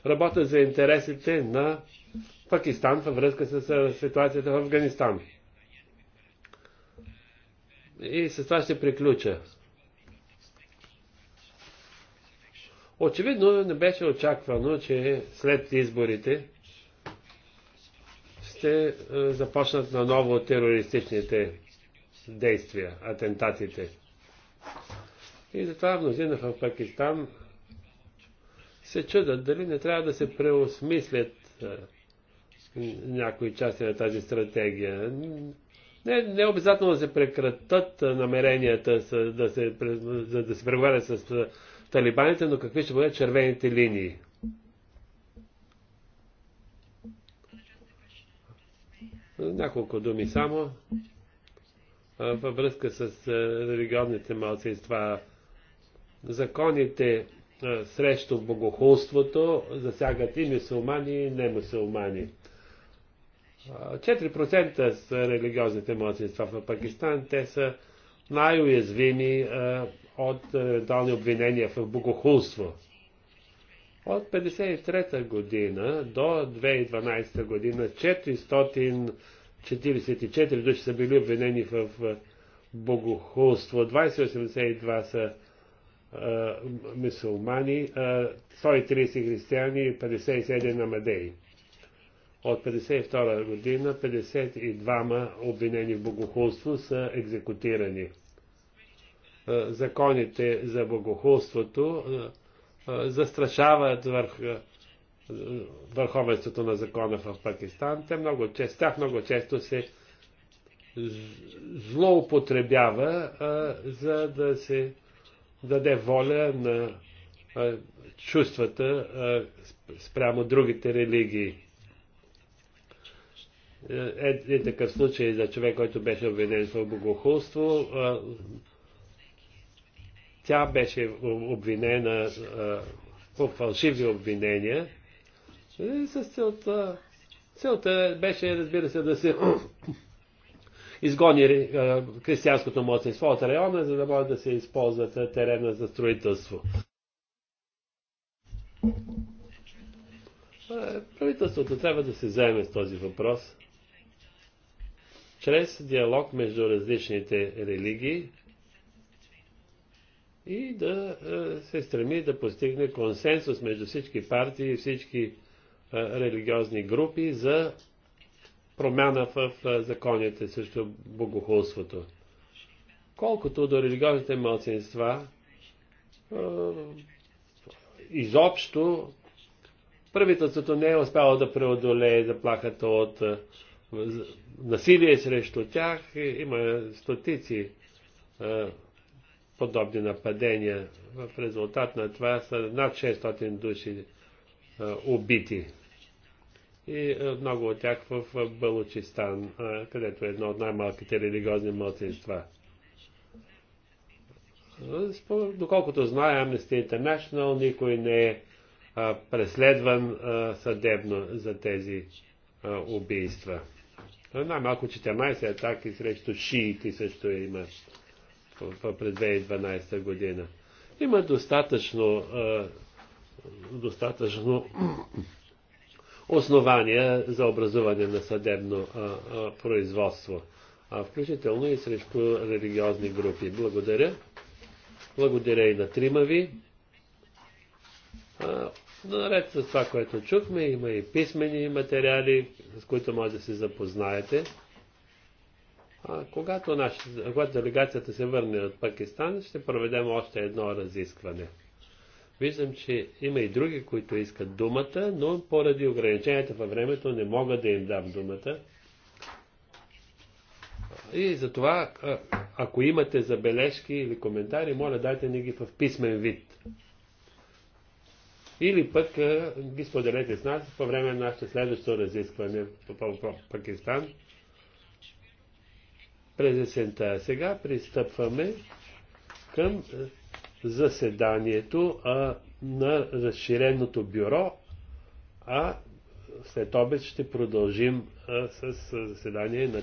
работят за интересите на Пакистан във връзка с ситуацията в Афганистан. И с това ще приключа. Очевидно не беше очаквано, че след изборите ще започнат на ново терористичните действия, атентатите. И затова мнозина в Пакистан се чудат дали не трябва да се преосмислят някои части на тази стратегия. Не, не е обязателно да се прекратат намеренията да се, за да се преговарят с талибаните, но какви ще бъдат червените линии? Няколко думи само във връзка с религиозните малцинства. Законите срещу богохулството засягат и мусулмани, и не мусулмани. 4% са религиозните младсинства в Пакистан. Те са най-уязвими от дални обвинения в богохулство. От 1953 година до 2012 година 400 44 души са били обвинени в богохулство, 282 са а, мусулмани, а, 130 християни и 57 намадеи. От 52 година 52 обвинени в богохулство са екзекутирани. Законите за богохулството застрашават върху върховенството на закона в Пакистан, те много често, тях много често се злоупотребява, а, за да се даде воля на а, чувствата а, спрямо другите религии. Е, е, е такъв случай за човек, който беше обвинен в богохулство. А, тя беше обвинена а, по фалшиви обвинения и е, с целта, целта беше, разбира се, да се <clears throat> изгони християнското е, младсинство от района, за да може да се използват е, терена за строителство. Правителството трябва да се заеме с този въпрос чрез диалог между различните религии и да се стреми да постигне консенсус между всички партии и всички религиозни групи за промяна в законите срещу богохулството. Колкото до религиозните младсинства, изобщо правителството не е успяло да преодолее заплахата от насилие срещу тях. Има стотици подобни нападения. В резултат на това са над 600 души е, убити. И е, много от тях в е, Балучистан, където е едно от най-малките религиозни младсинства. Доколкото знае Amnesty International, никой не е преследван съдебно за тези убийства. Най-малко 14 атаки срещу шиити също има през 2012 година. Има достатъчно достатъчно основания за образуване на съдебно а, а, производство, а включително и срещу религиозни групи. Благодаря. Благодаря и на трима ви. А, наред с това, което чухме, има и писмени материали, с които може да се запознаете. А, когато, наш, когато делегацията се върне от Пакистан, ще проведем още едно разискване. Виждам, че има и други, които искат думата, но поради ограниченията във времето не мога да им дам думата. И затова, ако имате забележки или коментари, моля дайте ни ги в писмен вид. Или пък ги споделете с нас по време на нашето следващо разискване по Пакистан през есента. Сега пристъпваме към заседанието а, на разширеното бюро, а след обед ще продължим а, с заседание на